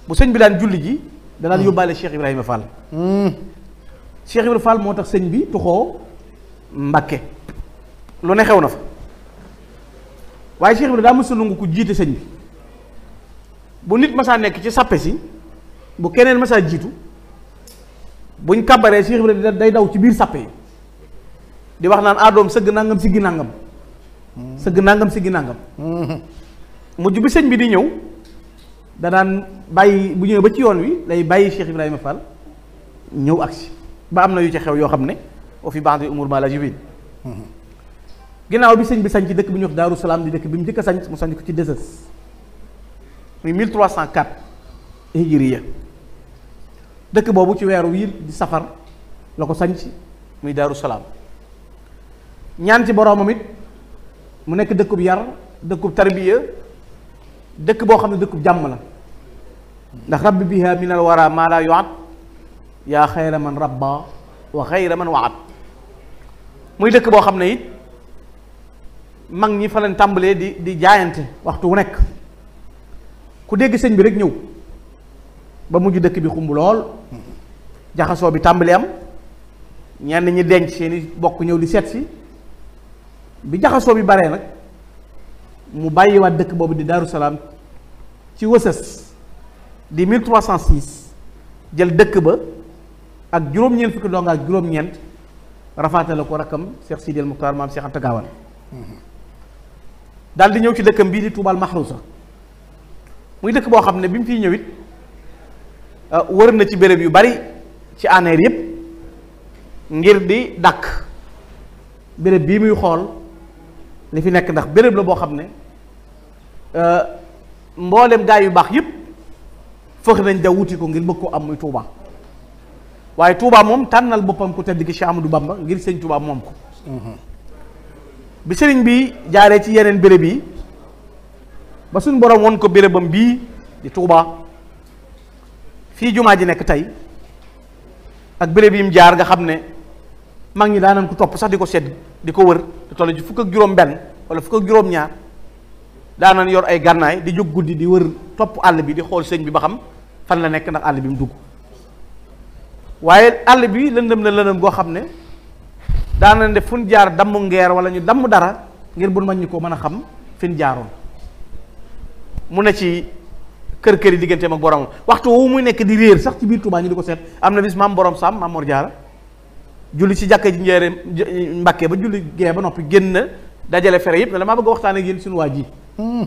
Speaker 3: bu señ bi daan julli ji naan hmm. yobale cheikh ibrahima fall hmm. cheikh ibrahima fall motax señ bi tuxo mbacké lu ne xewna fa waaye Cheikh Ibra daa mës a nangu ku jiite sëñ bi bu nit masaa nekk ci sàppe si bu keneen masaa jiitu buñ kàbbaree Cheikh Ibra day daw ci biir sàppe yi di wax naan adoom ah, sëgg nangam siggi nangam sëgg nangam siggi nangam mujj bi sëñ bi di ñëw danaan bàyyi bu ñëwee ba ci yoon wi day bàyyi Cheikh Ibrahima Fall ñëw agsi ba am na yu ci xew yoo xam ne au fi baax umur ma la jibin hmm. ginaaw bi sëñ bi ci dëkk bi ñu wax daru salam di dëkk bi mu njëkk sañ mu sañ ko ci dësës muy 1304 hijriya dëkk boobu ci weeru wii di safar la ko ci muy daru salam ñaan ci borom amit mu nekk dëkkub yar dëkkub tarbiya dëkk boo xam ne dëkkub jàmm la ndax rabbi biha min al wara ma la yuat ya khayra man rabba wa khayra man waat muy dëkk boo xam mag ñi fa lañ tambalé di di jaayante waxtu wu nek ku dégg sëñ bi rek ñew ba mujj dëkk bi xumbu lool jaxaso bi tambalé am ñenn ñi denc seen bokku ñew di sétsi bi jaxaso bi baré nak mu bàyyiwaat dëkk bobu di daru salam ci wësës di 1306 jël dëkk ba ak juroom ñeen fukk do nga juroom ñent rafaatale rakam Cheikh Sidil Mukhtar mam Cheikh Anta Gaawaan mm-hmm. daal di ñëw ci dëkkam bii di tuubal maxruusa muy dëkk boo xam ne bi mu fiy ñëw euh, wër na ci béréb yu bari ci aneer yépp ngir di dàkk béréb bii muy xool li fi nekk ndax béréb la boo xam ne euh, mboolem gaa yu baax yépp fëx nañ da wuti ko ngir bëgg ko am muy Touba waaye Touba moom tànnal boppam ku tedd ki Cheikh Amadou Bamba ngir sëñ Touba moom ko mm-hmm. bi sëriñ bi jaaree ci yeneen béréb yi ba suñ boroom won ko bérébam bii di Touba fii jumaa ji nekk tey ak béréb yi mu jaar nga xam ne mag ñi daanan ko topp sax di ko sedd di ko wër di toll ci fukk ak juróom-benn wala fukk ak juróom-ñaar daanan yor ay gànnaay di jóg guddi di wër topp àll bi di xool sëñ bi ba xam fan la nekk ndax àll bi mu dugg waaye àll bi lëndëm na lëndëm goo xam ne. daana def fu ñu jaar damm ngeer wala ñu damm dara ngir bu mañ ñu ko mën a xam fi ñu jaaroon mu ne ci kër kër yi digganteem ak borom waxtu woowu muy nekk di réer sax ci biir Touba ñu di ko seet am na bis maam borom Sam maam jaara julli ci jàkka ji njeere mbakke ba julli gee ba noppi génn dajale fere yëpp ne damaa bëgg waxtaan ak yéen suñu waa ji hmm.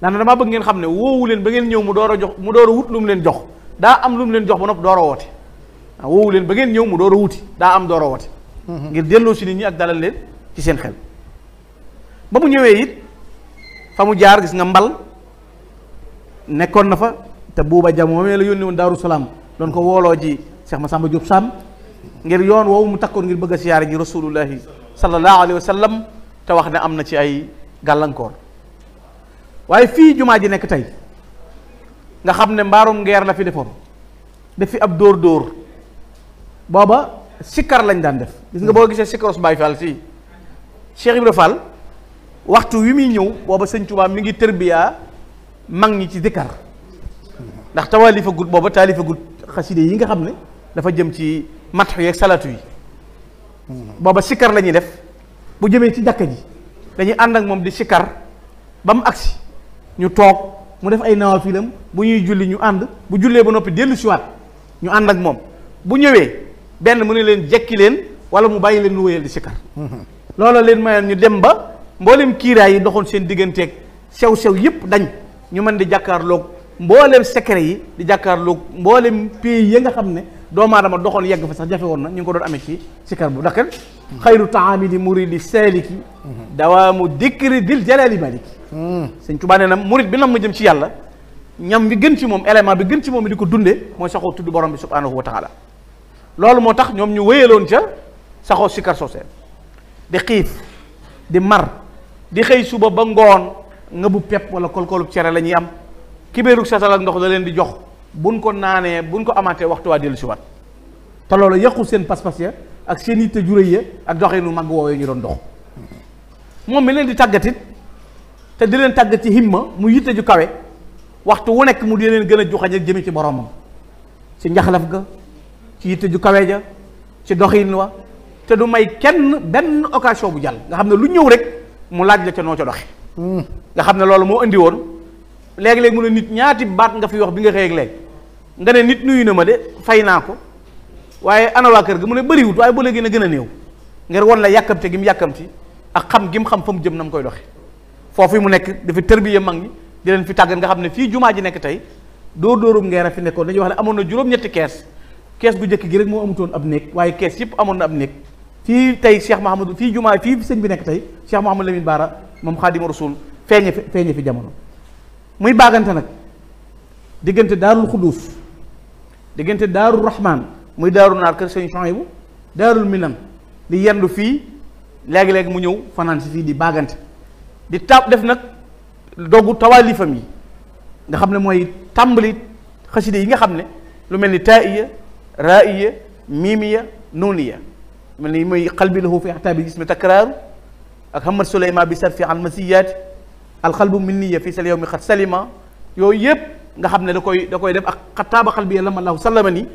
Speaker 3: naan damaa bëgg ngeen xam ne woowu leen ba ngeen ñëw mu door a jox mu door a wut lu mu leen jox daa am lu mu leen jox ba noppi door a woote woowu leen ba ngeen ñëw mu door a wuti daa am door a ngir delo ci nit ñi ak dalal leen ci seen xel ba mu ñëwee it fa mu jaar gis nga mbal nekkon na fa te buba jam moomee la yoni won daru salam don ko wolo ji Cheikh Massamba Diop Sam ngir yoon wo mu takkon ngir bëgg a ji rasulullah sallallahu alaihi wasallam, te wax na amna na ci ay galankor waye fi juma ji nek tay nga xamne mbarum ngeer la fi defoon def fi ab dor dor baba sikkar lañ daan def gis nga boo gisee sikkaros Baay Faal si Cheikh Ibra Fall waxtu wi muy ñëw booba sëñ Tuubaa mi ngi tërbiyaa mag ñi ci sikkar ndax tawaalifa gut booba taalifa gut xaside yi nga xam ne dafa jëm ci matxu yeeg salatu yi booba sikkar lañuy def bu jëmee ci jàkka ji dañuy ànd ak moom di sikkar ba mu agsi ñu toog mu def ay nawafilam bu ñuy julli ñu ànd bu jullee ba noppi dellu siwaat ñu ànd ak moom bu ñëwee benn mu ne leen jekki leen wala mu bàyyi leen nu wéyal di sikkar loola leen mayoon ñu dem ba mboolem kiiraay yi doxoon seen digganteeg sew-sew yëpp dañ ñu mën di jàkkaarloog mboolem secret yi di jàkkaarloog mboolem pays yi nga xam ne doomu aadama doxoon yegg fa sax jafe woon na ñu ngi ko doon amee ci sikkar bu dakar xayru taami di muridi saaliki dawaamu dikri dil jalaali maliki sëñ Tuubaa nee na murid bi na ma jëm ci yàlla ñam bi gën ci moom élément bi gën ci moom di ko dunde mooy saxoo tudd borom bi subhanahu wa taala loolu moo tax ñoom ñu wéyaloon ca saxoo sikar soseen di xiif di mar di xëy suba ba ngoon nga bu pepp wala kolkolub cere la ñuy am kibéerug satal ak ndox da leen di jox buñ ko naanee buñ ko amaatee waa dellu si wat te loolu yàqu seen pas-pas ya ak seen yitte juré ya ak doxinu mag woowee ñu doon ndox moom mi leen di tàggatit te di leen tàggat ci himma mu yitte ju kawe waxtu wu nekk mu di leen gën a juxañ ak jëme ci boromam ci njaxlaf ga ci yitte du kawe ja ci doxin wa te du may kenn benn occasion bu jàll nga xam ne lu ñëw rek mu laaj la ca noo ca doxe hmm. nga xam ne loolu moo indi woon léegi-léegi mu ne nit ñaati baat nga fi wax bi nga xëy ak léegi nga ne na ma de fay naa ko waaye ana waa kër ga mu ne bëriwut waaye bu léegi na gën a néew ngir won la yàkkamte gi mu yàkkamti ak xam gi mu xam fa mu jëm na mu koy doxe foofu mu nekk dafa tërbiya mag ñi di leen fi tàggat nga xam ne fii jumaa ji nekk tey dóor dóorum ngeer a fi nekkoon dañuy wax ne amoon na juróom-ñetti kees kees bu njëkk gi rek moo amutoon ab néeg waaye kees yëpp amoon na ab néeg fii tey Cheikh Mahamadou fii jumaa fii sëñ bi nekk tey Cheikh Mahamadou Lamine Baara moom Xaadimu Rasuul feeñe fi feeñe fi jamono muy nag diggante daarul xuduus diggante daarul rahman muy daaru naar kër sëñ Chouaïbou daarul di yendu fii léegi-léegi mu ñëw fanaan fii di baagante di ta def nag doggu tawaalifam yi nga xam ne mooy tàmbali xaside yi nga xam ne lu mel ni taiya رائية ميمية نونية من ما قلبي له في اعتاب الجسم تكرار أكمل سليمان بصرف عن المسيات القلب منية في اليوم قد سلم yooyu yëpp nga xam ne da koy da koy def ak xataaba xal bi yàlla man laahu sallama ni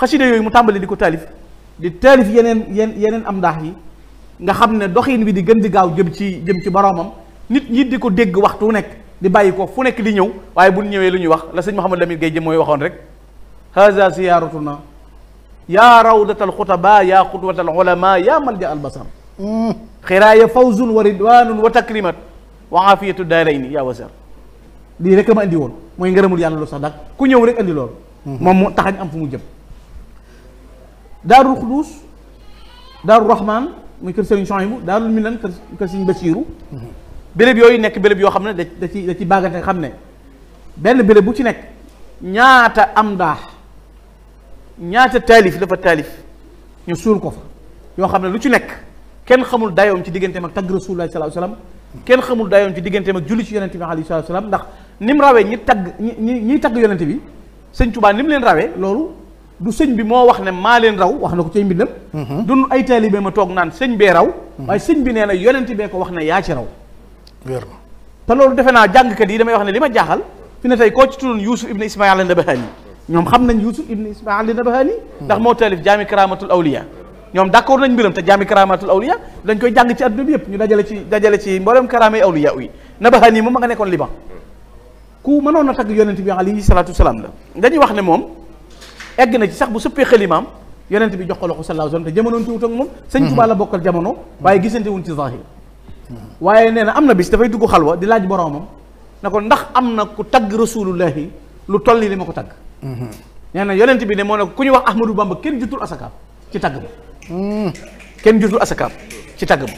Speaker 3: xasida yooyu mu tàmbali di ko di taalif yeneen yeneen am ndaax yi nga xam ne bi di gën di gaaw jëm ci jëm ci boroomam nit ñi di dégg waxtu wu di bàyyi fu nekk di ñëw waaye bu ñëwee lu ñuy wax la sëñ Mouhamadou Lamine Gueye jëm mooy waxoon rek haza ziyaratuna يا روضة الخطباء يا خطوة العلماء يا ملجأ البصر خرايا فوز وردوان وتكريمة وعافية الدارين يا وزير lii rek ma andi woon mooy ngërëmul yàlla lu sax dak ku ñëw rek andi loolu moom moo taxañ am fu mu jëm daarul xuduus daarul rahman muy kër sëriñ Chouaïbou daarul minan kër kër sëriñ Basiiru béréb yooyu nekk béréb yoo xam ne da ci da ci bàggante xam ne benn béréb bu ci nekk ñaata am daax ñaata taalif dafa talif ñu suul ko fa yo xamne lu ci nek kenn xamul dayoom ci digeentem ak tagg rasulullah sallallahu alayhi wasallam kenn xamul dayoom ci digeentem ak julli ci yonnati bi alayhi wasallam ndax nim rawe ñi tag ñi tag yonnati bi seigne touba nim leen rawe lolu du seigne bi mo wax ne ma leen raw wax na ko ci mbindam du ay talibé ma tok naan seigne be raw way seigne bi neena yonnati be ko wax ne ya ci raw ta lolu defena jang jàngkat yi dama wax ne lima jaxal fi ne tay ko ci tudun yusuf ibne ismaeil an-Nabahaani ñom xam nañ yusuf ibn ismail nabahani ndax mo talif jami karamatul awliya ñom d'accord nañ mbirum te jami karamatul awliya dañ koy jàng ci addu yëpp ñu dajale ci dajale ci mbolam karaamay awliya wi nabahani mo ma nga nekkon liban ku mënoon na tag yonent bi alayhi salatu salaam la dañ wax ne mom egg na ci sax bu suppé khalimam yonent bi jox ko loxo sallallahu alayhi wasallam te jamonoonte wut ak mom sëñ touba la bokkal jamono waaye gisante wuñ ci zahir waye neena amna bis da fay dafay dugg xalwa di laaj boromam nako ndax amna ku tag rasulullahi lu tolli limako tag nee na yonent bi ne moo ne ku ñu wax Ahmadou Bamba kenn jutul asakaam ci tàgg ba kenn jutul asakaam ci tàgg ba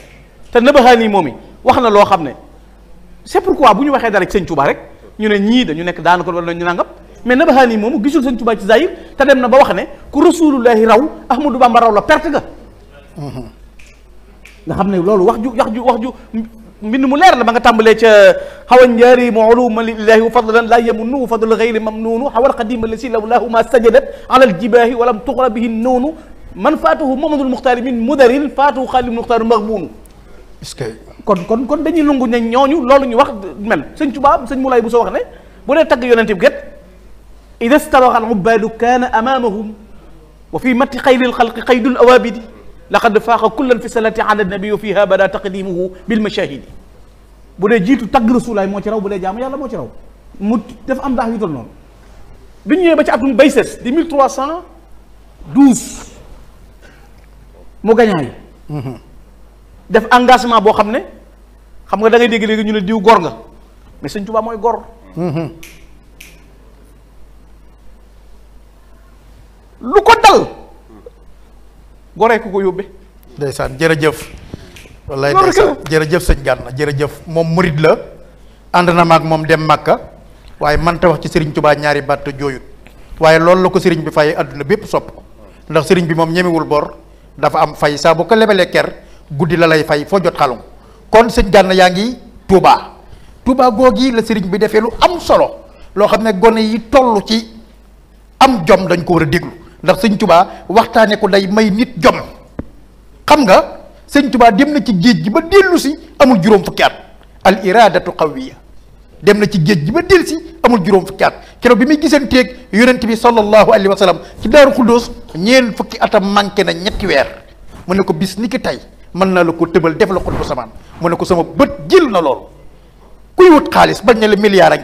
Speaker 3: te Nabaxaani moom i wax na loo xam ne c'est pourquoi bu ñu waxee dara ci sëñ rek ñu ne ñii dañu nekk daanaka wala ñu nangam mais Nabaxaani moomu gisul sëñ Touba ci zahir te dem na ba wax ne ku rasulullahi raw Ahmadou Bamba raw la perte ga nga xam ne loolu wax ju wax ju wax ju من مولير لما تعمل ليش هون جاري معلوم لله فضلا لا يمنو فضل غير ممنون حول قديم الذي لو الله ما سجدت على الجباه ولم تقرا به النون من فاته محمد المختار من مدر فاته خالد المختار مغبون اسكي كون كون كون داني نونغو ني نيوني لولو ني واخ مل سيغ توباب سيغ مولاي بوسو واخني بو ني تاغ يونتيب گت اذا استرغ العباد كان امامهم وفي مت خيل الخلق قيد الاوابد laqad faaqa kullan fi salati ala nabi fiha bada taqdimuhu bil yi bu dee jiitu tagg rasulaay moo ci raw bu dee jaamu yàlla moo ci raw mu dafa am daax yu tol noonu bi ñu ba ci atum bayses di mille trois cent douze mu gañaay def engagement boo xam ne xam nga dangay ngay dégg léegi ñu ne diw gor nga mais sëñ Tuubaa mooy gor lu ko dal goree ku ko
Speaker 2: Desa ndeysaan jërëjëf wallaay ndeysaan jërëjëf sëñ Gana jërëjëf mom murid la andana mak mom dem Makka man manta wax ci serigne touba ñaari baat joyut waye loolu ko bi fay aduna bépp sop ndax serigne bi bor dafa am fay sa bu ko lebalee ker guddi la lay fay fo jot xalum kon sëñ Gana yaangi Touba Touba googi la serigne bi am solo lo xam goni gone yi tollu ci am jom dañ ko wara ndax seigne touba waxtane ko day may nit jom xam nga seigne touba dem na ci géej gi ba delu ci amul juróom fukki at al iradatu qawiyya dem na ci géej gi ba del ci amul juróom fukki at keroog bi muy gisanteeg yonent bi sallallahu alaihi wasallam ci daru xuddoos ñeen fukki atam manke na ñetti weer mu ne ko bis niki tay man na naa la ko tëbal def la xutbu samaan mu ne ko sama beut jil na loolu kuy wut xaalis bañ na la milliard a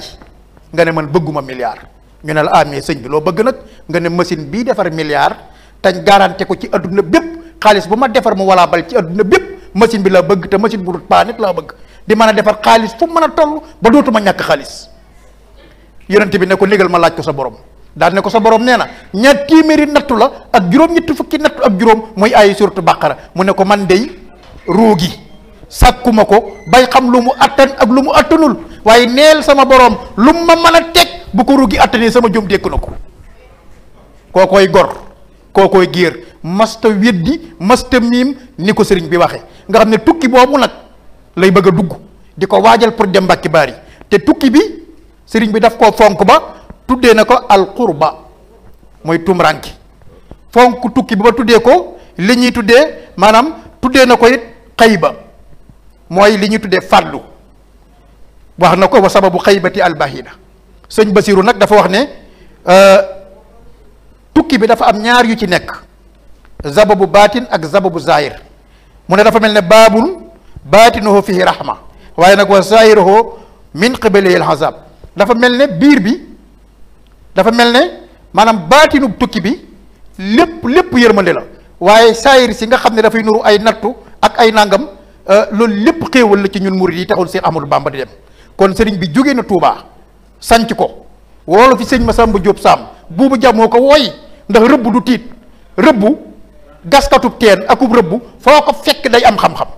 Speaker 2: nga ne man bëgguma milliard ñu ne la amee ah, seigne bi lo bëgg nak nga ne machine bii defar milliard tañ garanté ko ci adduna bépp xaalis bu ma defar mu walaa bal ci adduna bépp machine bi laa bëgg te machine bu paa paanit laa bëgg di man a defar xaalis fu mën a toll ba dootuma ñàkk xaalis yonent bi ne ko négal ma laaj ko sa borom daal ne ko sa borom nee na ñaar téeméeri nattu la ak juróom-ñetti fukki nattu ak juróom muy ay surtout bàqara mu ne ko man dey ruugi sàkkuma ko bay xam lu mu attan ak lu mu attanul waaye neel sama borom lu mu ma mën a teg bu ko ruugi attanee sama jom dékk na ko koo koy gor koo koy géer masta weddi masta miim ni ko sëriñ bi waxe nga xam ne tukki boobu nag lay bëgg dugg di ko waajal pour dem mbàkki baar yi te tukki bi sëriñ bi daf koo fonk ba tuddee na ko alqurba mooy tumranki fonk tukki bi ba tuddee ko li ñuy tuddee maanaam tuddee na ko it xayba mooy li ñuy tuddee fàllu wax na ko wa sababu xaybati albahina sëñ Basiru nag dafa wax ne euh, tukki bi dafa am ñaar yu ci nek zababu batin ak zababu zahir mune dafa melne babul batinuhu fihi rahma waye nak wa zahiruhu min qibalihi alhazab dafa melne bir bi dafa melne manam maanaam tukki bi lépp lépp yërmande la waye saayir si nga xamne dafay nuru ay nattu ak ay nangam lool lépp xéewal la ci ñun mouride yi taxul cheikh amadou Bamba di dem kon serigne bi jóge na Touba sanc ko woolu fi Massamba Diop Sam bubu jamoko ko ndax rëbb du tiit rëbbu gaskatub teen akub rëbb foo ko fekk day am xam-xam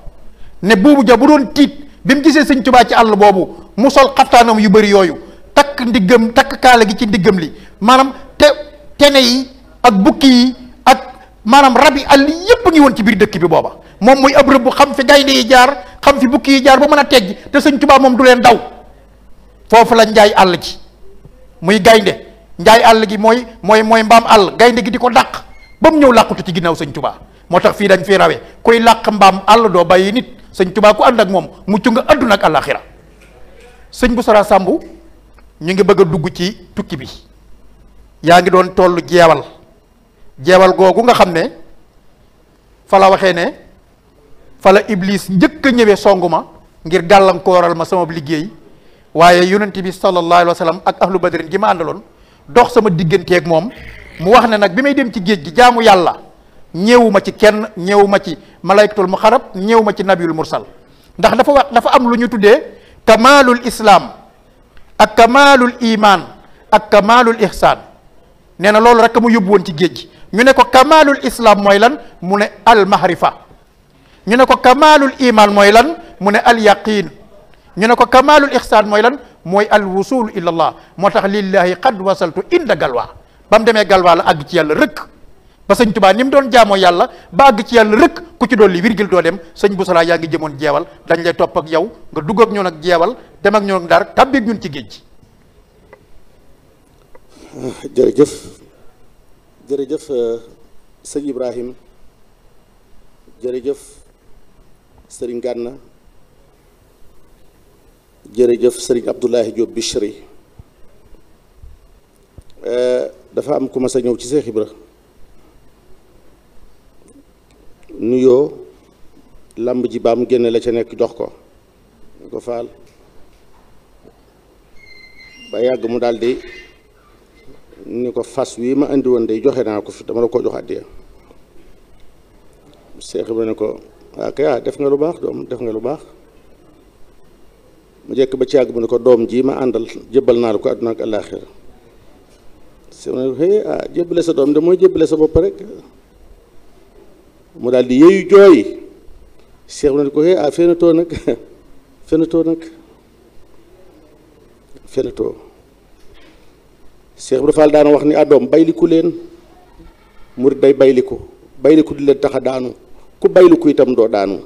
Speaker 2: ne buubu ja bu doon tiit bi mu gisee sëñ Tuubaa ci àll boobu mu sol xaftaanam yu bëri yooyu takk ndiggam takk kaala gi ci ndiggam li maanaam te tene yi ak bukki yi ak maanaam rabi yi àll yépp ngi woon ci biir dëkk bi booba moom muy ab rëbb xam fi gaynde yi jaar xam fi bukki yi jaar ba mën a tegg te sëñ Tuubaa moom du leen daw foofu la njaay àll ji muy gaynde njaay àll gi mooy mooy mooy mbaam àll gaynde gi di ko dàq ba mu ñëw làqutu ci ginnaaw sañ tubaa moo tax fii dañ fi rawee kuy làq mbaam àll doo bàyyi nit sëñ tubaa ku ànd ak moom mucc nga àdduna ak àllaaxira sëñ bu sara sàmbu ñu ngi bëgg a dugg ci tukki bi yaa ngi doon toll jeewal jeewal googu nga xam ne fala waxee ne fala iblis njëkk a ñëwee songu ma ngir gàllankooral ma sama liggéey waaye yonent bi sallallahu alayhi wa ak ahlu badrin gi ma àndaloon dox sama digganteeg moom mu wax na nag bi may dem ci géej gi jaamu yàlla ñeewu ma ci kenn ñeewu ma ci malaykatul muxarab ñeewu ma ci nabiyul mursal ndax dafa wax dafa am lu ñu tuddee kamalul islaam ak kamalul iman ak kamalul ihsan nee na loolu rek mu yóbbu woon ci géej gi ñu ne ko kamalul islaam mooy lan mu ne al ñu ne ko kamalul iman mooy lan mu ne al ñu ne ko kamalul ihsan mooy lan mooy al wusul ila allah moo tax lillahi qad wasaltu inda galwaa ba mu demee galwaa la àgg ci yàlla rëkk ba sëñ tubaa ni mu doon jaamoo yàlla ba àgg ci yàlla rëkk ku ci doon dolli virgule doo dem sëñ busalaa yaa ngi jëmoon jeewal dañ lay topp ak yow nga dugg ak ñun ak jeewal dem
Speaker 1: ak ñun ak ndar tàbbi ak ñun ci géej gi jërëjëf euh, sëñ Ibrahim jërëjëf sëriñ Gànna jërëjëf sëriñ Abdoulahi Diop Bichri eh, dafa am ku mas a ñëw ci Seex Ibra nuyoo làmb ji ba mu génne la ci nekk jox ko ñu ko faal ba yàgg mu daldi ni ko fas wi ma indi woon day joxe naa ko fi dama la ko jox àddiya Seex Ibra ne ko waa ah, kay ah, def nga lu baax doom def nga lu baax mu jekk ba ci àgg mu ne ko doom jii ma àndal jébbal naa la ko àdduna ak àllaaxira su ma ne ah jébbale sa doom de mooy jébbale sa bopp rek mu daal di yeeyu jooy seex mu ne ko ah fenatoo nag fenatoo nag fenatoo seex bu dafa daana wax ni àddoom ah, bayliku leen murit day bayliku bayliku di leen tax a daanu ku bayliku itam doo daanu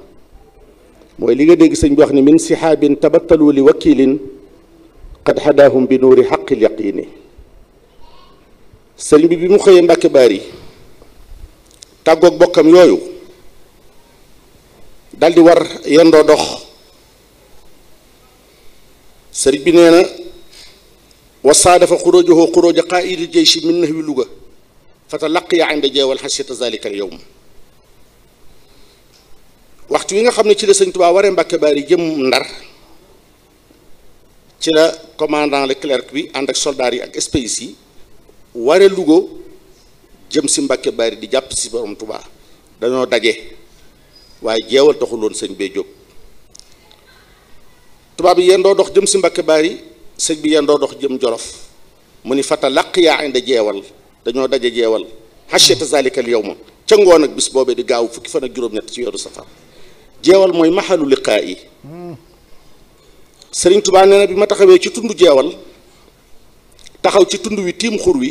Speaker 1: mooy li nga dégg sëñ bi wax ni min sihaabin tabattalu li wakilin qad xadaahum bi nuuri xaqil yaqini sëriñ bi bi mu xëyee mbàkke baar yi tàggoog bokkam yooyu daldi war yendoo dox sëriñ bi nee na wasaadafa xuróojuhu xuróoja qaa'idi jeyshi min nahwi luga fa talaqiya inda jeewal xasiyata zalika al yowm waxtu yi nga xamne ci le seigne touba waré mbacké Bari jëm Ndar ci la commandant clerc bi and ak soldat yi ak espèces yi waree jëm ci mbacké Bari di japp ci borom Tuubaa dajé way jéwal taxul won seigne bee jóg touba bi yendo dox jëm ci mbacké Bari seigne bi yendo dox jëm Jolof muni fata làq ya indi jeewal dañoo daje jeewal hacheta zalikal yow ma ca ak bis bobé di gaaw fukki fana ak juróom ci yoru safar jeewal mooy maxalu liqaa yi sëriñ tubaa na bi ma taxawee ci tund jeewal taxaw ci tund wi tiim xur wi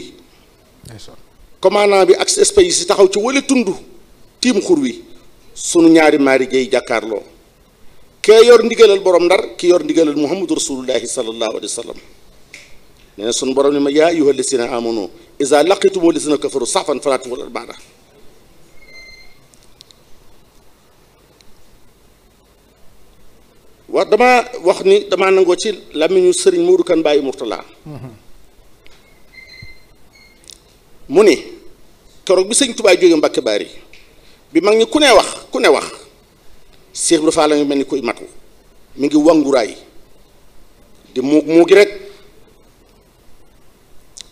Speaker 1: commandant bi ak espace yi taxaw ci wële tund tiim xur wi sunu ñaari maari jey jàkkaarloo kee yor ndigalal borom ndar ki yor ndigalal muhammadu rasulullahi sallallahu alayhi wa sallam nee na sunu borom ne ma yaa ayyuha alladina amanu iza laqitumul ladina kafaru safan falaa tuwallu adbaara wax damaa wax ni damaa nangoo ci làmmiñu sëriñ Modou Kane Baye Mourtala mu ni keroog bi sëñ Tuubaa jóge Mbàkke Baari bi mag ñi ku ne wax ku ne wax Seex Ibra Faal la ngi mel ni koy matu mi ngi wanguraay di muug muugi rek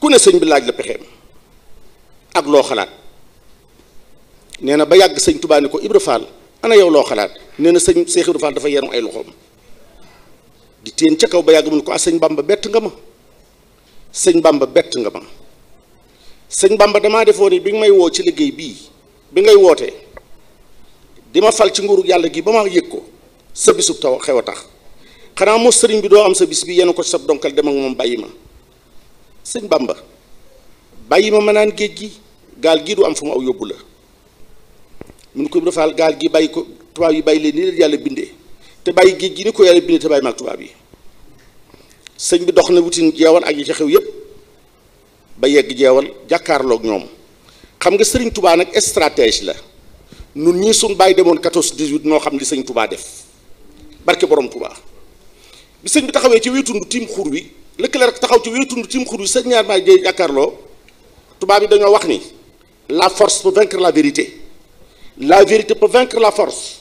Speaker 1: ku ne sëñ bi laaj la pexeem ak loo xalaat nee na ba yàgg sëñ Tuubaa ni ko Ibra Faal ana yow loo xalaat nee na sëñ Seex Ibra Faal dafa yenu ay loxoom di teen ca kaw ba yàgg mun ko ah sëñ Bamba bett nga ma sëñ Bamba bett nga ma sëñ Bamba damaa defoo ni bi nga may woo ci liggéey bii bi ngay wootee di ma fal ci nguuru yàlla gi ba ma yëg ko sa bisub taw xew a tax xanaa moo sëriñ bi doo am sa bis bi yenn ko ci sa donkal dem moom bàyyi ma sëñ Bamba bàyyi ma ma naan géej gi gaal gii du am fu mu aw yóbbu la mun ko defal gaal gi bàyyi ko tubaab yi bàyyi leen yàlla bindee te bàyyi géej gi ni ko yàlla bindee te bàyyi maag tubaab yi sëñ bi dox na wutin jeewal ak yi ca xew yépp ba yegg jeewal jàkkaarlook ñoom xam nga sëriñ tubaa nag stratège la nun ñii suñ bàyyi demoon 14 18 noo xam li sëñ tubaa def barke borom tubaa bi sëñ bi taxawee ci wéetund tiim xur wi lëkkale rek taxaw ci wéetund tiim xur wi sëñ ñaar maay jëy jàkkaarloo tubaab yi dañoo wax ni la force peut vaincre la vérité la vérité peut vaincre la force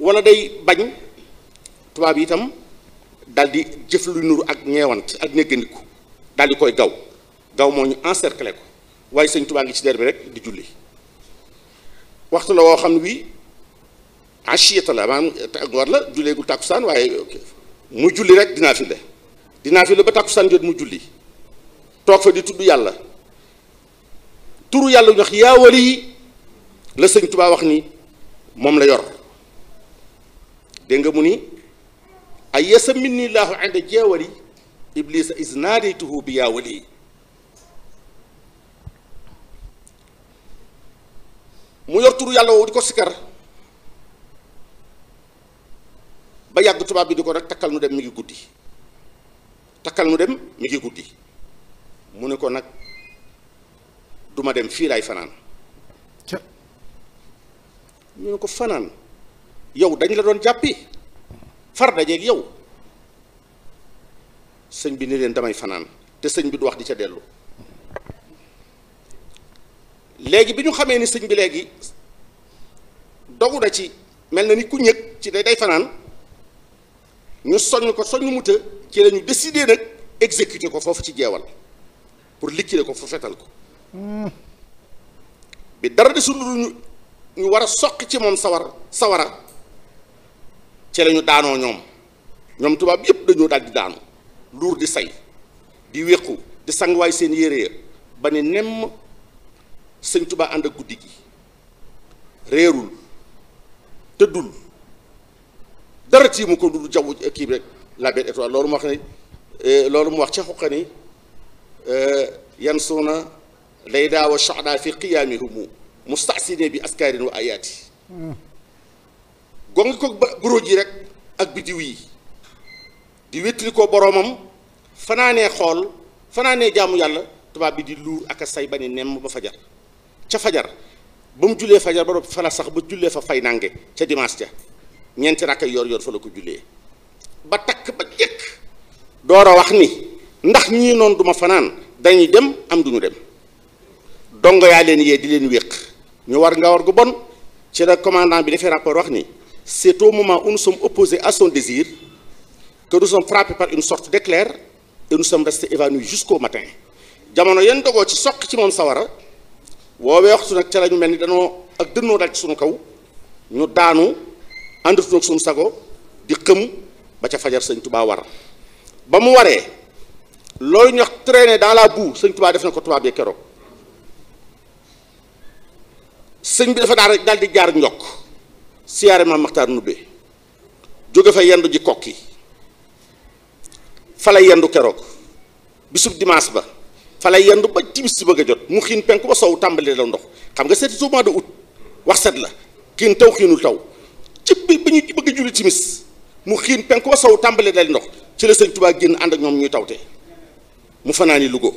Speaker 1: wala day bañ tubaab yi itam daal di jëf lu nuru ak ñeewant ak néggandiku daal di koy gaw gaw moo ñu encercler ko waaye sëñ tubaa ngi ci der bi rek di julli waxtu la woo xam ne bii achiyata la maanaam ngoor la julli rek dinaa fi dinaa fi le ba tàkkusaan jot mu julli toog fa di tudd yàlla turu yàlla ñu wax yaawali la sëñ tubaa wax ni moom la yor dégg nga mu ni ay yasa min ni laahu inde jeewali iblisa isnaadaytuhu bi yaa wali mu yor turu yàlla woowu di ko sikar ba yàgg tubaab bi di ko rek takkal nu dem mi ngi guddi takkal nu dem mi ngi guddi mu ne ko nag duma dem fii laay fanaan ñu ne ko fanaan yow dañ la doon jàppi far dajeeg yow sëñ bi ni leen damay fanaan te sëñ bi du wax di ca dellu léegi bi ñu xamee ni sëñ bi léegi dogu na ci mel na ni ku ñëg ci day day fanaan ñu soññ ko soññ mu të ci lañu ñu décider nag exécuter ko foofu ci jeewal pour liquider ko fu fetal ko mm. bi dara desul lu ñu ñu war a soqi ci moom sawar sawara ce la ñu daanoo ñoom ñoom tubaab yëpp dañoo daal di daanu luur di say di wéqu di sanguwaay seen yére ba ni nemm sëñ tubaa ànd ak guddi gi réerul tëddul dara tii mu ko du jaww kii rek la belle étoile loolu mu wax ne eh, loolu mu wax ca xuqa ni eh, yan suuna na daaw a soxdaa fi mu mustahsine bi askaarin wa ayaati hmm. gongi ko buróoj yi rek ak biddiw yi di wétli boroomam fanaanee xool fanaanee jaamu yàlla tubaab bi di luur ak a say ba ni nemm ba fajar ca fajar ba mu jullee fajar ba fa la sax ba jullee fa fay nange ca dimanche ca ñeenti rakk yor yor fa la ko jullee ba takk ba jëkk door a wax ni ndax ñii noonu duma fanaan dañuy dem am duñu dem dongo yaa leen yee di leen wéq ñu war nga war gu bon ci la commandant bi defee rapport wax ni c'est au moment où nous sommes opposés à son désir que nous sommes frappés par une sorte d'éclair et nous sommes restés évanouis jusqu'au matin jamono yéen dogoo ci soq ci moom sawara woowee waxtu nag ci lañu melni mel ak dënnoo dal ci sunu kaw ñu daanu andu sunu sago di xëm ba ca fajar sëñ tuba war ba mu waré loy ñu traîner dans la boue sëñ tuba def na ko tuba bi kéro sëñ bi dafa rek dal di jaar ñokk siyaare maam Maxtaar Nubbe jóge fa yendu ji kokki fa lay yendu keroog bisub dimanche ba fa lay yendu ba timis si bëgg a jot mu xiin penku ba sow tàmbali la ndox xam nga seeti souvent de wax set la xiin taw xiinul taw ci bi ba timis mu xiin penku ba tàmbali la ndox ci la sëñ Tuubaa génn ànd ak ñoom ñuy tawte mu fanaani Lugo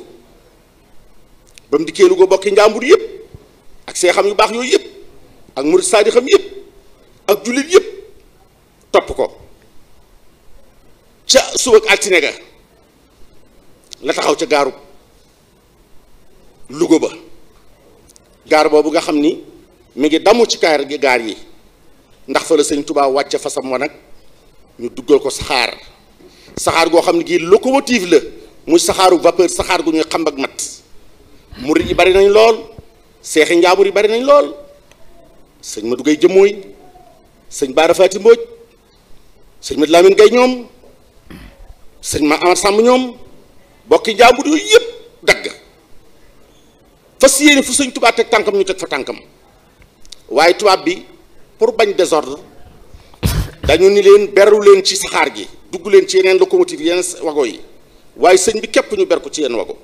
Speaker 1: ba mu dikkee Lugo bokki njàmbur yëpp ak see xam yu baax yooyu yëpp ak mu saa di xam yëpp ak jullit yépp topp ko ca suba ak altine ga la taxaw ca gaaru Louga ba gaar boobu nga xam ni mu ngi damu ci kaar gi gaar yi ndax fa la sëñ Tuubaa wàcce fasam wa nag ñu duggal ko saxaar saxaar goo xam ne gii locomotive la muy saxaaru vapeur saxaar gu ñuy xam ak mat mur yi bari nañ lool seexi njaabur yi bari nañ lool sëñ ma duggay jëmmooy sëñ Baara Faati Mbóoj sëñ Mat Lamin Gay ñoom sëñ ma Amar sàmm ñoom bokki njaambur yooyu yëpp dagg fas yéene fu sëñ Tuubaa teg tànkam ñu teg fa tànkam waaye tubaab bi pour bañ désordre dañu ni leen beru leen ci saxaar gi dugg leen ci yeneen locomotive yeneen wago yi waaye sëñ bi képp ñu ber ci yenn wago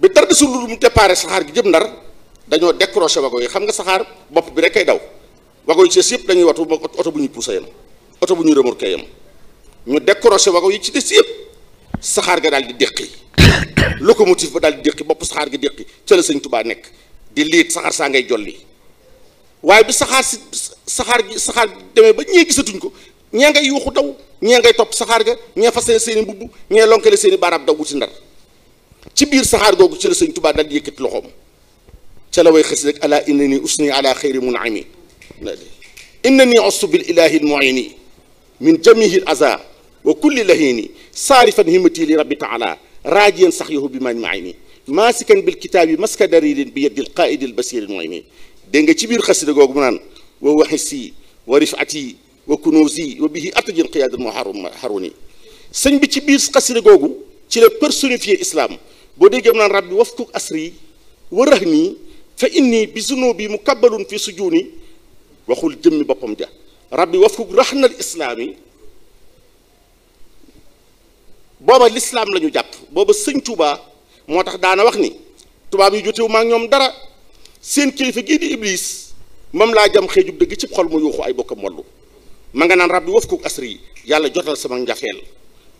Speaker 1: bi dara desul lu mu déparé saxaar gi jëm Ndar dañoo décroché wago yi xam nga saxaar bopp bi rek ay daw wago yi ci des yëpp dañuy oto bu ñuy poussé yam oto bu ñuy remorqué yam ñu décroché wago yi ci saxaar ga daal di déqi locomotive ba daal di déqi bopp saxaar gi déqi ca la tubaa nekk di liit saxaar saa ngay jolli waaye bi saxaar si saxaar gi saxaar demee ba ñee gisatuñ ko ñee ngay yuuxu daw ñee ngay topp saxaar ga ñee fas seen mbubb ñee lonkale seen i baaraab daw wuti ndar ci biir saxaar googu ci la sëñ tubaa daal di yëkkati loxoom تلوي خسلك ألا إنني أثني على خير منعمي إنني عصت بالإله المعيني من جميع الأزاء وكل لهيني صارفا همتي لرب تعالى راجيا سحيه بما معيني ماسكا بالكتاب مسك درير بيد القائد البصير المعيني دنجا كبير خسلك وقمنا منان ووحسي ورفعتي وكنوزي وبه أتجن قياد المحرم حروني سن بي كبير خسر تلا برسوني في الاسلام بودي جمنان ربي وفكك اسري ورهني fa inni bi zunubi mukabbalun fi sujuuni waxul jëmmi boppam ja rabbi wafuk raxnal islaam yi booba lislaam la ñu jàpp booba sëñ Tuubaa moo tax daana wax ni tubaab yi jotewu maa ñoom dara seen kilifa gii di iblis moom laa jam xëejub dëgg cib xol mu yuuxu ay bokkam wallu ma nga naan rabbi wafuk asri yi yàlla jotal sama njafeel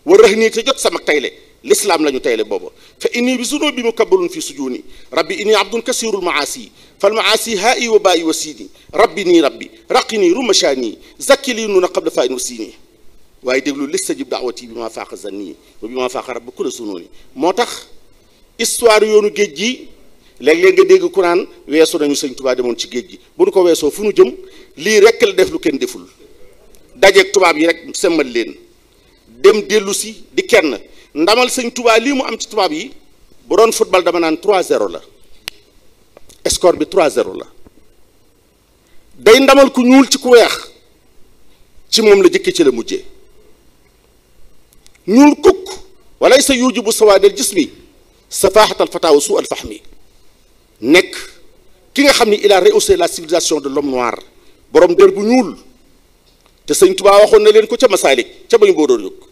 Speaker 1: war rax nii te jot sama tayle l'islam la ñu tayle booba fa inni bi sunoo bi mu kabbalun fi sujuni rabbi inni abdun kasirul maasi fal maasi haa i wa baayi wa siini rabbi nii rabbi raqi nii rumashaani zakki lii nuna qabla faayin wa siini waaye déglu listajib daawati bi maa faaqa zanni wa bi maa faaqa rabbi kula sununi moo tax histoire yoonu géej gi léeg-léeg nga dégg ku naan weesu nañu sëñ Tuubaa demoon ci géej gi bu nu ko weesoo fu nu jëm lii rek la def lu kenn deful dajeeg tubaab yi rek semmal leen dem dellu si di kenn ndamal sëñ Touba lii mu am ci tubaab yi bu doon football dama naan trois 0 la score bi 3-0 la day ndamal ku ñuul ci ku weex ci moom la jëkkee ci la mujjee ñuul kukk walay sa yooju yujubu sawaadel jismi safahatal fataawa su al mi nekk ki nga xam ni il a la civilisation de l'homme noir borom dër bu ñuul te sëñ Touba waxoon na leen ko ca Masaalik ca bañ boo doon yóg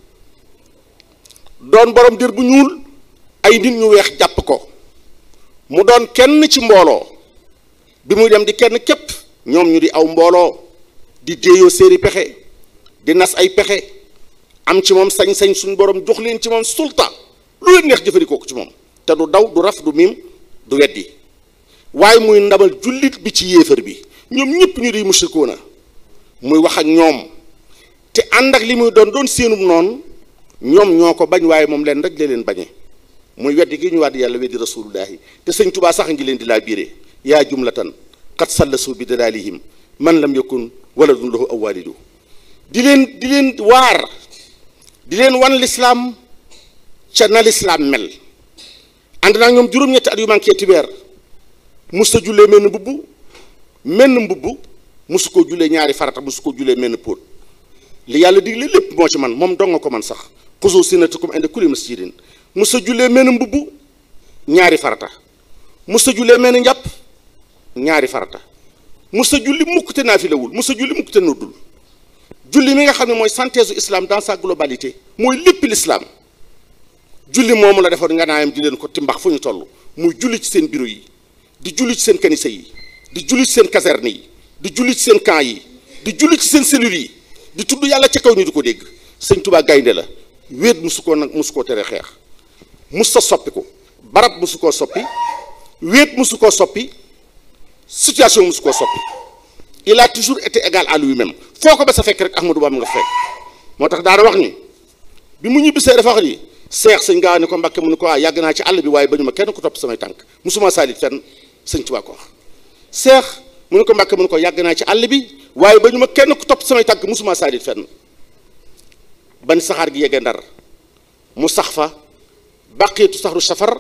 Speaker 1: doon borom dër bu ñuul ay nit ñu weex jàpp ko mu doon kenn ci mbooloo bi muy dem di kenn képp ñoom ñu di aw mbooloo di jéeyoo seeri pexe di nas ay pexe am ci moom sañ-sañ suñ borom jox leen ci moom sulta lu leen neex jëfandikoo ko ci moom te du daw du raf du miim du weddi waaye muy ndamal jullit bi ci yéefar bi ñoom ñëpp ñu di musrikoona muy wax ak ñoom te ànd ak li muy doon doon seenum noon ñom ñoko bañ way mom leen rek leen bañé muy weddi gi ñu wad yalla weddi rasulullahi te seigne touba sax ngi leen di la biré ya jumlatan qad sallasu bi dalalihim man lam yakun waladun lahu aw waalidu di leen di leen war di leen wan l'islam ci na l'islam mel and na ñom jurum ñet at yu manqueeti weer musta jullee menn mbubb menn mbubb musu koo jullee ñaari farata musu julé men pot li yalla digle lepp mo ci man mom dong ko man sax xuzu sinatakum inda kulli masjidin mos a jullee mel ni mbubb ñaari farata mos a jullee mel ni njàpp ñaari farata mos a julli mukk te naafilawul mos a julli mukk te noddul julli mi nga xam ne mooy synthèse u islam dans sa globalité mooy lépp l'islam julli moomu la defoon nga naa naayam di leen ko timbax fu ñu toll muy julli ci seen bureau yi di julli ci seen kanisa yi di julli ci seen caserne yi di julli ci seen camp yi di julli ci seen cellules yi di tudd yàlla ca kaw ñi di ko dégg sëñ Tuubaa gaynde la wéet musuko nak nag musu koo tere xeex mus sa soppi ko barab musuko koo soppi wéet musu soppi situation musuko koo soppi il a toujours été égal à lui-même foko ba sa fek rek Ahmadou Bamba nga fek motax daara wax ni bi mu ñibbisee dafa wax ni cheikh seigne gaa ne ko mbacke mu ne ko ah yàgg naa ci all bi waaye bañuma kenn ko top sama tank musuma salif fenn seigne Tuubaa ko wax seex mu ne ko mbacke mu ne ko yàgg naa ci all bi waye bañuma kenn ko top sama tànk musuma salif fenn ban saxaar gi yegee ndar mu sax fa baqiitu saxru safar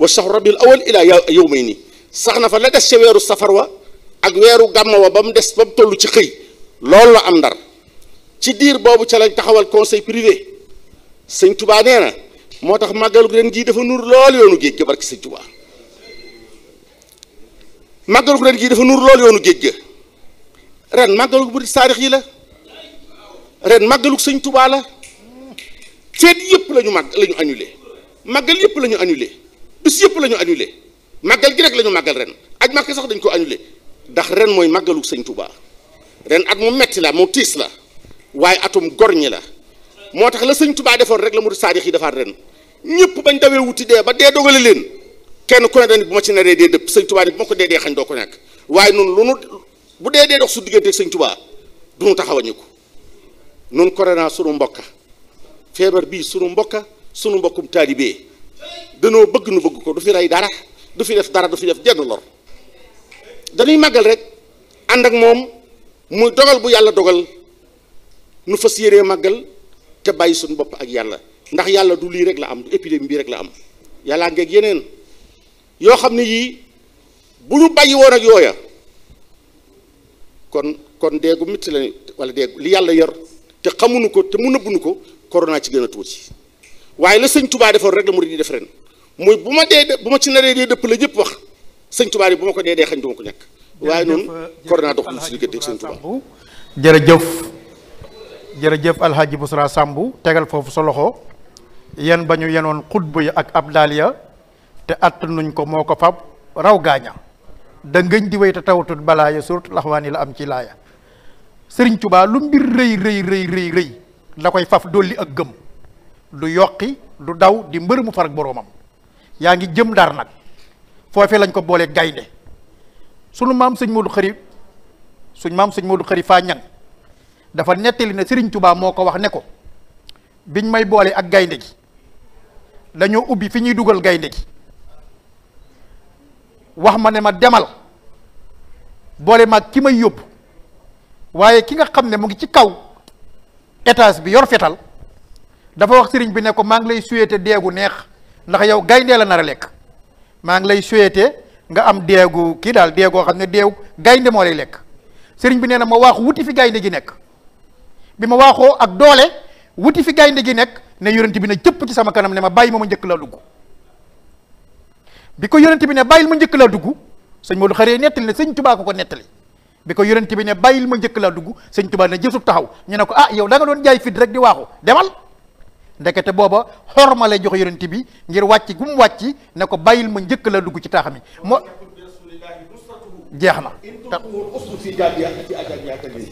Speaker 1: wa saxru rabiul awal ilaa yow may nii sax na fa la des ca weeru safar wa ak weeru gàmma wa ba mu des ba mu toll ci xëy loolu la am ndar ci diir boobu ca lañ taxawal conseil privé sëñ tubaa nee na moo tax màggalu ren gii dafa nuur lool yoonu géej ga barki sëñ tubaa màggalu ren gii dafa nuur lool yoonu géej ga ren màggalu bu taarix yi la ren màggalu sëñ tubaa la ceet yépp la ñu màgg la ñu annulé màggal yëpp la ñu annulé bis yëpp lañu ñu annulé màggal gi rek la ñu màggal ren aj màkk sax dañ ko annulé ndax ren mooy màggalu sëñ Touba ren at mu metti la mu tiis la waaye atum gor ñi la moo tax la sëñ Touba defoon rek la murid saadix yi defaat ren ñëpp bañ dawee wuti dee ba dee dogale leen kenn ku ne dañ bu ma ci neree dee dëpp sëñ Touba ni bu ma ko dee dee xañ doo ko nekk waaye noonu lu nu bu dee dee dox su diggante sañ sëñ Touba du nu taxawañu ko noonu corona sunu feebar bii sunu mbokka sunu mbokkum taalibee danoo bëgg nu bëgg ko du fi rey dara du fi def dara du fi def jenn lor dañuy màggal rek ànd ak moom muy dogal bu yàlla dogal nu fas yéree màggal te bàyyi suñu bopp ak yàlla ndax yàlla du lii rek la am du épidémie bii rek la am yàllaa ngeeg yeneen yoo xam ne yii bu ñu bàyyi woon ak yooya kon kon deegu mitt la wala deegu li yàlla yor te xamuñu ko te mu nëbbuñu ko corona ci gëna tuuti waye le seigne touba defoon rek la mouride def ren moy buma ma buma ci naré dee depp la ñëpp wax seigne touba bi buma ko xañ ko waye corona dox ci
Speaker 2: jërëjëf jërëjëf alhaji Busra sambu tegal fofu so loxo yeen bañu ñu khutba yi ya ak ya, té att nuñ ko moko fab raw gaña da ngeñ di way ta balaa ya surtout lahwani la am ci laaya serigne touba lu mbir la koy faf dolli ak gëm du yoqi du daw di mbër mu far ak boroomam yaa ngi jëm daar nag foofee lañ ko boolee gaynde sunu maam sëñ Modou Khari suñ maam sëñ Modou Khari faa ñan dafa nettali ne Serigne tubaab moo ko wax ne ko biñ may boole ak gaynde gi dañoo ubbi fi ñuy dugal gaynde gi wax ma ne ma demal boole maag ki may yóbbu waaye ki nga xam ne mu ngi ci kaw étage bi yor fetal dafa wax sëriñ bi ne ko maa ngi lay souhaité deegu neex ndax yow gayndee la nar a lekk maa ngi lay souhaité nga am deegu kii daal deegoo xam ne deew gaynde moo lay lekk sëriñ bi nee na ma waax wuti fi gaynde gi nekk bi ma waaxoo ak doole wuti fi gaynde gi nekk ne yonent bi ne cëpp ci sama kanam ne ma bàyyi ma ma njëkk laa dugg bi ko yonent bi ne bàyyil ma njëkk laa dugg sëñ Modou xaree nettali ne sëñ tubaako ko ko nettali biko ko bi ne bayil ma jekk la dugg seigne touba ne jësub taxaw ñu ne ko ah yow da nga doon jaay fit rek di waxu demal ndekete bobo xorma jox yonent bi ngir wacc gum wacc ne ko bayil ma jekk la dugg ci taax mi moo jeex na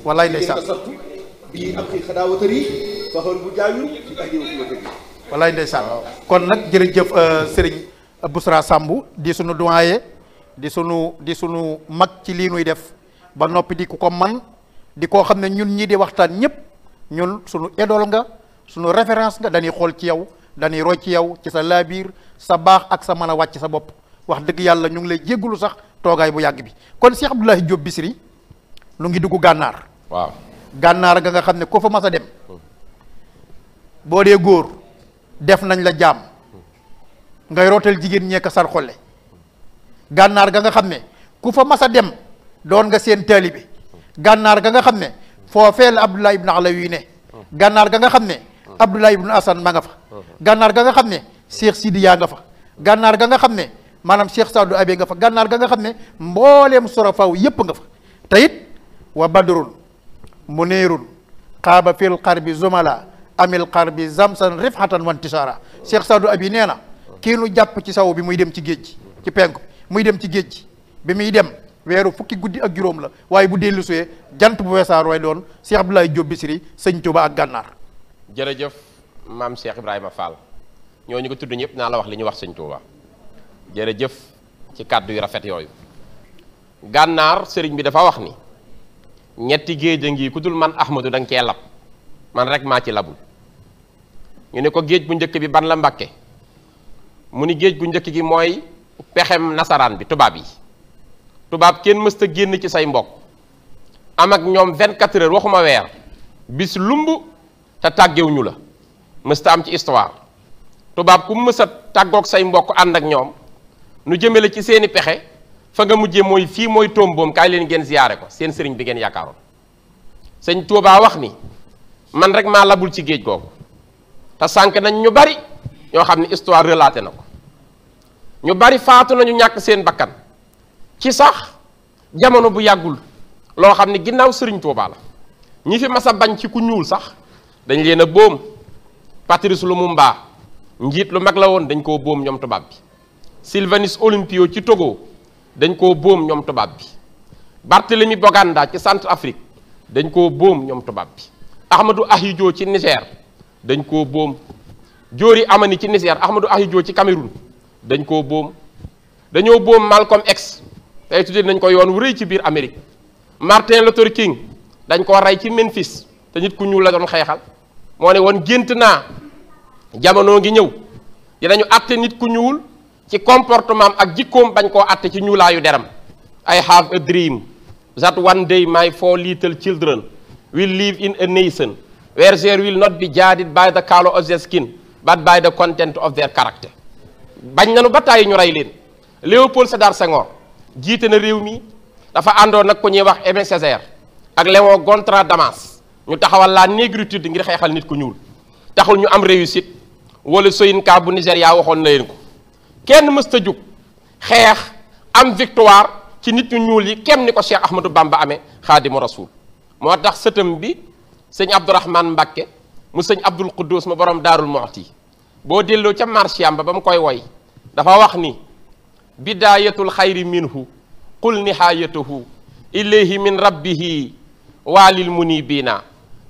Speaker 2: wallaay ndeysaan wallaay ndeysaan kon nag jërëjëf euh, sëriñ Bousra sambu di sunu doyen di sunu di sunu mag ci li nuy def ba pidi di kuko man di ko xamne ñun ñi di waxtaan ñep ñun suñu idole nga suñu référence nga dañuy xol ci yow dañuy roy ci yow ci sa labir sa bax ak sa mala wacc sa bop wax deug yalla ñu ngi lay jéggulu sax bu yagg bi kon Cheikh abdullah Diop bisri lu ngi duggu gànnaar waaw gànnaar nga nga xamne ko fa massa dem bo dee gor def nañ la jam ngay rotel jigen ñeek sar xolle ga nga xamne ku fa massa dem doon nga seen taalibe gànnaar ga nga xam ne foofee la Abdullah ibn Alawi ne gànnaar ga nga xam ne Abdullah ibn assan ma nga fa gànnaar ga nga xam ne Cheikh Sidi yaa nga fa gànnaar ga nga xam ne maanaam Cheikh Saadu Abe nga fa gànnaar ga nga xam ne mbooleem surafaw yépp nga fa te it wa badrun muniirun xaaba fil xarbi zumala amil xarbi zamsan rifhatan wantisaara Cheikh Saadu Abi nee na kii jàpp ci saw bi muy dem ci géej gi ci penk muy dem ci géej gi bi muy dem wéru fukki guddi ak juroom la waye bu dellu suwee jant bu wessa roy don Cheikh Abdoulaye Diop Bichri seigne Touba ak gannar
Speaker 4: jerejeuf mam Cheikh Ibrahima Fall ñu ko tuddu ñep na la wax li ñu wax seigne Touba jerejeuf ci cadeau yu rafet gannar bi dafa wax ni ñetti geejje ngi kudul man Ahmadou dang nga lab man rek ma ci labul ñu ne ko geej bu ñëkk bi ban la mbacké mu ni geej bu ñëkk gi moy pexem nasaran bi bi tubab kenn musta genn ci say mbokk am ak ñom 24 heures waxuma wër bis ta te ñu la musta am ci histoire tubab ku musta taggok say mbokk and ak ñom nu jëmele ci seeni pexé fa nga mujjé moy fi moy tombom kay leen ngeen ziaré ko seen sëriñ bi ngeen yaakaaroon sëñ Tuubaa wax ni man rek ma labul ci geej gog ta sank nañ ñu bari ñoo xamni histoire relaté nako ñu bari faatu nañu ñak seen bakkan ci sax jamono bu yagul lo xamni ginnaw serigne touba la ñi fi massa bañ ci ku ñuul sax dañ leena boom Patrice Lumumba njit lu mag la won dañ ko boom ñom bi Sylvanus Olympio ci Togo dañ ko boom ñom tubaab bi Barthélemy Boganda ci afrique dañ ko boom ñom tubaab bi Ahmadou Ahidjo ci Niger dañ ko boom Jori Amani ci Niger Ahmadou Ahidjo ci Cameroun dañ ko boom dañu boom Malcolm X tey tuddee nañ ko yoon wu rëy ci biir Amérique Martin Luther King dañ ko rey ci Memphis te nit ku ñuul la doon xeexal moo ne woon gént naa jamono ngi ñëw dinañu àtte nit ku ñuul ci comportement ak jikkoom bañ koo àtte ci ñuulaayu deram I have a dream that one day my four little children will live in a nation where they will not be judged by the color of their skin but by the content of their character bañ nanu ba tàyyi ñu rey leen Léopold Sédar jiite na réew mi dafa àndoon nag ku ñuy wax Aimé Césaire ak Léon Gontran Damas ñu taxawal la négritude ngir xeexal nit ko ñuul taxul ñu am réussite wala Soyinka bu Nigéria waxoon na ko kenn mësta jug xeex am victoire ci nit ñu ñuul yi kenn ni ko Cheikh Ahmadou ba amee xaadimu rasul moo tax sëtam bi sëñ Abdourahman Mbakke mu sëñ Abdul Quddus ma borom daarul Muxti boo delloo ca marsiyaam ba ba mu koy woy dafa wax ni بداية الخير منه قل نهايته إليه من ربه وللمنيبين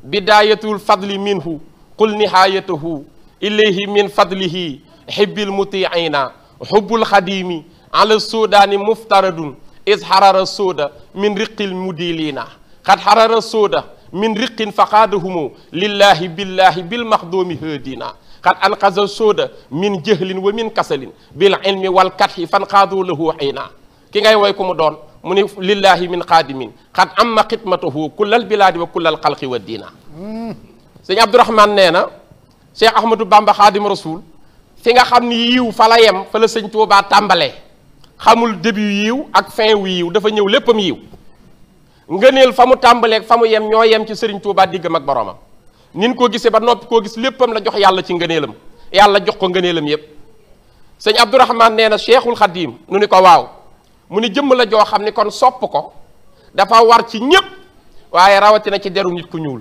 Speaker 4: بداية الفضل منه قل نهايته إليه من فضله حب المتيعين حب الخديم على السودان مفترض إذ حرر السود من رق المديلين قد حرر السود من رق فقادهم لله بالله بالمخدوم هدينا قد انقذ السود من جهل ومن كسل بالعلم والكتح فانقذوا له حينا كي واي كومو دون من لله من قادم قد اما قدمته كل البلاد وكل الخلق والدين سي عبد الرحمن نينا شيخ احمد بامبا خادم رسول فيغا خامني ييو فلا يم فلا سيغ توبا تامبالي خامول ديبي ييو اك فين ييو دا فا نييو ليبام ييو نغنيل فامو تامبالي فامو يم ньо يم سي سيرن توبا ديغ ماك بروما nin koo gisee ba noppi koo gis léppam la jox yàlla ci ngëneelam yàlla jox ko ngëneelam yépp sëñ Abdourahman nee na cheikhul xadim nu ni ko waaw mu ni jëmm la joo xam ni kon sopp ko dafa war ci ñépp waaye rawatina ci deru nit ku ñuul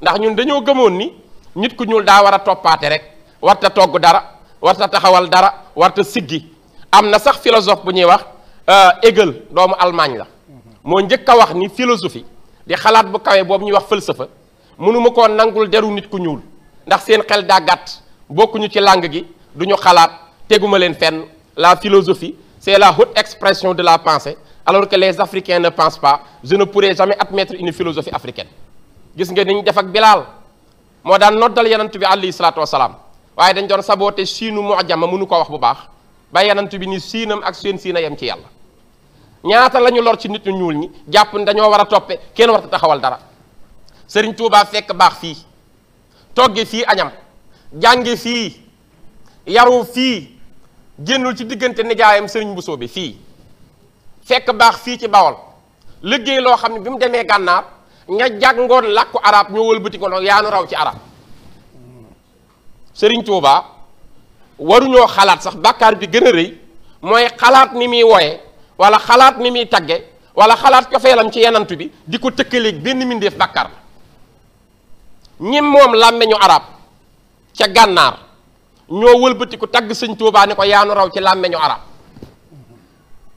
Speaker 4: ndax ñun dañoo gëmoon ni nit ku ñuul daa war a toppaate rek warta togg dara warta taxawal dara warta siggi am na sax philosophe bu ñuy wax euh, Hegel doomu Allemagne la moo njëkk a wax ni philosophie di xalaat bu kawe boobu ñuy wax falsafa mënuma ko nangul deru nit ku ñuul ndax seen xel daa bokku ñu ci langue gi duñu xalaat teguma len fenn la philosophie c'est la haute expression de la pensée alors que les africains ne pensent pas je ne pourrai jamais admettre une philosophie africaine gis nga ni def ak bilal mo daan noddal yanant bi ali salaatu wasalaam waye dañ doon saboter sinu mojama munu ko wax bu baax ba yanant bi ni sinam ak seen sina yam ci yalla ñaata lañu lor ci nit ñuul ñi japp dañu wara topé toppe warta taxawal dara serigne touba fekk bax fi togge fi añam jangi fi yaru fi gennul ci digeunte nijaayam serigne busoo bi fii fekk bax fi ci bawol liggey lo xamni bimu bi gannaar nga jàngoon lakku arab ñoo wëlbati ko noonu yaa raw ci arab serigne touba ñoo xalaat sax bakkar bi gëna reey moy xalaat ni mi woye wala xalaat ni mi tagge wala xalaat feelam ci yenantu bi diko tekkelik tëkkaleeg benn mindeef bakkar la ñi moom làmmeñu arab ca gànnaar ñoo wëlbatiku tagg sëñ Tuubaa ne ko yaanu raw ci làmmeñu arab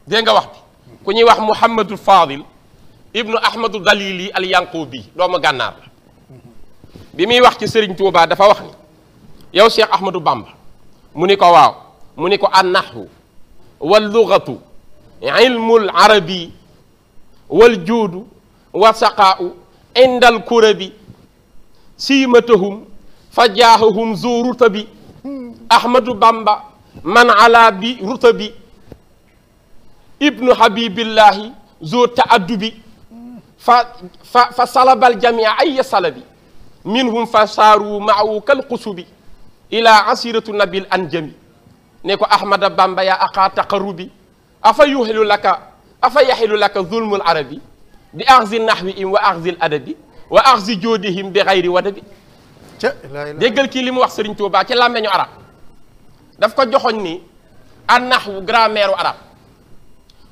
Speaker 4: dégg nga wax bi ku ñuy wax Muhammadul Fadil ibnu Ahmadu Dalili al Yanqubi doomu gànnaar la bi muy wax ci sëriñ Tuubaa dafa wax ni yow Cheikh Ahmadou Bamba mu ni ko waaw mu ni ko annahwu wal lugatu ilmul arabi wal juudu سيمتهم فجاههم ذو رتب أحمد بامبا من على بي رتب ابن حبيب الله ذو تأدب فصلب الجميع أي صلب منهم فصاروا معه كالقصب إلى عسيرة النبي الأنجمي نيكو أحمد بامبا يا أقا تقربي أفا يهل لك أفا يحل لك ظلم العربي بأخذ النحو وأخذ الأدب wa axzi joodihim bi xayri wadabi déggal kii li mu wax Sëriñ Tuubaa ci làmmeñu arab daf ko joxoñ ni an naxwu grammaire arab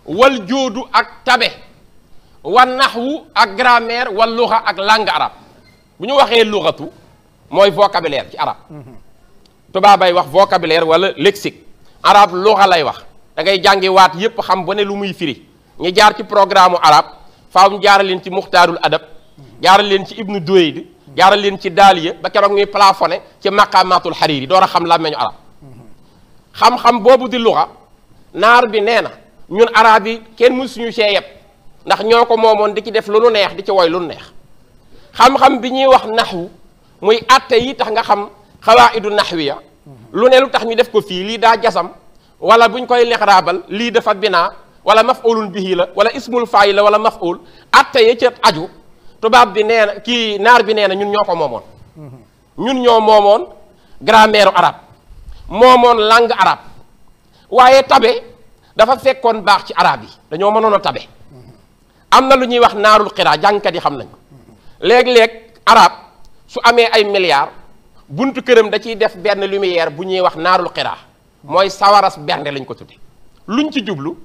Speaker 4: wal jóodu ak tabe wa naxwu ak grammaire wal luxa ak langue arab bu ñu waxee luxatu mooy vocabulaire ci arab tubaabay wax vocabulaire wala lexique arab luxa lay wax dangay ngay jàngi waat yépp xam ba ne lu muy firi ñu jaar ci programme u arab faaw ñu jaaraleen ci muxtaarul adab jaaral leen ci ibnu doydi jaaral leen ci daaliya ba keroog ñuy plafonné ci maqamatul xariiri door a xam làmmeñu arab xam-xam boobu di luxa naar bi nee na ñun arab yi kenn mu suñu see yëpp ndax ñoo ko di ci def lu nu neex di ci woy lu neex xam-xam bi ñuy wax naxwu muy atte yi tax nga xam xawaa'idu naxwiya lu ne lu tax ñu def ko fii lii daa jasam wala buñ koy lexraabal lii dafa binaa wala maf'ulun bihi la wala ismul faa'il la wala maf'ul atte ya aju tubaab bi nee kii naar bi nee na ñun ñoo ko moomoon ñun ñoo moomoon grammaire arabe moomoon langue arabe waaye tabe dafa fekkoon baax ci arabe yi dañoo mënoon a tabe am na lu ñuy wax naarul xiraa jàngkat yi xam nañu léeg-léeg arabe su amee ay milliards buntu këram da def benn lumière bu ñuy wax naarul xiraa mooy sawaras bernde lañ ko tudde luñ ci jublu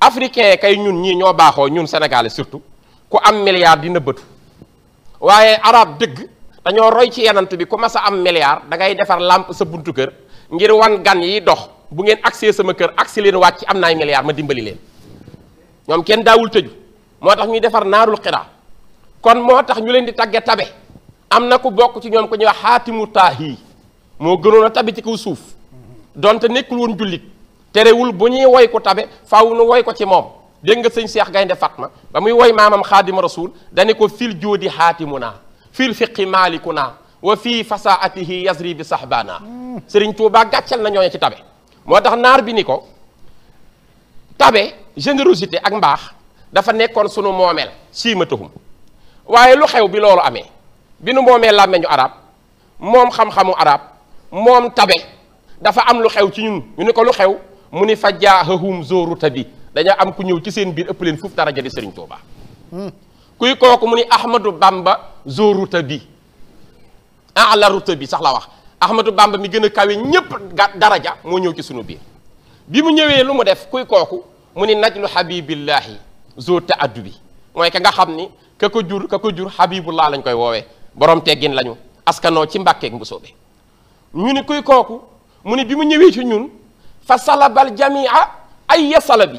Speaker 4: africain kay ñun ñii ñoo baaxoo ñun sénégalais surtout ku am milliard di nëbbatu waaye arab dëgg dañoo roy ci yenant bi ku mas am milliard da ngay defar làmp sa buntu kër ngir wan gan yi dox bu ngeen agsee sama kër agsi leen wàcc am naa milliard ma dimbali leen ñoom kenn daawul tëju moo tax ñuy defar naarul xiraa kon moo tax ñu leen di tagge tabe am na ku bokk ci ñoom ku ñuy wax xaatimu taahi moo gënoon a tabi ci kaw suuf donte nekkul woon jullit terewul bu ñuy woy ko tabe faaw nu woy ko ci moom deng seigne Cheikh Gaynde Fatma bamuy way mamam khadim xaadima rasul dane fil jodi hatimuna fil fiqi malikuna wa fi fasaatihi yazri bi sahbana serigne touba gatchal na ñoy ci tabe motax nar bi niko tabe générosité ak mbax dafa nekkon sunu momel simatuhum waye lu xew bi lolu amé bi nu la meñu arab mom xam-xamu arab mom tabe dafa am lu xew ci ñun ñu niko lu xew mu ni fa jaahahum dañoo am ku ñëw ci seen biir ëpp leen fuuf daraja di Serigne Touba. kuy kooku mu ni Ahmadou Bamba zo ruta bi ah la ruta bi sax la wax Ahmadou Bamba mi gën a kawe ñëpp daraja moo ñëw ci sunu biir bi mu ñëwee lu mu def kuy kooku mu ni najlu habibillahi zo taaddu bi mooy ka nga xam ni ka ko jur ka ko jur habibullah lañ koy woowee borom teggin lañu askanoo ci mbàkkeeg be ñu ni kuy kooku mu ni bi mu ñëwee ci ñun fa salabal jamia ay yasala bi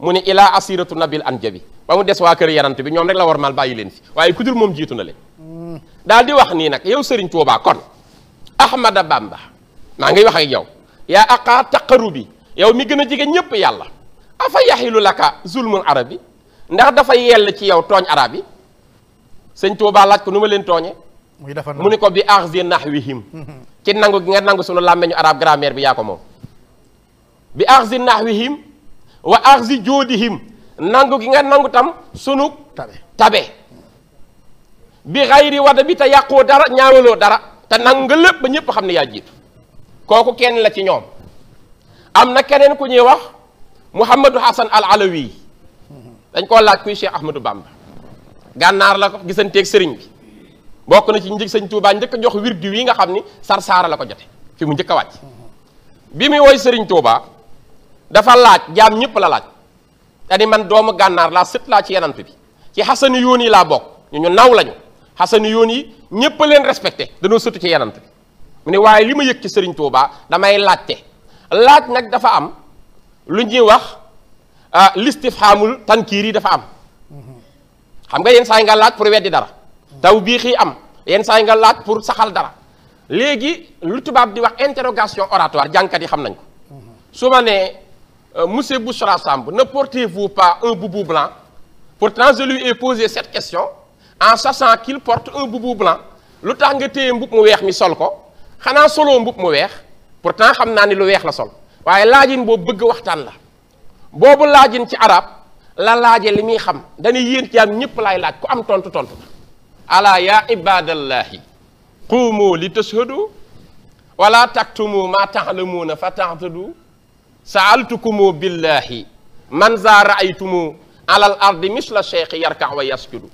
Speaker 4: mu ne ilaa asiratu nabil anjabi ba mu des waa kër yarant bi ñoom rek la war mal bàyyi leen fi waaye ku dul moom jiitu na leen daal di wax nii nag yow sëriñ Tuubaa kon ahmada bamba maa ngi wax ak yow yaa aqaa taqarubi yow mi gën a jege ñépp yàlla afa yaxilu laka zulmul arabi ndax dafa yell ci yow tooñ arab yi sëñ Tuubaa laaj ko nu ma leen tooñee mu ni ko bi axzi nahwihim ci nangu gi nga nangu sunu làmmeñu arab grammaire bi yaa ko moom bi axzi nahwihim wa axzi joodihim nangu gi nga nangu tam sunu tabe tabe bi ghairi wadabi ta yaqo dara ñaawaloo dara ta nangu lepp ñepp xamni ya xam koku kenn la ci ñom am keneen ku ñuy wax muhammadu hasan al alawi dañ ko laaj kuy cheikh ahmadou bamba gannar la ko ak serigne bi bok na ci njëg serigne touba njëkk jox wirdu wi nga xamni sar sara la ko jotté fi mu njëkk a bi mi woy serigne touba dafa laaj jam ñëpp la laaj dañi man doomu gannar la sët la ci yenant bi ci hasan yoon la bok ñu ñu naw lañu hasan yoon yi leen respecté dañu sëtu ci yenant bi mune waye waaye yek ci serigne Touba damay laaj nak dafa am lu ñi wax ah, listifhamul tankiri dafa am xam nga yeen say nga laaj pour wéddi dara taw am yeen say nga laaj pour saxal dara légui lu tubab di wax interrogation oratoire jankati xam nañ ko suma Euh, monsieur Bouchra Samb, ne portez-vous pas un boubou blanc Pourtant, je lui ai posé cette question en sachant qu'il porte un boubou blanc. Le tax nga téye mbub mu weex mi sol ko xanaa soloo mbub mu weex pourtant xam ni lu weex la sol Wa elajin bo bëgg waxtaan la boobu lajin ci arab la laje li xam dañuy yéen jaam ñëpp laay laaj am tontu tontu ala ya ibadallahi qumu litashhadu wala taktumu ma taxlamuuna fa saaltukumu billahi man za raaytumu ala al ardi misla cheikhi yarka wa yasjudu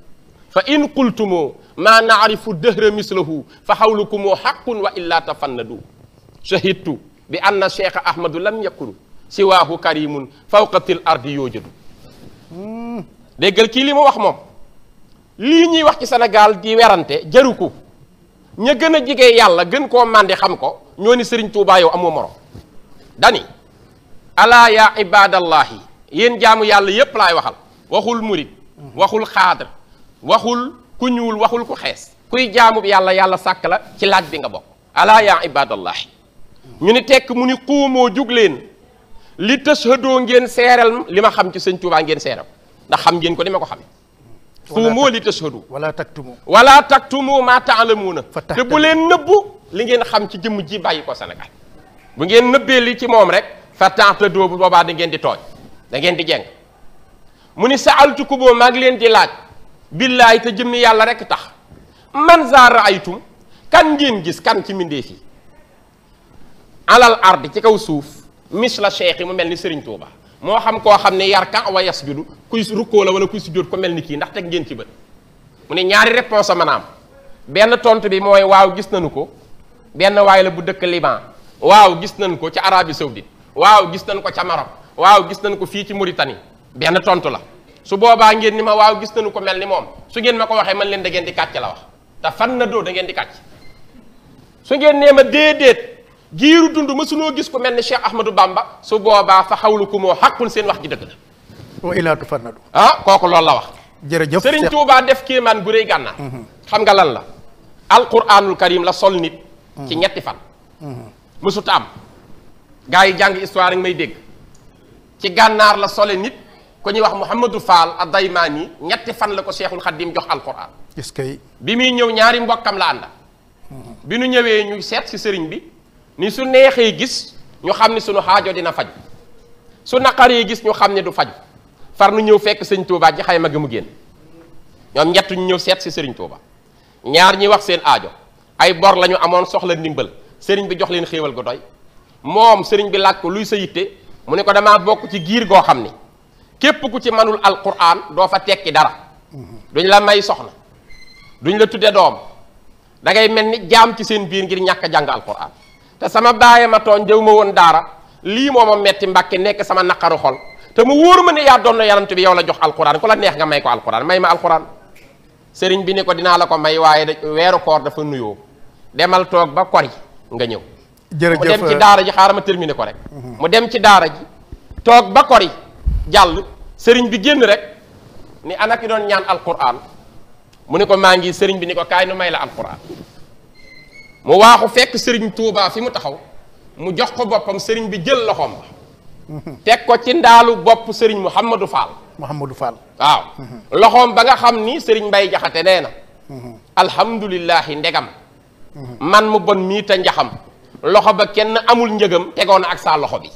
Speaker 4: fa in qultumu ma naarifu dëhra mislahu fa xawlukumu xaqun wa illa tafannadu shahidtu bi anna cheikh ahmadu lam yakun siwaahu karimun fawqatil ardi yoojadu déggal kii li mu wax moom lii ñuy wax ci Sénégal di werante jaru ko ña gën a jege yàlla gën koo màndi xam ko ñoo ni Sëriñ Tuubaa yow amoo morom dani الا يا عباد الله يين جامو يالله ييب لاي وخال واخول مريد واخول خادر واخول كنيول واخول كو خيس كوي جامو يالله يالله ساك لا سي لاج بيغا بوك الا يا عباد الله ني ني تك مو ني قومو جوغلين لي تشهدو نين سيرال ليما خام سي سن توبا نين سيرال دا خام نين كو ديما كو خام قومو لي تشهدو
Speaker 2: ولا تكتمو
Speaker 4: ولا تكتمو ما تعلمون تبولين نبو لي نين خام سي جيم جي بايكو سنغال نبي لي سي موم fa tente bu boobaa da ngeen di tooñ dangeen di jeng mu ni sa altu kuboo maa leen di laaj billaay te jëmmi yàlla rekk tax man zaara aytum kan ngeen gis kan ci mbindeef yi alal ardi ci kaw suuf mis la cheikh yi mu mel ni Serigne Touba moo xam koo xam ne yarka wa yasjudu kuy rukkoo la wala kuy sujjóot ko mel ni kii ndax teg ngeen ci bët mu ne ñaari réponse a mën benn tontu bi mooy waaw gis nañu ko benn waay la bu dëkk Liban waaw gis nañu ko ci Arabie Saoudite waaw gis nañ ko ca Maroc waaw gis nañ ko fi ci Mauritanie ben tontu la su boba ngeen ni ma waaw gis nañ ko melni mom su ngeen mako waxe man leen da ngeen di katch la wax ta fan na do da ngeen di katch su ngeen nee ma déedéet giiru ma suno gis ko melni Cheikh Ahmadou Bamba su boba fa hawlukum haqqun moo seen wax ji deug la. wa ila tu ah koku lol la wax.
Speaker 2: jërëjëf Serigne
Speaker 4: Touba def ki man gurey ganna mm-hmm. xam nga lan la. alquranul karim la sol nit. Mm-hmm. ci ñetti fan. musu mm-hmm. tam gaa yi jàng histoire rek may dégg ci gànnaar la sole nit ku ñuy wax Mouhamadou Fall ak Daymaan yi ñetti fan la ko Cheikhul Khadim jox alquran. est-ce que bi muy ñëw ñaari mbokkam la ànd bi nu ñëwee ñu seet si sëriñ bi ni su neexee gis ñu xam ne sunu xaajo dina faj su naqaree gis ñu xam ne du faj far nu ñëw fekk sëñ Touba ji xayma gi mu génn ñoom ñett ñu ñëw seet si sëriñ Touba ñaar ñi wax seen aajo ay bor lañu amoon soxla ndimbal sëriñ bi jox leen xéewal gu doy. moom serigne bi lak luy sa muné ko dama bok ci giir go xamné képp ku ci manul alquran do fa tekki dara duñ la may soxna duñ la tuddé dom da ngay melni ni ci seen biir ngir ñaka jang alquran té sama baye ma tooñ jëw ma woon daara lii moo metti mbacké nek sama nakaru xol té mu wóor ma ne yaa doon na bi yow la jox alquran ku la neex nga may ko alquran may ma alquran serigne bi ne ko dina la ko may waaye wéru koor dafa nuyo demal tok ba kori nga ñew
Speaker 2: jërëjëf mu dem ci daara ji ko rek. Mhm.
Speaker 4: mu dem ci daara ji toog ba kori jàll sëriñ bi génn rek ni ana ki doon ñaan alquran mu ne ko maa ngi sëriñ bi ni ko kaay nu may la alquran mu waaxu fekk sëriñ tuubaa fi mu taxaw mu jox ko boppam sëriñ bi jël loxoom ba. Mhm. teg ko ci ndaalu bopp sëriñ Mouhamadou Fall. Mouhamadou Fall waaw. Mhm. loxoom ba nga xam ni sëriñ Mbay Jaxate nee na. alhamdulilahi ndegam. man mu bon mii njaxam. loxo ba kenn amul njëgam tegoon ak sa loxo bi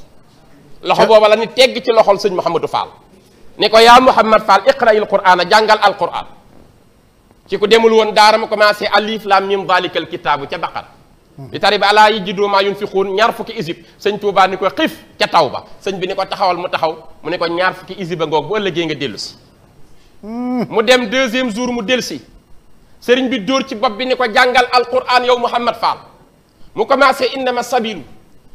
Speaker 4: loxo booba la ni tegg ci loxol seigne mohammed Fall ni ko yaa Mouhamad Fall iqra'il qur'ana jàngal al qur'an ci ku demul won daara ma commencé alif lam mim zalikal kitaabu ca baqar bi tari ala yajidu ma yunfiquun ñaar fukki isib seigne Touba ni ko xif ca tawba seigne bi ni ko taxawal mu taxaw mu ne ko ñaar fukki isib a ngoog bu ëllëgee nga dellu si mu dem deuxième jour mu delsi serigne bi dóor ci bop bi ni ko jàngal qur'an yow mohammed Fall mu commencé ma sabilu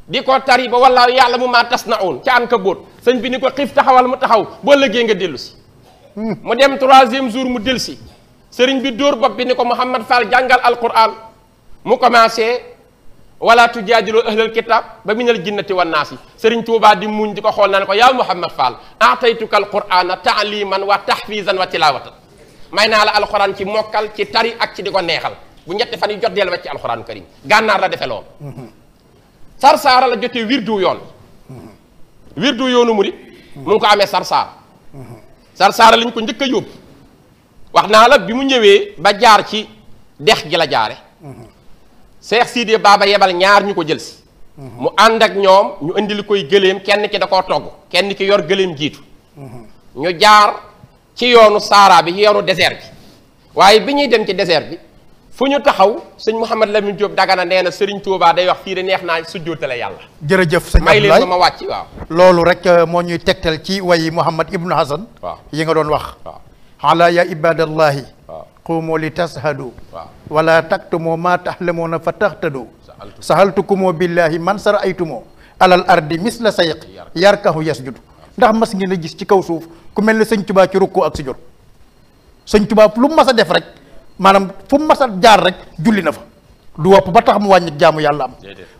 Speaker 4: di ko tari ba wallaahu yàlla mu maa tas na oon ca an ka bóot sëñ bi ni ko xiif taxawal mu taxaw boo lëggee nga dellu si mu dem troisième jour mu dellu si sëriñ bi dóor bopp bi ni ko Mouhamad Fall jàngal alquran mu commencé wala tujaadiloo ahlal kitab ba minal jinnati wan naasi sëriñ Tuubaa di muñ di ko xool naan ko yaa Mouhamad Fall aataytuka alqurana taaliman wa tahfisan wa tilawatan may naa la alquran ci mokkal ci tari ak ci di ko neexal bu ñetti fan yu jot deel wàcc ci alxuraanu karim gànnaar la defe lool sarsaara la jotee wirdu yoon wirdu yoonu murit mu ngi ko amee sarsaara sarsaara lañ ko njëkk a yóbbu wax naa la bi mu ñëwee ba jaar ci dex gi la jaare seex siidee baaba yebal ñaar ñu ko jël si mu ànd ak ñoom ñu indi indil koy gëléem kenn ki da koo togg kenn ki yor gëléem jiitu ñu jaar ci yoonu saara bi yoonu désert bi waaye bi ñuy dem ci désert bi fu ñu taxaw sëñ Mouhamad Lamine Diop Dagana nee na Serigne Touba day wax fii de neex naa sujjootale yàlla.
Speaker 2: jërëjëf sëñ Abdoulaye may ma wàcc waaw. loolu rek euh, moo ñuy tegtal ci wayi Mouhamad Ibnu Hasan. waaw yi nga doon wax. waaw ala ya ibadallahi. waaw quumu li tashadu. waaw wala taktumu ma taxlamuuna fa taxtadu. sahaltukumu billahi man sara aytumu alal ardi misla sayq yarkahu yasjudu ndax mas ngeen a gis ci kaw suuf ku mel ni sëñ Touba ci rukkoo ak sujjoot sëñ Touba lu mas a def rek. maanaam fu mu masal jaar rek julli na fa du wopp ba tax mu wàññi jaamu yàlla am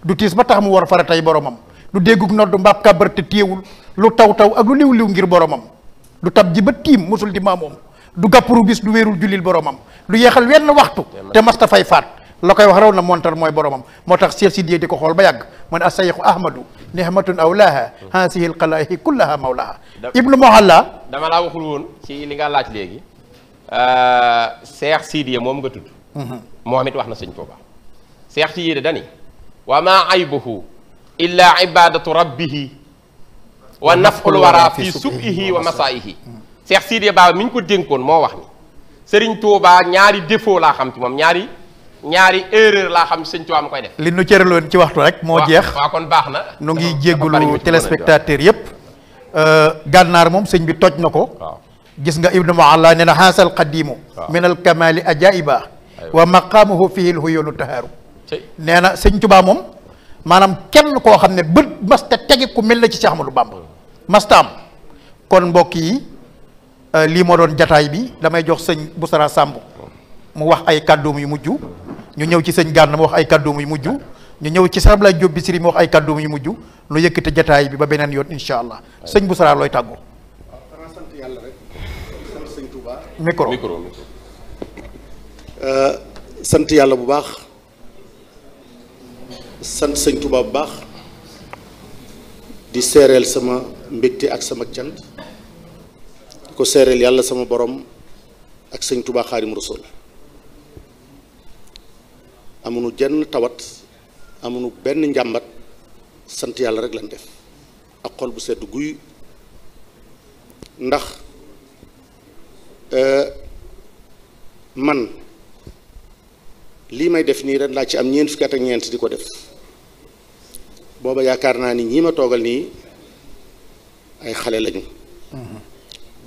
Speaker 2: du tiis ba tax mu war a fara tey boromam du déggug noddu mbaab kàbbar te téewul lu taw taw ak lu liw liw ngir boromam du tab ji ba tiim musul di maamoom du gàppuru bis du wéerul jullil boromam du yeexal wenn waxtu te masta fay faat la koy wax raw na montar mooy boromam moo tax Cheikh Sidiye di ko xool ba yàgg mu ne asayixu ahmadu nihmatun awlaaha haasihi alqalaahi kullaha mawlaaha
Speaker 4: ibnu mohalla dama laa waxul woon ci li nga laaj léegi seex euh, siidiya moom nga tudd mhm. moom it wax na sëñ Tuuba seex siidiya dani wa maa aybuhu illa ibadatu rabbihi wa naful wara fi subihi wa masaihi seex siidiya baaba mi ñu ko dénkoon moo wax ni sëriñ Tuuba ñaari défaut laa xam ci moom ñaari ñaari erreur laa xam sëñ Tuuba mu koy def
Speaker 2: li nu cëraloon ci waxtu rek moo jeex waaw kon baax na nu ngi jéggulu téléspectateur yépp euh, gànnaar moom sëñ bi toj na ko gis nga ibnu maalla ne na xaasal qadimu min al kamali ajaiba wa maqamuhu fihi l huyoonu tahaaru nee na sëñ tubaa moom maanaam kenn koo xam ne bët masta tegi ku mel na ci Cheikh ma Bamba masta mastaam kon mbokk yi euh, lii moo doon jataay bi damay jox sëñ Busara Sàmb mu wax ay kàdduum yu mujj ñu ñëw ci sëñ Gànn mu wax ay kàdduum yu mujj ñu ñëw ci sarab lay si Bisiri mu wax ay kàdduum yu mujj lu yëkkate jataay bi ba beneen yoon incha allah sëñ Busara looy tàggoo
Speaker 1: micro micro eh, sant yalla bu baax sant seigne Touba bu baax di serel sama mbégte ak sama tiant di ko serel yalla sama borom ak seigne Touba khadim rasoul amunu jenn tawat amunu benn njambat sant yalla rek lañ def ak xol bu sedd guy ndax Euh, man lii may def nii rek laa ci am ñeent fukki at ñeent di ko def booba yaakaar naa ni ñii ma toogal nii ay xale lañu. Mhm.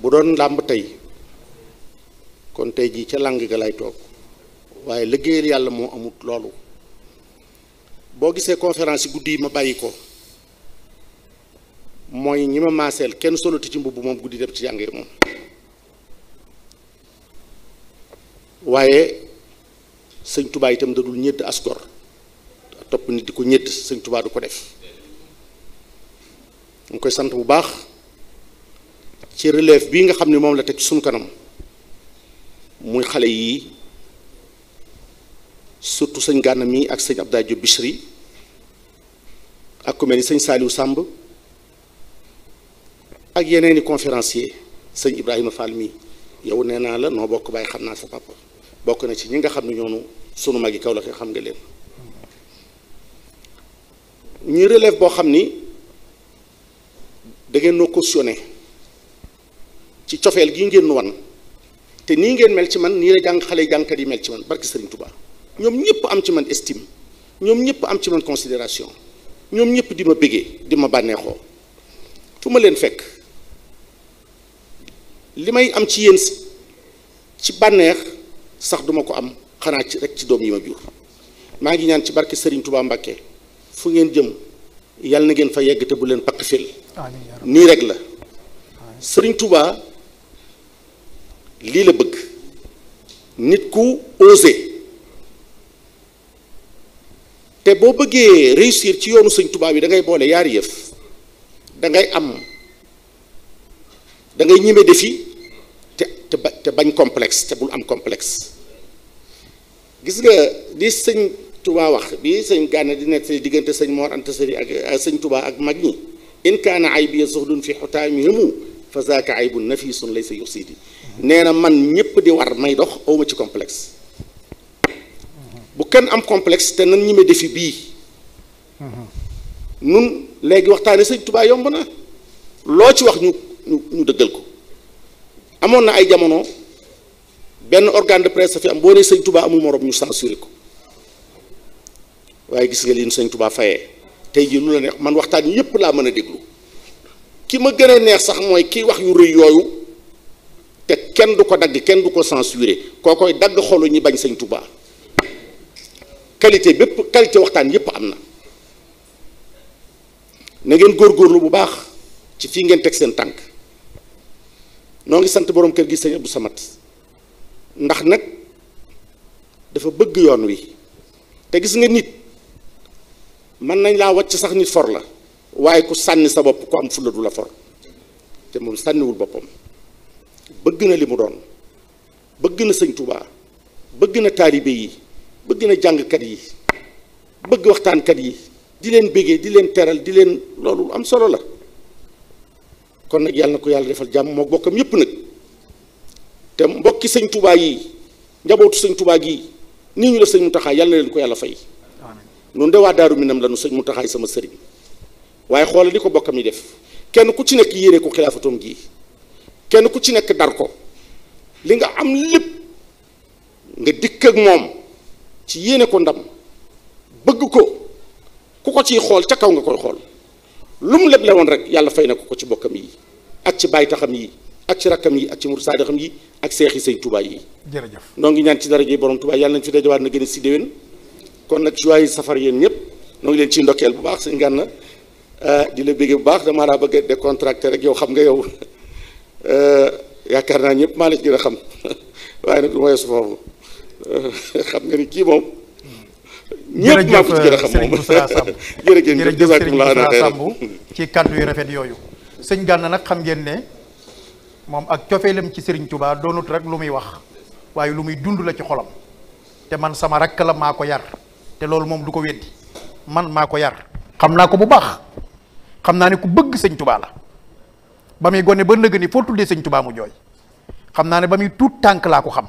Speaker 1: bu doon ndàmb tey kon tey jii ca làng ga lay toog waaye liggéeyal yàlla moo amut loolu boo gisee conférence guddi yi ma bàyyi ko mooy ñi ma maaseel kenn solotu ci mbubb moom guddi dem ci jàng yi moom waaye sëñ tubaa itam da dul ñëdd asgor topp nit di ko ñëdd sëñ tubaa du ko def mu ngi koy sant bu baax ci relève bii nga xam ni moom la teg ci suñu kanam muy xale yi surtout sëñ Gana mii ak sëñ Abdoulaye Diop Bichri ak ku mel ni sëñ Saliou Samb ak yeneeni conférencier sëñ Ibrahima Fall mii yow nee naa la noo bokk baay xam naa sa papa bokk na ci ñi nga xam ne ñoonu sunu xam nga leen ñi relève boo xam ni da ngeen noo cautionné ci cofeel gi ngeen wan te nii ngeen mel ci man la ci am ci man estime ñoom am ci man considération ñoom ñëpp di ma di ma bànneexoo fu ma leen sax duma ko am xanaa ci rek ci doom yi ma jur maa ngi ñaan ci barke Serigne tubaa Mbakke fu ngeen jëm yàlla na ngeen fa yegg te bu leen pakk fil nii rek la sëriñ tubaa lii la bëgg nit ku osé te boo bëggee réussir ci yoonu Serigne Touba bi da ngay boole yaari yëf dangay am dangay ngay ñime defi te bañ complexe te bul am complex gis nga di sëñ tubaa wax bi sëñ Gana di nekk say diggante sëñ Mor Anta ak sëñ Touba ak mag ñi in kaana aybi zuhdun fi xutaamihimu fa zaaka aybun sa laysa yusidi nee na man ñëpp di war may dox awma ci complexe bu kenn am complexe te nan ñime defi bii nun léegi waxtaane sëñ tubaa yomb na loo ci wax ñu ñu dëggal ko amoon na ay jamono benn organe de presse fi am boo ne sëñ Touba amul morom ñu censuré ko waaye gis nga leen sëñ tubaa fayee tey jii lu la ne man waxtaan yépp laa mën a déglu ki ma gën a neex sax mooy ki wax yu rëy yooyu te kenn du ko dagg kenn du ko censuré koo koy dagg xolu ñi bañ sëñ Touba qualité bépp qualité waxtaan yépp am na na ngeen góorgóorlu bu baax ci fii ngeen teg seen tànk noo ngi sant boroom kër gi sëñ Abdou Samad ndax nag dafa bëgg yoon wi te gis nga nit mën nañ laa wàcc sax nit for la waaye ku sànni sa bopp ku am fulla du la for te moom sànniwul boppam bëgg na li mu doon bëgg na sëñ Touba bëgg na taalibe yi bëgg na jàngkat yi bëgg waxtaankat yi di leen béggee di leen teral di leen loolu am solo la kon nag yàlla na ko yàlla defal jàmm moo bokkam yépp nag te mbokki sëñ tubaa yi njabootu sëñ tubaa gi nii ñu def sëñ Muntaxa yàlla na leen ko yàlla fay noonu de waa daaru minam lanu sëñ Muntaxaay sama sëriñ waaye xoolal li ko bokkam yi def kenn ku ci nekk yéene ko xilaafatoom gii kenn ku ci nekk dar ko li nga am lépp nga dikk ak moom ci yéene ko ndam bëgg ko ku ko ciy xool ca kaw nga koy xool lu mu leble woon rek yàlla fay na ko ko ci bokkam yi ak ci bàyyi taxam yi ak ci rakkam yi ak ci mur saadaxam yi ak seexi sëñ tubaay yi. jërëjëf noo ngi ñaan ci dara daraje borom Tuubaa yàlla nañ fi dajawaat na gën a si déwén kon nag joyeux safar yéen ñëpp noo ngi leen ciy ndokkeel bu baax sëñ Gana euh, di la béggee bu baax damaa laa bëggee a décontracté rek yow xam nga yow euh, yaakaar naa ñëpp maa la ci gën a xam waaye nag du ma yeesu foofu xam moom. ñëpp maa ko ci gën a xam euh, moom jërëjëf Serigne Moustapha Samb
Speaker 2: ci kàddu yu rafet yooyu sëñ Gana nag xam ngeen ne moom ak cofeelam ci Serigne Touba doonut rek lu muy wax waaye lu muy dund la ci xolam te man sama rakk la maa ko yar te loolu moom du ko weddi man maa ko yar xam naa ko bu baax xam naa ne ku bëgg sëñ Touba la ba muy gone ba nëgg ni foo tuddee sëñ Touba mu jooy xam naa ne ba muy tuut tànk laa ko xam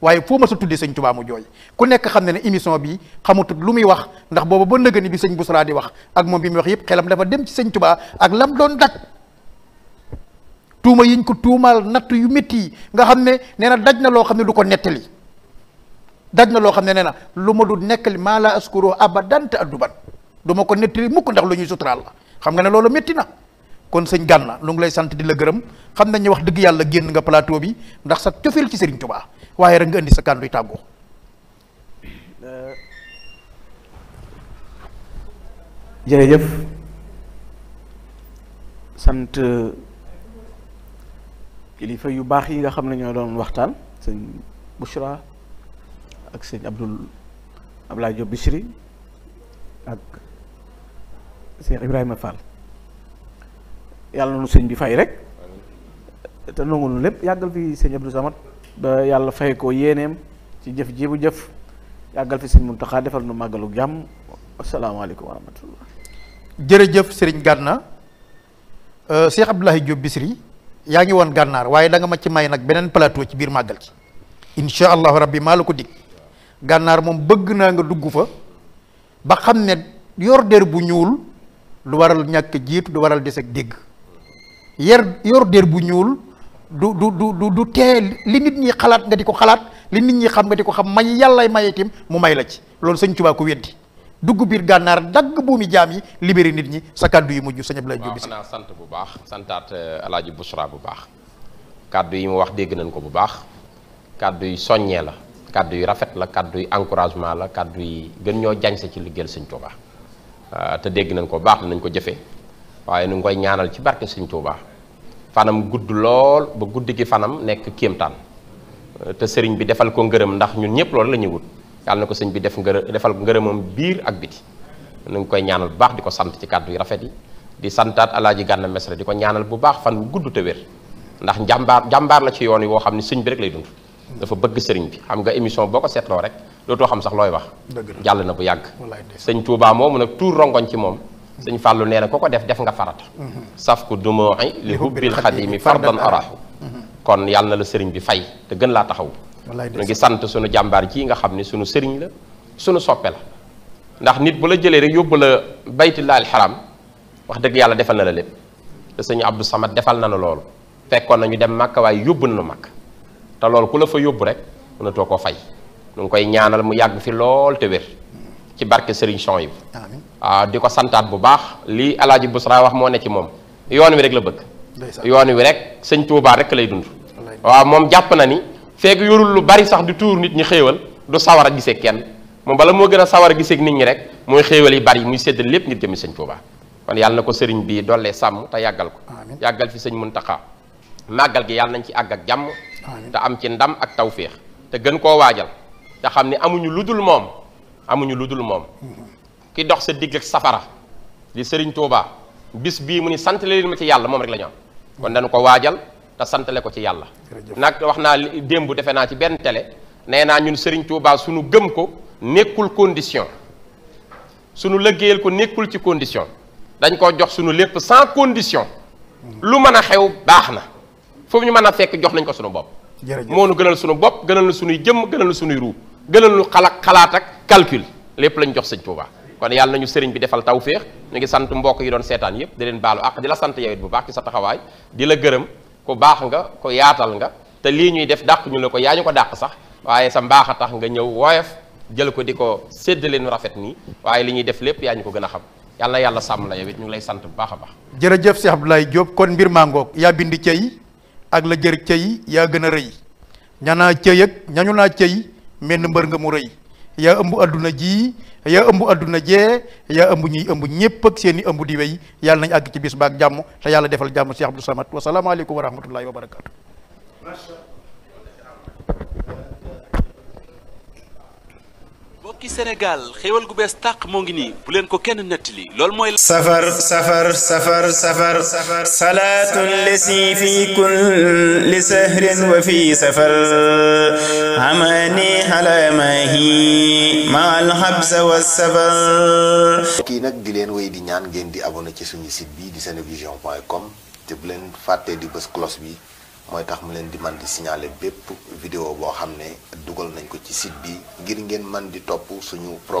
Speaker 2: waaye foo ma sa tuddee sañ tubaa mu jooy ku nekk xam ne ne émission bi xamutut lu muy wax ndax booba ba nëgëni bi sëñ Boussra di wax ak moom bi muy wax yëpp xelam dafa dem ci sëñ tubaa ak lam doon daj tuuma yiñ ko tuumaal natt yu métti yi nga xam ne nee na daj na loo xam ne du ko nettali daj na loo xam ne nee na lu ma du nekkali maa la askuroo abadan te adduban du ma ko nettali mukk ndax lu ñuy suturaal la xam nga ne loolu métti na kon sëñ Gana lu ngi lay di la gërëm xam nañ ne wax dëgg yalla genn nga plateau bi ndax sa tiofil ci Serigne Touba waye rek nga andi sa kandu tagu
Speaker 3: jere jërëjëf sant euh, kilifa yu bax yi nga xam ne ñoo doon waxtaan señ bushra ak señ Abdul Abdullah Diop ak sëñ Ibrahim Fall yalla nu sëñ bi fay rek te nangu nu lepp yagal fi sëñ Abdou Samad ba yalla fay ko yenem ci jëf jibu bu jëf fi sëñ Muntaxa defal nu jam assalamu alaykum wa rahmatullah jërëjëf
Speaker 2: sëriñ euh Cheikh Abdoulaye Diop bisri yaangi won gannar waye da nga ma ci may nak benen plateau ci bir magal ci inshallah rabbi maluko dik gannar dig beug na nga duggu fa ba xamne yor der bu ñuul lu waral ñak jitu lu waral des ak deg yér yor dér bu ñuul du du du du tee li nit ñi xalaat nga di ko xalaat li nit ñi xam nga di ko xam may yàllay mayeetim mu may la ci loolu sëñ Tuubaa ko weddi dugg biir gànnaar dagg buumi jaam yi libéré nit ñi sa
Speaker 4: kàddu yi mujj sëñ Abdoulaye Diop bi sant bu baax santaat eh, alaaji Busra bu baax kàddu yi mu wax dégg nañ ko bu baax kàddu yi soññee la kàddu yu rafet la kàddu yi encouragement la kàddu yi gën ñoo jañse ci liggéeyal sëñ Tuubaa ah, te dégg nañ ko baax dinañ ko jëfe waaye nu ngi koy ñaanal ci barke sëñ Tuubaa fanam gudd lool ba guddi gi fanam nek kéemtaan te serigne bi defal ko ngeureum ndax ñun ñepp loolu lañu wut yàlla na ko sëñ bi def ngërë defal ngërëmam biir ak biti ñu ngi koy ñaanal baax di sant ci yi rafet yi di santat alaaji Gana mesra di ñaanal bu baax fan gudd te wer ndax jambar jambar la ci yoon yi woo xam ne bi rek lay dund dafa bëgg serigne bi xam nga émission boko ko rek do to xam sax loy wax jall na bu yagg serigne touba mom nak tour rongon ci mom sëñ Fallou nee na ku ko def def nga farata saf ku dumooy li hubbil xadimi fardan arahu kon yàlla na la sëriñ bi fay te gën laa taxaw ñu ngi sant suñu jàmbaar ji nga xam ne suñu sëriñ la suñu soppe la ndax nit bu la jëlee rek yóbbu la baytullaahil xaram wax dëgg yàlla defal na la lépp te sëñ Abdou Samad defal na la loolu fekkoon nañu dem Makka waaye yóbbu na nu Makka te loolu ku la fa yóbbu rek mënatoo koo fay nu ngi koy ñaanal mu yàgg fi lool te wér ci barke Serigne yi waaw ah, di ko santaat bu baax lii alaaji Busra wax moo ne ci moom yoon wi rek la bëgg yoon wi rek sëñ Touba rek lay dund waaw moom jàpp na ni feeg yorul lu bari sax di tuur nit ñi xéewal du sawar a gisee kenn moom bala moo gën a sawar a gisee nit ñi rek mooy xéewal yi bari muy séddal lépp ngir jëmi sëñ Touba kon yàlla na ko sëriñ bii dollee sàmm te yàggal ko yàggal fi sëñ Muntaxa màggal gi yàlla nañ ci àgg ak jàmm te am ci ndam ak tawféex te gën koo waajal te xam ne amuñu lu dul moom amuñu lu dul moom ki dox sa digg ak safara di sëriñ Touba bis bii mu ni sant leen ma ci yàlla moom rek la ñu am kon dañu ko waajal te santale ko ci yàlla nag wax naa démb defe naa ci benn tele nee naa ñun sëriñ Touba suñu gëm ko nekkul condition sunu lëggéeyal ko nekkul ci condition dañ koo jox suñu lépp sans condition lu mën a xew baax na foofu ñu mën a fekk jox nañ ko suñu bopp moo nu gënal suñu bopp gënal na suñuy jëmm gënal na suñuy ruu calcul lépp lañ jox sëñ Touba kon yàlla ñu sëriñ bi defal tawféex ñu ngi sant mbokk yi doon seetaan yëpp di leen baalu ak di la sant yow bu baax ci sa taxawaay di la gërëm ku baax nga ku yaatal nga te lii ñuy def dàq ñu la ko yaa ñu ko dàq sax waaye sa mbaax a tax nga ñëw woyof jël ko di ko séddale nu rafet nii waaye li ñuy def lépp yaa ñu ko gën a xam yàlla na yàlla sàmm la yow it ñu lay sant bu baax a baax.
Speaker 2: jërëjëf Cheikh Abdoulaye Diop kon mbir maa ngoog yaa bind cëy ak la jër cëy yaa gën a rëy ña naa cëy ak ñañu naa cëy menn mbër nga mu rëy yaa ëmb adduna ji yaa ëmb adduna jee yaa ëmb ñuy ëmb ñëpp ak seen i ëmb di wéy yàlla nañ àgg ci bis baak jàmm te yàlla defal jàmm Cheikh Abdou Samad wasalaamaaleykum wa rahmatullahi wa barakaatu.
Speaker 1: ki Sénégal xewal gu bes tak mo ngi ni bu len ko kenn netti loolu moy safar safar safar safar salatu lisi fi kulli sahrin wa fi safar amani hala mahi ma al habsa wa safar. ki nak di len way di ñaan ngeen di abonné ci suñu site bi di senevision.com te bu len fàttee di bës cloche bi. mooy tax mu leen di man di signaler bépp vidéo boo xam ne dugal nañ ko ci site bi ngir ngeen man di
Speaker 5: topp suñu